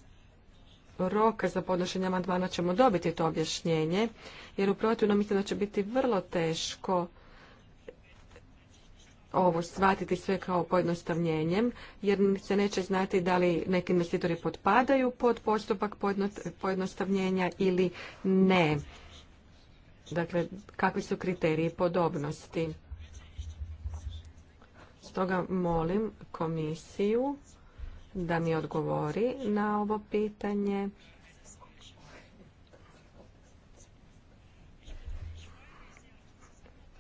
roka za podnošenje amandmana ćemo dobiti to objašnjenje, jer u protivnom mislim da će biti vrlo teško ovo shvatiti sve kao pojednostavnjenjem jer se neće znati da li neki investitori potpadaju pod postupak pojednostavljenja ili ne. Dakle, kakvi su kriteriji podobnosti. Stoga molim komisiju da mi odgovori na ovo pitanje.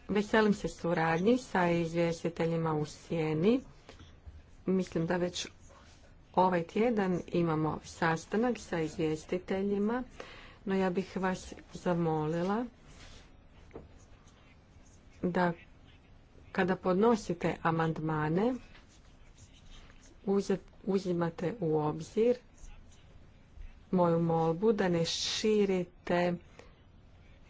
Veselim se suradnji sa izvjestiteljima u Sjeni. Mislim da već ovaj tjedan imamo sastanak sa izvjestiteljima, no ja bih vas zamolila da kada podnosite amandmane uzet uzimate u obzir moju molbu da ne širite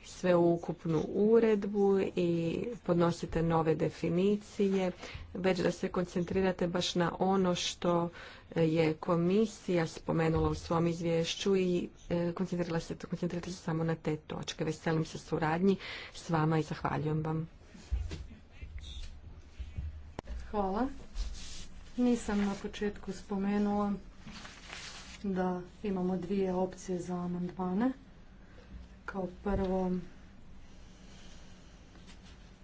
sveukupnu uredbu i podnosite nove definicije, već da se koncentrirate baš na ono što je komisija spomenula u svom izvješću i e, koncentrirala se, koncentrirate se samo na te točke. Veselim se suradnji s vama i zahvaljujem vam. Hvala. Nisam na početku spomenula da imamo dvije opcije za amandmane. Kao prvo,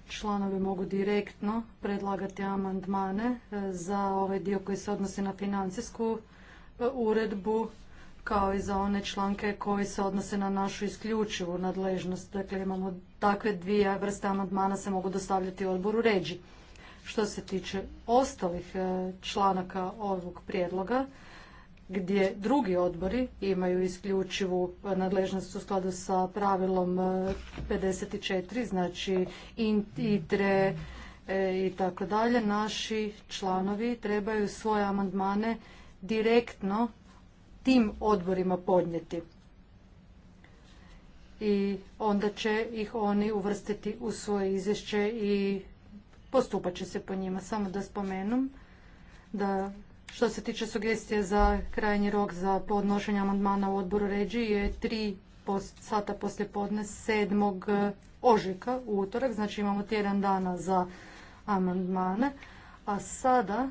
članovi mogu direktno predlagati amandmane e, za ovaj dio koji se odnosi na financijsku e, uredbu, kao i za one članke koji se odnose na našu isključivu nadležnost. Dakle, imamo takve dvije vrste amandmana se mogu dostavljati odboru ređi. Što se tiče ostalih e, članaka ovog prijedloga, gdje drugi odbori imaju isključivu nadležnost u skladu sa pravilom 54, e, znači ITRE e, i tako dalje, naši članovi trebaju svoje amandmane direktno tim odborima podnijeti. I onda će ih oni uvrstiti u svoje izvješće i postupat će se po njima. Samo da spomenem da što se tiče sugestije za krajnji rok za podnošenje amandmana u odboru ređi je tri sata poslje podne 7. E, ožujka u utorak, znači imamo tjedan dana za amandmane. A sada,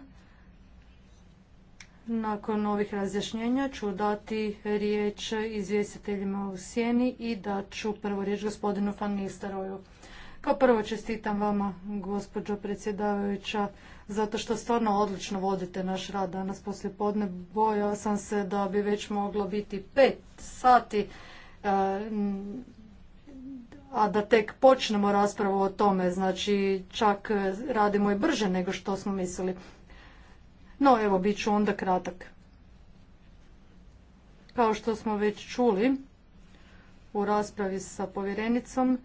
nakon ovih razjašnjenja, ću dati riječ izvjestiteljima u sjeni i da ću prvo riječ gospodinu Fan kao prvo čestitam vama, gospođo predsjedavajuća, zato što stvarno odlično vodite naš rad danas poslije podne. Bojao sam se da bi već moglo biti pet sati, e, a da tek počnemo raspravu o tome. Znači, čak radimo i brže nego što smo mislili. No, evo, bit ću onda kratak. Kao što smo već čuli u raspravi sa povjerenicom,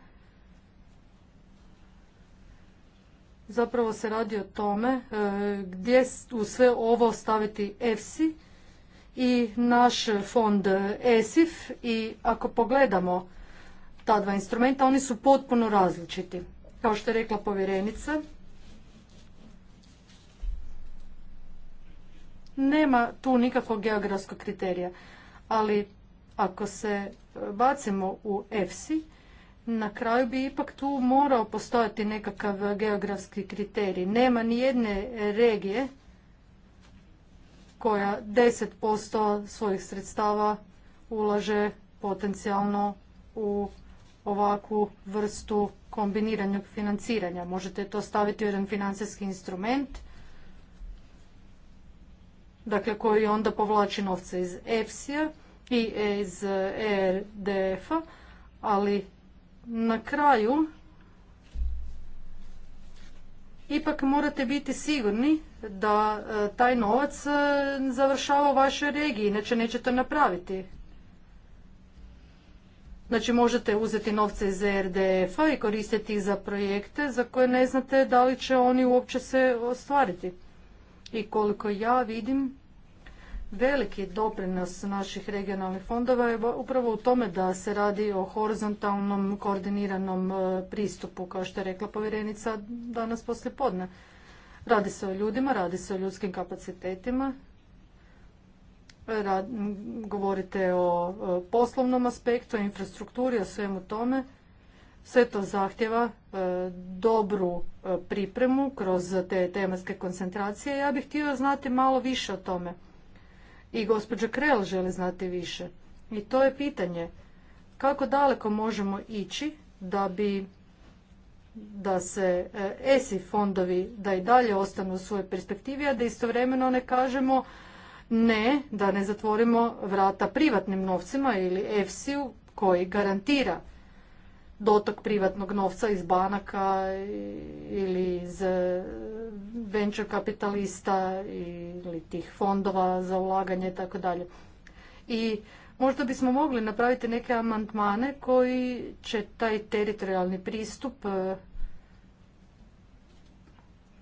zapravo se radi o tome e, gdje u sve ovo staviti EFSI i naš fond ESIF i ako pogledamo ta dva instrumenta, oni su potpuno različiti. Kao što je rekla povjerenica, nema tu nikakvog geografskog kriterija, ali ako se bacimo u EFSI, na kraju bi ipak tu morao postojati nekakav geografski kriterij. Nema ni jedne regije koja 10% svojih sredstava ulaže potencijalno u ovakvu vrstu kombiniranog financiranja. Možete to staviti u jedan financijski instrument dakle koji onda povlači novce iz EFSI-a i iz ERDF-a, ali na kraju ipak morate biti sigurni da e, taj novac e, završava u vašoj regiji, inače nećete napraviti. Znači možete uzeti novce iz ERDF-a i koristiti ih za projekte za koje ne znate da li će oni uopće se ostvariti. I koliko ja vidim, Veliki doprinos naših regionalnih fondova je upravo u tome da se radi o horizontalnom koordiniranom e, pristupu, kao što je rekla povjerenica danas poslije podne. Radi se o ljudima, radi se o ljudskim kapacitetima, e, rad, govorite o e, poslovnom aspektu, o infrastrukturi, o svemu tome. Sve to zahtjeva dobru pripremu kroz te tematske koncentracije. Ja bih htio znati malo više o tome. I gospođa Krel želi znati više. I to je pitanje kako daleko možemo ići da bi da se e, ESI fondovi da i dalje ostanu u svojoj perspektivi, a da istovremeno ne kažemo ne, da ne zatvorimo vrata privatnim novcima ili EFSI-u koji garantira dotok privatnog novca iz banaka ili iz e, venture kapitalista ili tih fondova za ulaganje i tako dalje. I možda bismo mogli napraviti neke amandmane koji će taj teritorijalni pristup e,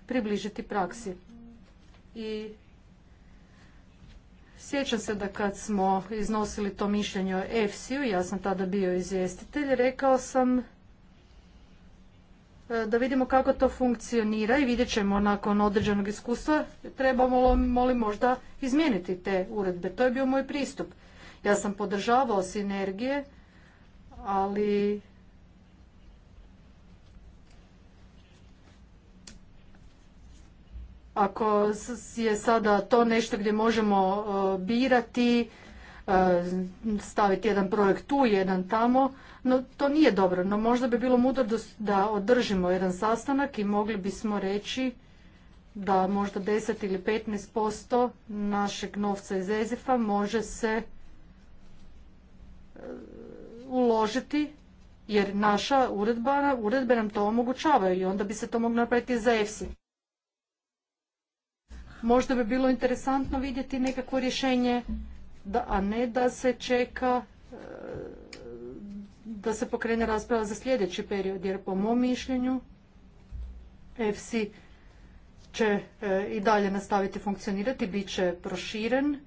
približiti praksi. I Sjećam se da kad smo iznosili to mišljenje o EFSI-u, ja sam tada bio izvjestitelj, rekao sam e, da vidimo kako to funkcionira i vidjet ćemo nakon određenog iskustva trebamo li možda izmijeniti te uredbe. To je bio moj pristup. Ja sam podržavao sinergije, ali Ako je sada to nešto gdje možemo e, birati, e, staviti jedan projekt tu, jedan tamo, no to nije dobro. No možda bi bilo mudro da održimo jedan sastanak i mogli bismo reći da možda 10 ili 15% našeg novca iz EZIF-a može se e, uložiti jer naša uredba, uredbe nam to omogućavaju i onda bi se to moglo napraviti za EFSI možda bi bilo interesantno vidjeti nekakvo rješenje, a ne da se čeka e, da se pokrene rasprava za sljedeći period, jer po mom mišljenju EFSI će e, i dalje nastaviti funkcionirati, bit će proširen,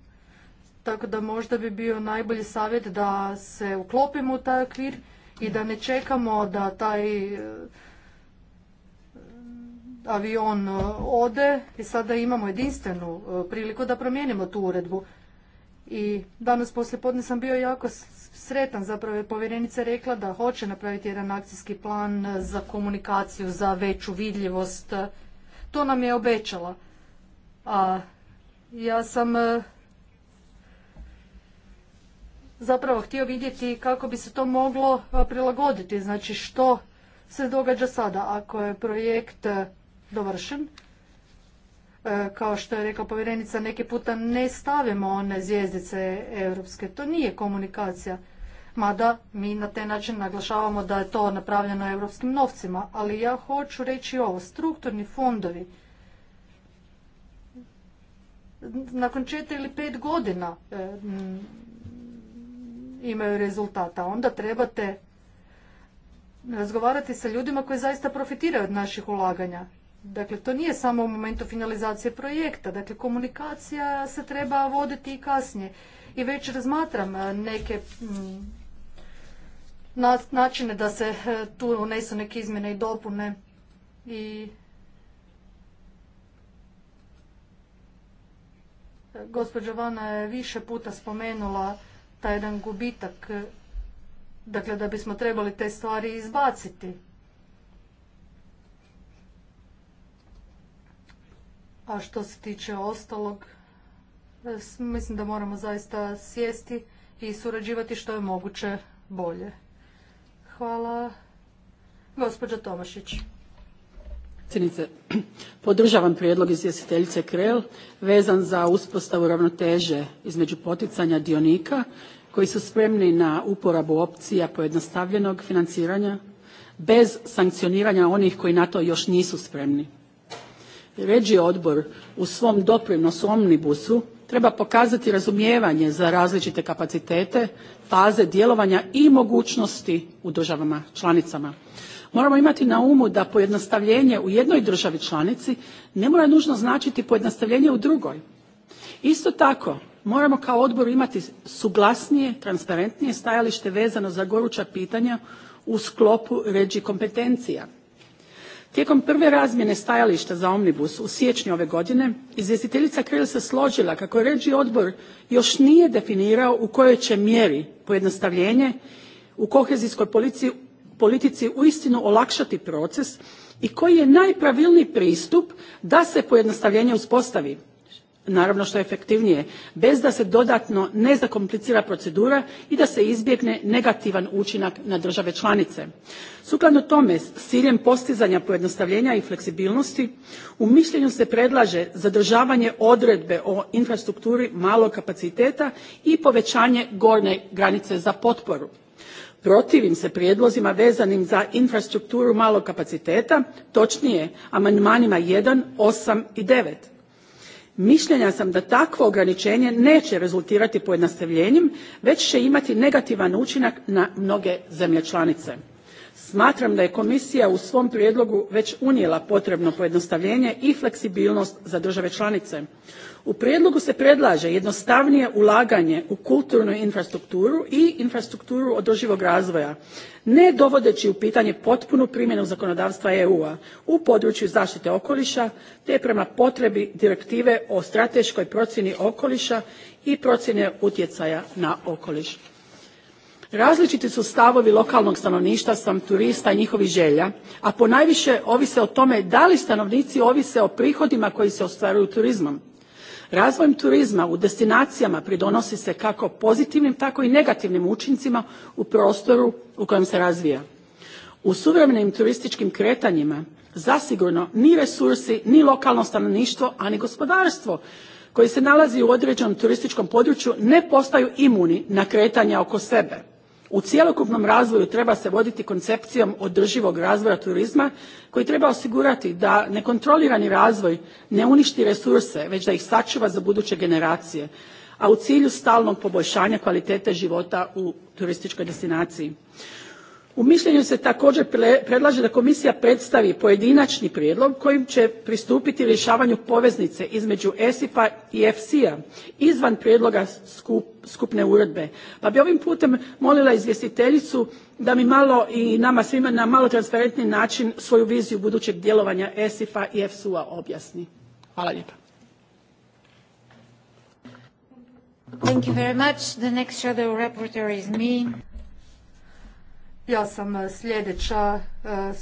tako da možda bi bio najbolji savjet da se uklopimo u taj okvir i da ne čekamo da taj avion e, ode i sada imamo jedinstvenu e, priliku da promijenimo tu uredbu. I danas poslije podne sam bio jako sretan, zapravo je povjerenica rekla da hoće napraviti jedan akcijski plan e, za komunikaciju, za veću vidljivost. To nam je obećala. A ja sam zapravo htio vidjeti kako bi se to moglo prilagoditi, znači što se događa sada ako je projekt dovršen. E, kao što je rekla povjerenica, neki puta ne stavimo one zvijezdice europske. To nije komunikacija. Mada mi na taj način naglašavamo da je to napravljeno europskim novcima. Ali ja hoću reći ovo. Strukturni fondovi nakon četiri ili pet godina e, imaju rezultata. Onda trebate razgovarati sa ljudima koji zaista profitiraju od naših ulaganja. Dakle, to nije samo u momentu finalizacije projekta. Dakle, komunikacija se treba voditi i kasnije. I već razmatram e, neke mm, načine da se e, tu unesu neke izmjene i dopune i e, gospođa Vana je više puta spomenula taj jedan gubitak, dakle da bismo trebali te stvari izbaciti. A što se tiče ostalog, e, mislim da moramo zaista sjesti i surađivati što je moguće bolje. Hvala. Gospođa Tomašić. podržavam prijedlog izvjestiteljice Krel vezan za uspostavu ravnoteže između poticanja dionika koji su spremni na uporabu opcija pojednostavljenog financiranja bez sankcioniranja onih koji na to još nisu spremni Ređi odbor u svom doprinosu Omnibusu treba pokazati razumijevanje za različite kapacitete, faze djelovanja i mogućnosti u državama članicama. Moramo imati na umu da pojednostavljenje u jednoj državi članici ne mora nužno značiti pojednostavljenje u drugoj. Isto tako, moramo kao odbor imati suglasnije, transparentnije stajalište vezano za goruća pitanja u sklopu ređi kompetencija. Tijekom prve razmjene stajališta za Omnibus u siječnju ove godine izvjestiteljica Krel se složila kako ređi odbor još nije definirao u kojoj će mjeri pojednostavljenje u kohezijskoj politici, politici uistinu olakšati proces i koji je najpravilniji pristup da se pojednostavljenje uspostavi naravno što je efektivnije bez da se dodatno ne zakomplicira procedura i da se izbjegne negativan učinak na države članice. Sukladno tome s ciljem postizanja pojednostavljenja i fleksibilnosti u mišljenju se predlaže zadržavanje odredbe o infrastrukturi malog kapaciteta i povećanje gornje granice za potporu. Protivim se prijedlozima vezanim za infrastrukturu malog kapaciteta, točnije amandmanima 1, 8 i 9 mišljenja sam da takvo ograničenje neće rezultirati pojednostavljenjem već će imati negativan učinak na mnoge zemlje članice. smatram da je komisija u svom prijedlogu već unijela potrebno pojednostavljenje i fleksibilnost za države članice u prijedlogu se predlaže jednostavnije ulaganje u kulturnu infrastrukturu i infrastrukturu održivog razvoja ne dovodeći u pitanje potpunu primjenu zakonodavstva eu a u području zaštite okoliša te prema potrebi direktive o strateškoj procjeni okoliša i procjene utjecaja na okoliš različiti su stavovi lokalnog stanovništva sam turista i njihovih želja a ponajviše ovise o tome da li stanovnici ovise o prihodima koji se ostvaruju turizmom razvojem turizma u destinacijama pridonosi se kako pozitivnim tako i negativnim učincima u prostoru u kojem se razvija u suvremenim turističkim kretanjima zasigurno ni resursi ni lokalno stanovništvo a ni gospodarstvo koje se nalazi u određenom turističkom području ne postaju imuni na kretanja oko sebe u cjelokupnom razvoju treba se voditi koncepcijom održivog razvoja turizma koji treba osigurati da nekontrolirani razvoj ne uništi resurse već da ih sačuva za buduće generacije, a u cilju stalnog poboljšanja kvalitete života u turističkoj destinaciji u mišljenju se također predlaže da komisija predstavi pojedinačni prijedlog kojim će pristupiti rješavanju poveznice između esif a i efsi a izvan prijedloga skupne uredbe pa bi ovim putem molila izvjestiteljicu da mi malo i nama svima na malo transparentni način svoju viziju budućeg djelovanja esif a i efsu a objasni. hvala lijepa. Ja sam e, sljedeća e, e,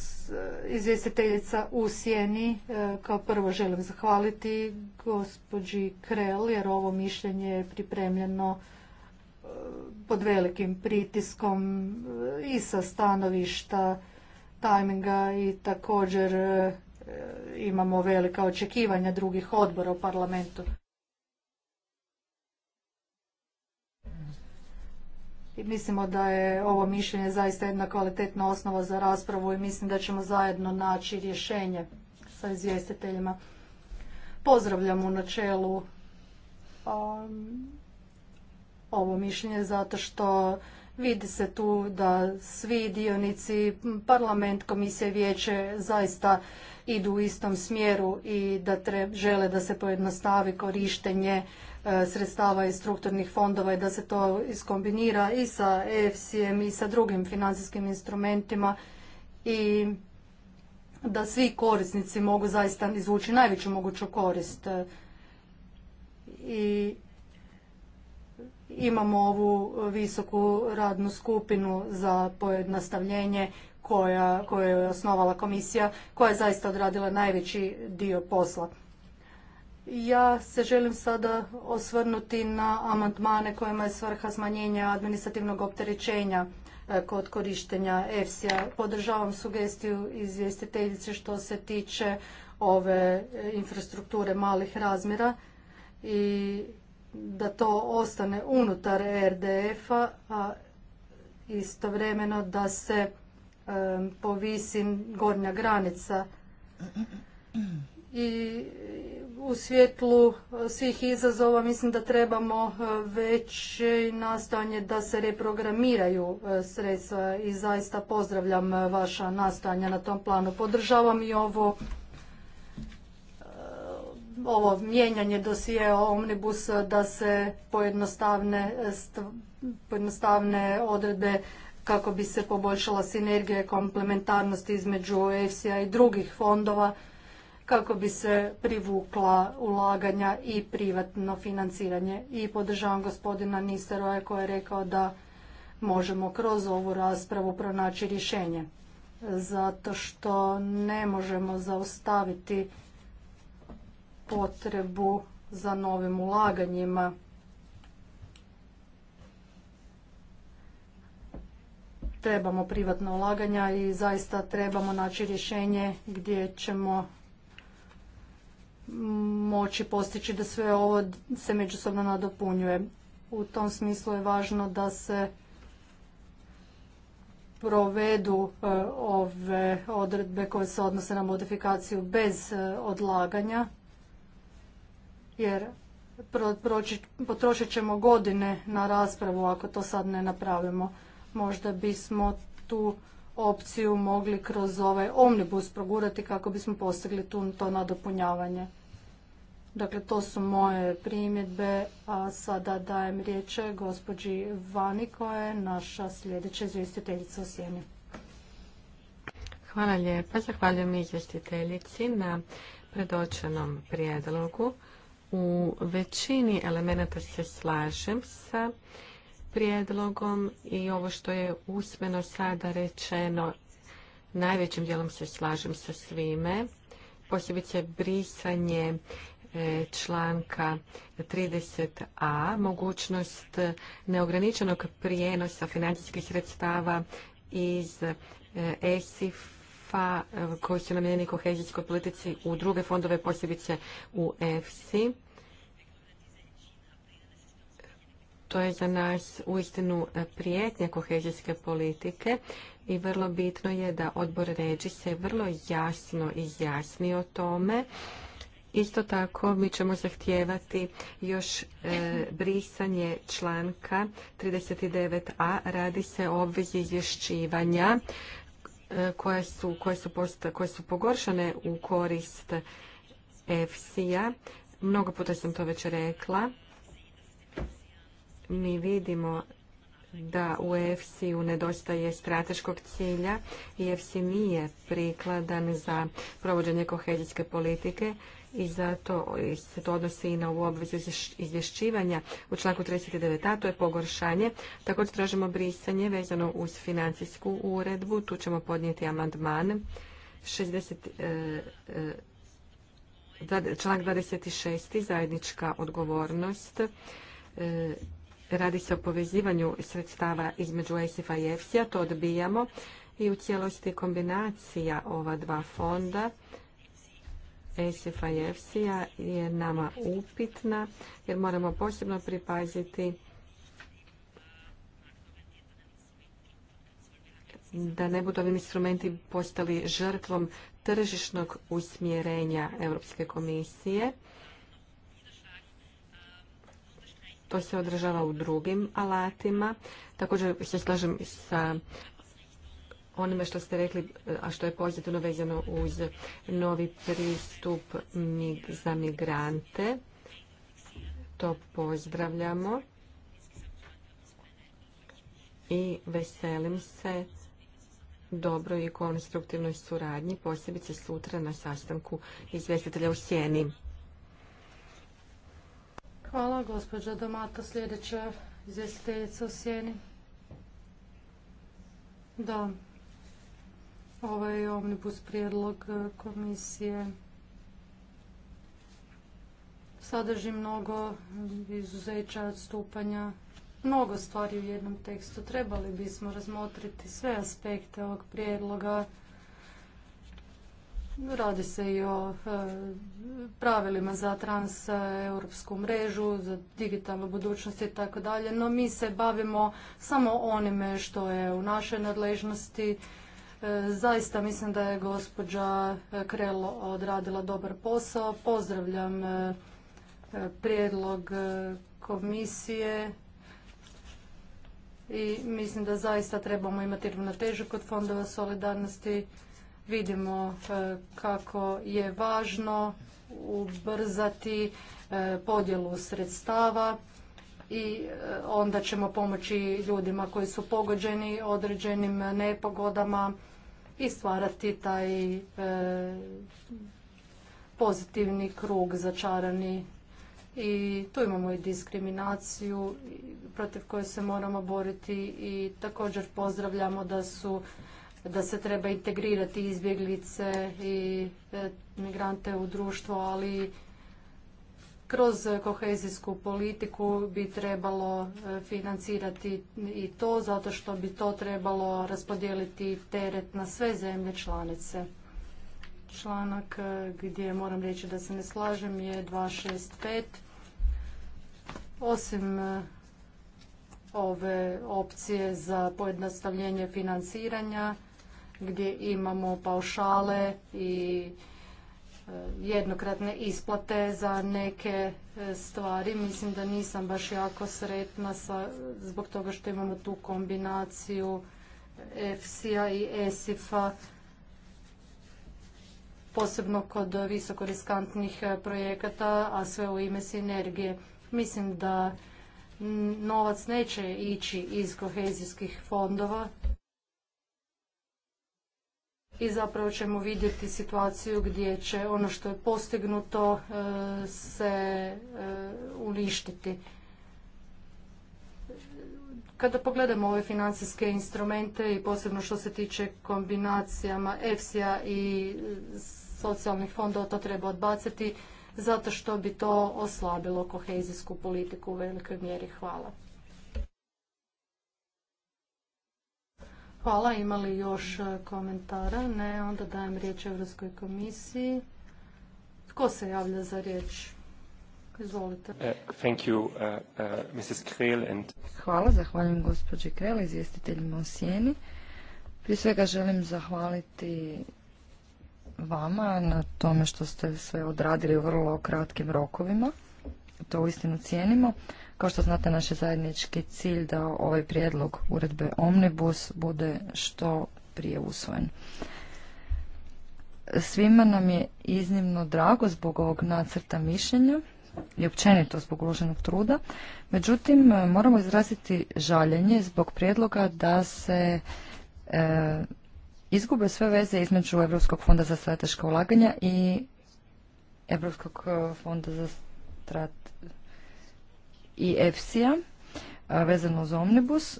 izvjestiteljica u Sjeni. Kao prvo želim zahvaliti gospođi Krel jer ovo mišljenje je pripremljeno pod velikim pritiskom i sa stanovišta tajminga i također imamo velika očekivanja drugih odbora u parlamentu. i mislimo da je ovo mišljenje zaista jedna kvalitetna osnova za raspravu i mislim da ćemo zajedno naći rješenje sa izvjestiteljima. Pozdravljam u načelu um, ovo mišljenje zato što vidi se tu da svi dionici, parlament, komisije, vijeće zaista idu u istom smjeru i da žele da se pojednostavi korištenje E, sredstava iz strukturnih fondova i da se to iskombinira i sa efc i sa drugim financijskim instrumentima i da svi korisnici mogu zaista izvući najveću moguću korist. E, I imamo ovu visoku radnu skupinu za pojednostavljenje koju je osnovala komisija, koja je zaista odradila najveći dio posla. Ja se želim sada osvrnuti na amandmane kojima je svrha smanjenja administrativnog opterećenja e, kod korištenja EFSI-a. Podržavam sugestiju izvjestiteljice što se tiče ove e, infrastrukture malih razmjera i da to ostane unutar RDF-a, a istovremeno da se e, povisi gornja granica. I u svjetlu eh, svih izazova mislim da trebamo eh, već nastojanje da se reprogramiraju eh, sredstva i zaista pozdravljam vaša nastojanja na tom planu. Podržavam i ovo ovo mijenjanje dosije Omnibus da se pojednostavne, pojednostavne odredbe kako bi se poboljšala sinergija i komplementarnost između EFSI-a i drugih fondova kako bi se privukla ulaganja i privatno financiranje. I podržavam gospodina Nisteroja koji je rekao da možemo kroz ovu raspravu pronaći rješenje. Zato što ne možemo zaustaviti potrebu za novim ulaganjima. Trebamo privatna ulaganja i zaista trebamo naći rješenje gdje ćemo moći postići da sve ovo se međusobno nadopunjuje. U tom smislu je važno da se provedu e, ove odredbe koje se odnose na modifikaciju bez e, odlaganja, jer potrošit ćemo godine na raspravu ako to sad ne napravimo. Možda bismo tu opciju mogli kroz ovaj omnibus progurati kako bismo postigli to nadopunjavanje. Dakle, to su moje primjedbe, a sada dajem riječ gospođi Vani koja je naša sljedeća izvjestiteljica u Sjeni. Hvala lijepa. Zahvaljujem izvjestiteljici na predočenom prijedlogu. U većini elemenata se slažem sa prijedlogom i ovo što je usmeno sada rečeno, najvećim dijelom se slažem sa svime, posebice brisanje E, članka 30a mogućnost neograničenog prijenosa financijskih sredstava iz e, ESIF-a e, koji su namijenjeni kohezijskoj politici u druge fondove, posebice u EFSI. To je za nas uistinu prijetnja kohezijske politike i vrlo bitno je da odbor ređi se vrlo jasno izjasni o tome Isto tako mi ćemo zahtijevati još e, brisanje članka 39a. Radi se o obvezi izvješćivanja e, koje, su, koje, koje su pogoršane u korist EFSI-a. Mnogo puta sam to već rekla. Mi vidimo da u EFSI-u nedostaje strateškog cilja i EFSI nije prikladan za provođenje kohezijske politike i zato se to odnosi i na ovu obvezu izvješćivanja u članku 39a, to je pogoršanje. Također tražimo brisanje vezano uz financijsku uredbu, tu ćemo podnijeti amandman 60, e, e, članak 26. zajednička odgovornost. E, radi se o povezivanju sredstava između ESIF-a i EFSI-a, to odbijamo i u cijelosti kombinacija ova dva fonda esifa a je nama upitna jer moramo posebno pripaziti da ne budu ovi instrumenti postali žrtvom tržišnog usmjerenja Europske komisije. To se održava u drugim alatima. Također se slažem sa onome što ste rekli, a što je pozitivno vezano uz novi pristup za migrante. To pozdravljamo i veselim se dobroj i konstruktivnoj suradnji, posebice sutra na sastanku izvjestitelja u Sjeni. Hvala, gospođa Domato, Sljedeća izvestiteljica u Sjeni. Da, ovaj omnibus prijedlog e, komisije sadrži mnogo izuzeća odstupanja, mnogo stvari u jednom tekstu. Trebali bismo razmotriti sve aspekte ovog prijedloga. Radi se i o e, pravilima za transeuropsku mrežu, za digitalnu budućnost i tako dalje, no mi se bavimo samo onime što je u našoj nadležnosti E, zaista mislim da je gospođa Krelo odradila dobar posao. Pozdravljam e, e, prijedlog komisije i mislim da zaista trebamo imati ravnotežu kod fondova solidarnosti. Vidimo kako je važno ubrzati podjelu sredstava i onda ćemo pomoći ljudima koji su pogođeni određenim nepogodama i stvarati taj e, pozitivni krug začarani i tu imamo i diskriminaciju protiv koje se moramo boriti i također pozdravljamo da su da se treba integrirati izbjeglice i e, migrante u društvo, ali kroz kohezijsku politiku bi trebalo e, financirati i to zato što bi to trebalo raspodijeliti teret na sve zemlje članice. Članak e, gdje moram reći da se ne slažem je 265. Osim e, ove opcije za pojednostavljenje financiranja gdje imamo paušale i E, jednokratne isplate za neke e, stvari. Mislim da nisam baš jako sretna sa, zbog toga što imamo tu kombinaciju EFSI-a i ESIF-a, posebno kod visokoriskantnih e, projekata, a sve u ime sinergije. Mislim da novac neće ići iz kohezijskih fondova, i zapravo ćemo vidjeti situaciju gdje će ono što je postignuto e, se e, uništiti. Kada pogledamo ove financijske instrumente i posebno što se tiče kombinacijama EFSI-a i socijalnih fondova, to treba odbaciti zato što bi to oslabilo kohezijsku politiku u velikoj mjeri. Hvala. Hvala. Ima li još e, komentara? Ne. Onda dajem riječ Europskoj komisiji. Tko se javlja za riječ? Izvolite. E, e, Hvala. Zahvaljujem gospođi Krel, izvjestiteljima u Sijeni. Prije svega želim zahvaliti vama na tome što ste sve odradili u vrlo kratkim rokovima. To uistinu cijenimo. Kao što znate, naš je zajednički cilj da ovaj prijedlog uredbe Omnibus bude što prije usvojen. Svima nam je iznimno drago zbog ovog nacrta mišljenja i općenito zbog uloženog truda. Međutim, moramo izraziti žaljenje zbog prijedloga da se e, izgube sve veze između Europskog fonda za strateška ulaganja i Europskog e, fonda za strateška i EFSI-a vezano uz Omnibus.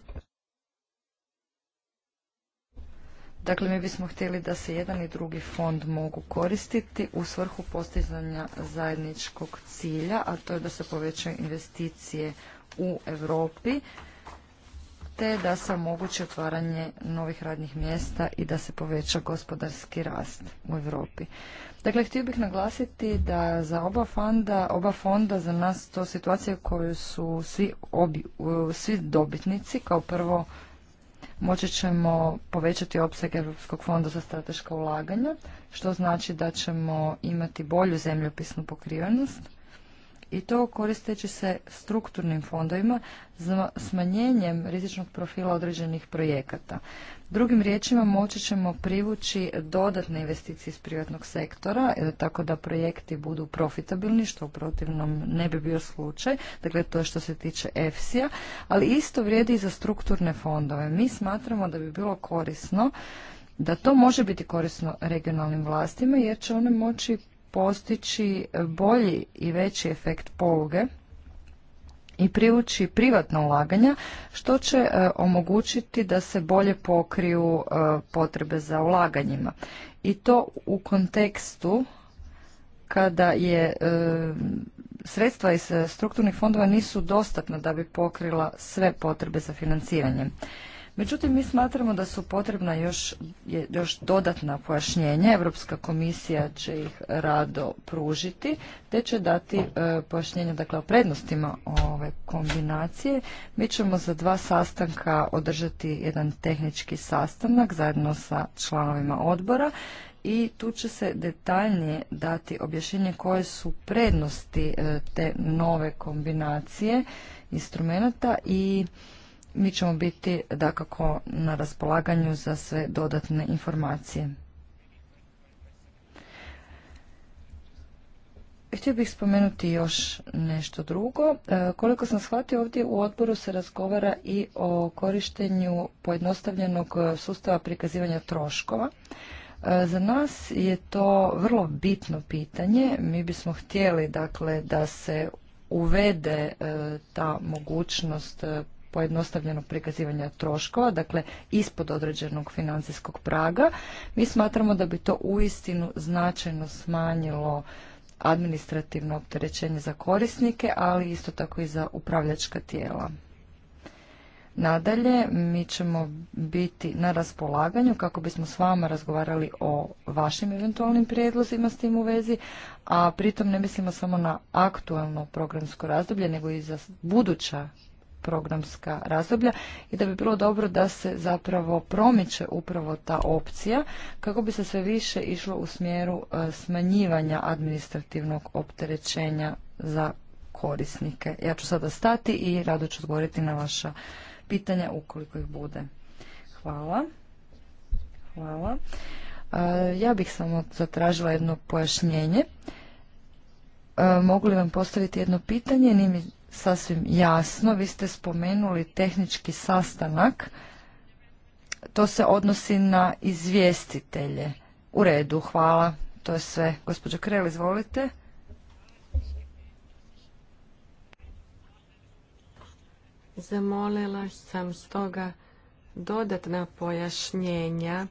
Dakle, mi bismo htjeli da se jedan i drugi fond mogu koristiti u svrhu postizanja zajedničkog cilja, a to je da se povećaju investicije u Europi, te da se omogući otvaranje novih radnih mjesta i da se poveća gospodarski rast u Europi. Dakle, htio bih naglasiti da za oba fonda, oba fonda za nas to situacija koju su svi, svi dobitnici. Kao prvo, moći ćemo povećati opseg Europskog fonda za strateška ulaganja, što znači da ćemo imati bolju zemljopisnu pokrivenost i to koristeći se strukturnim fondovima za smanjenjem rizičnog profila određenih projekata. Drugim riječima moći ćemo privući dodatne investicije iz privatnog sektora e, tako da projekti budu profitabilni što u protivnom ne bi bio slučaj, dakle to je što se tiče EFSI-a, ali isto vrijedi i za strukturne fondove. Mi smatramo da bi bilo korisno da to može biti korisno regionalnim vlastima jer će one moći postići bolji i veći efekt poluge i privući privatna ulaganja, što će e, omogućiti da se bolje pokriju e, potrebe za ulaganjima. I to u kontekstu kada je e, sredstva iz strukturnih fondova nisu dostatna da bi pokrila sve potrebe za financiranje. Međutim, mi smatramo da su potrebna još, još dodatna pojašnjenja. Europska komisija će ih rado pružiti, te će dati e, pojašnjenja dakle, o prednostima ove kombinacije. Mi ćemo za dva sastanka održati jedan tehnički sastanak zajedno sa članovima odbora i tu će se detaljnije dati objašnjenje koje su prednosti e, te nove kombinacije instrumenata i mi ćemo biti dakako na raspolaganju za sve dodatne informacije. Htio bih spomenuti još nešto drugo. E, koliko sam shvatio ovdje u odboru se razgovara i o korištenju pojednostavljenog sustava prikazivanja troškova. E, za nas je to vrlo bitno pitanje. Mi bismo htjeli dakle da se uvede e, ta mogućnost pojednostavljenog prikazivanja troškova, dakle ispod određenog financijskog praga. Mi smatramo da bi to uistinu značajno smanjilo administrativno opterećenje za korisnike, ali isto tako i za upravljačka tijela. Nadalje, mi ćemo biti na raspolaganju kako bismo s vama razgovarali o vašim eventualnim prijedlozima s tim u vezi, a pritom ne mislimo samo na aktualno programsko razdoblje, nego i za buduća programska razdoblja i da bi bilo dobro da se zapravo promiče upravo ta opcija kako bi se sve više išlo u smjeru e, smanjivanja administrativnog opterećenja za korisnike. Ja ću sada stati i rado ću odgovoriti na vaša pitanja ukoliko ih bude. Hvala. Hvala. E, ja bih samo zatražila jedno pojašnjenje. E, mogu li vam postaviti jedno pitanje? Nije mi sasvim jasno. Vi ste spomenuli tehnički sastanak. To se odnosi na izvjestitelje. U redu, hvala. To je sve. Gospođo Krel, izvolite. Zamolila sam stoga dodatna pojašnjenja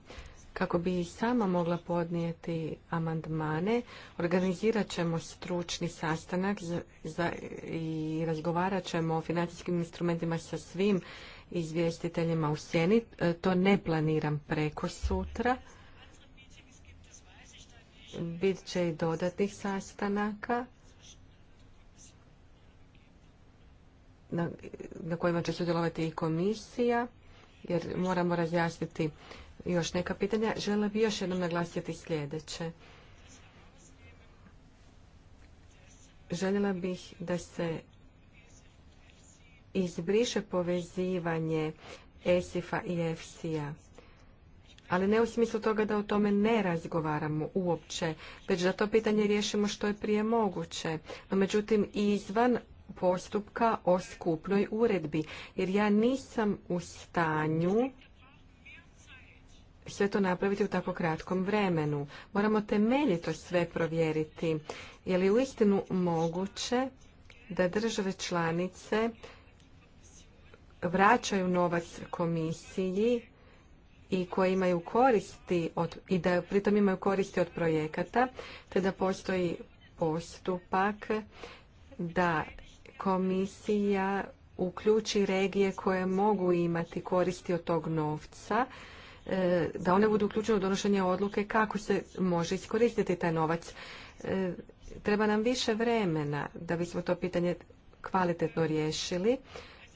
kako bi i sama mogla podnijeti amandmane, organizirat ćemo stručni sastanak i razgovarat ćemo o financijskim instrumentima sa svim izvjestiteljima u sjeni. E, to ne planiram preko sutra. Bit će i dodatnih sastanaka na, na kojima će sudjelovati i komisija, jer moramo razjasniti još neka pitanja. Žele bi još jednom naglasiti sljedeće. Željela bih da se izbriše povezivanje ESIF-a i EFSI-a. Ali ne u smislu toga da o tome ne razgovaramo uopće, već da to pitanje riješimo što je prije moguće. No, međutim, izvan postupka o skupnoj uredbi, jer ja nisam u stanju sve to napraviti u tako kratkom vremenu. Moramo temeljito sve provjeriti. Je li uistinu moguće da države članice vraćaju novac komisiji i koje imaju koristi od, i da pritom imaju koristi od projekata, te da postoji postupak da komisija uključi regije koje mogu imati koristi od tog novca E, da one budu uključene u donošenje odluke kako se može iskoristiti taj novac. E, treba nam više vremena da bismo to pitanje kvalitetno riješili.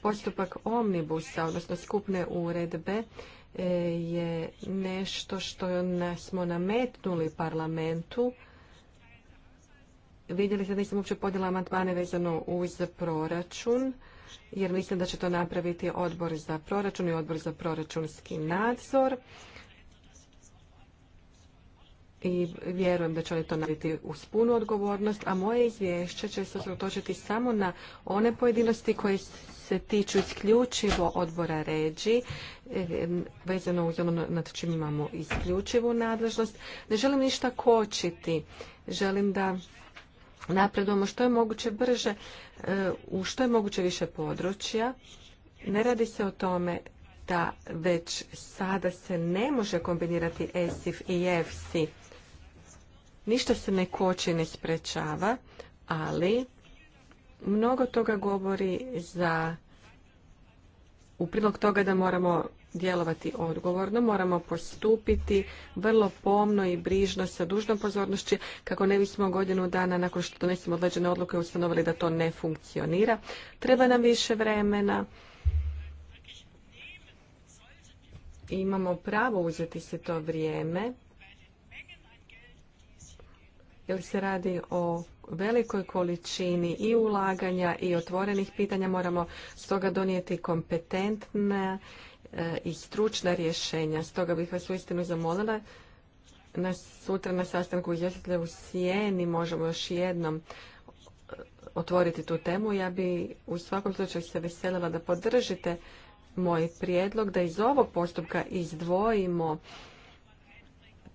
Postupak omnibusa, odnosno skupne uredbe, e, je nešto što smo nametnuli parlamentu. Vidjeli ste da nisam uopće podjela amandmane vezano uz proračun jer mislim da će to napraviti odbor za proračun i odbor za proračunski nadzor i vjerujem da će oni to napraviti uz punu odgovornost, a moje izvješće će se otočiti samo na one pojedinosti koje se tiču isključivo odbora ređi, e, vezano uz ono nad čim imamo isključivu nadležnost. Ne želim ništa kočiti, želim da napredujemo što je moguće brže e, u što je moguće više područja. Ne radi se o tome da već sada se ne može kombinirati ESIF i EFSI. E Ništa se ne koči, ne sprečava, ali mnogo toga govori za u prilog toga da moramo djelovati odgovorno, moramo postupiti vrlo pomno i brižno sa dužnom pozornošću kako ne bismo godinu dana nakon što donesemo određene odluke ustanovili da to ne funkcionira. Treba nam više vremena. Imamo pravo uzeti se to vrijeme jer se radi o velikoj količini i ulaganja i otvorenih pitanja moramo stoga donijeti kompetentne E, i stručna rješenja. Stoga bih vas uistinu zamolila na sutra na sastanku izvjestitelja u Sijeni možemo još jednom e, otvoriti tu temu. Ja bi u svakom slučaju se veselila da podržite moj prijedlog da iz ovog postupka izdvojimo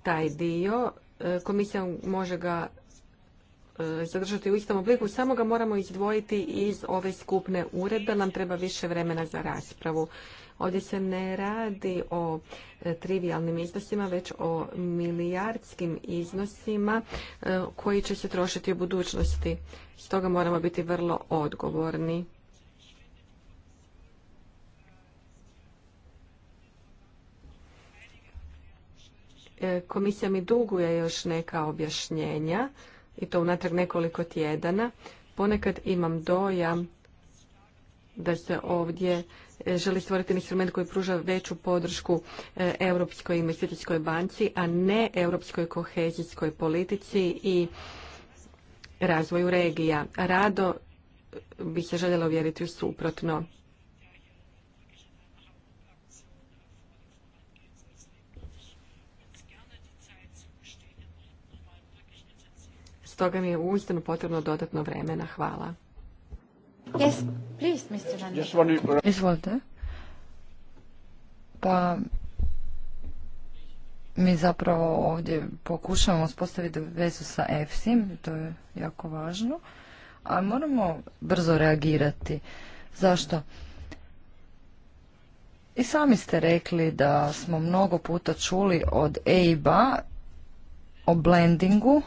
taj dio. E, komisija može ga zadržati u istom obliku, samo ga moramo izdvojiti iz ove skupne uredbe, nam treba više vremena za raspravu. Ovdje se ne radi o e, trivialnim iznosima, već o milijardskim iznosima e, koji će se trošiti u budućnosti. Stoga moramo biti vrlo odgovorni. E, komisija mi duguje još neka objašnjenja i to unatrag nekoliko tjedana. Ponekad imam dojam da se ovdje E, želi stvoriti instrument koji pruža veću podršku e, Europskoj investicijskoj banci, a ne Europskoj kohezijskoj politici i razvoju regija. Rado bi se željela uvjeriti u suprotno. Stoga mi je uistinu potrebno dodatno vremena. Hvala. Yes, please, Izvolite. Pa mi zapravo ovdje pokušavamo uspostaviti vezu sa EFSIM, to je jako važno, a moramo brzo reagirati. Zašto? I sami ste rekli da smo mnogo puta čuli od eib o blendingu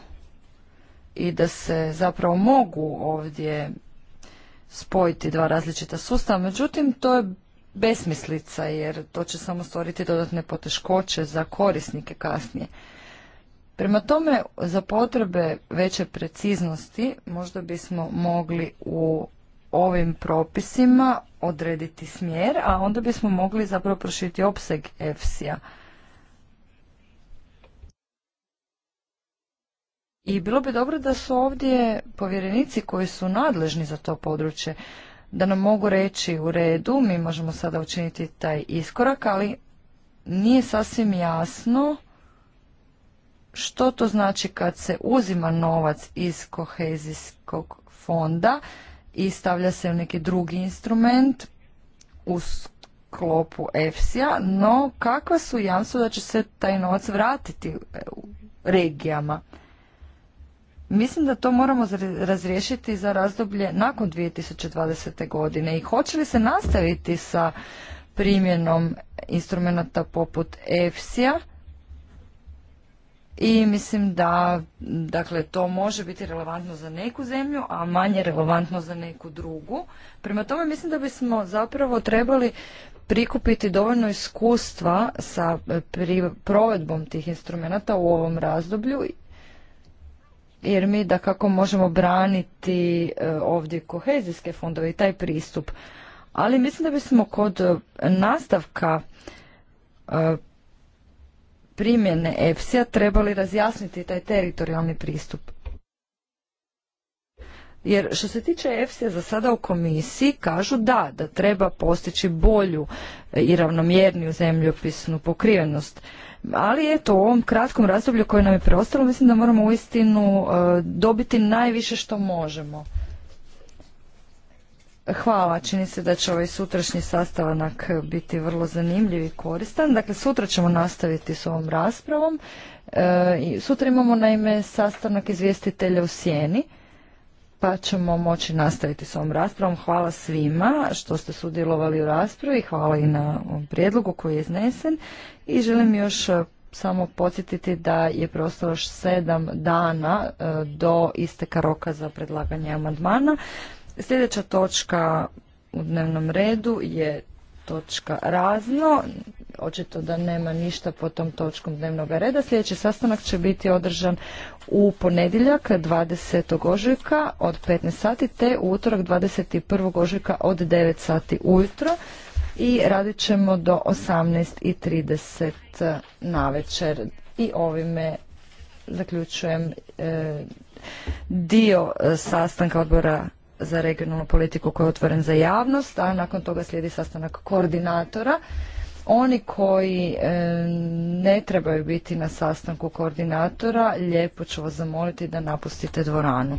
i da se zapravo mogu ovdje spojiti dva različita sustava, međutim to je besmislica jer to će samo stvoriti dodatne poteškoće za korisnike kasnije. Prema tome, za potrebe veće preciznosti možda bismo mogli u ovim propisima odrediti smjer, a onda bismo mogli zapravo prošiti opseg EFSI-a. I bilo bi dobro da su ovdje povjerenici koji su nadležni za to područje, da nam mogu reći u redu, mi možemo sada učiniti taj iskorak, ali nije sasvim jasno što to znači kad se uzima novac iz kohezijskog fonda i stavlja se u neki drugi instrument u sklopu EFSI-a, no kakva su jamstva da će se taj novac vratiti e, regijama? Mislim da to moramo razriješiti za razdoblje nakon 2020. godine i hoće li se nastaviti sa primjenom instrumenta poput EFSI-a i mislim da dakle, to može biti relevantno za neku zemlju, a manje relevantno za neku drugu. Prema tome mislim da bismo zapravo trebali prikupiti dovoljno iskustva sa provedbom tih instrumenata u ovom razdoblju jer mi da kako možemo braniti e, ovdje kohezijske fondove i taj pristup. Ali mislim da bismo kod e, nastavka e, primjene EPSI-a trebali razjasniti taj teritorijalni pristup. Jer što se tiče EFSI-a za sada u komisiji kažu da, da treba postići bolju i ravnomjerniju zemljopisnu pokrivenost ali eto u ovom kratkom razdoblju koje nam je preostalo mislim da moramo uistinu e, dobiti najviše što možemo. Hvala, čini se da će ovaj sutrašnji sastanak biti vrlo zanimljiv i koristan. Dakle, sutra ćemo nastaviti s ovom raspravom. E, sutra imamo naime sastanak izvjestitelja u Sjeni pa ćemo moći nastaviti s ovom raspravom. Hvala svima što ste sudjelovali u raspravi, hvala i na prijedlogu koji je iznesen i želim još e, samo podsjetiti da je preostalo još sedam dana e, do isteka roka za predlaganje amandmana. Sljedeća točka u dnevnom redu je točka razno očito da nema ništa po tom točkom dnevnog reda. Sljedeći sastanak će biti održan u ponedjeljak 20. ožujka od 15 sati te u utorak 21. ožujka od 9 sati ujutro i radit ćemo do 18.30 na večer i ovime zaključujem e, dio e, sastanka odbora za regionalnu politiku koji je otvoren za javnost, a nakon toga slijedi sastanak koordinatora. Oni koji e, ne trebaju biti na sastanku koordinatora, lijepo ću vas zamoliti da napustite dvoranu.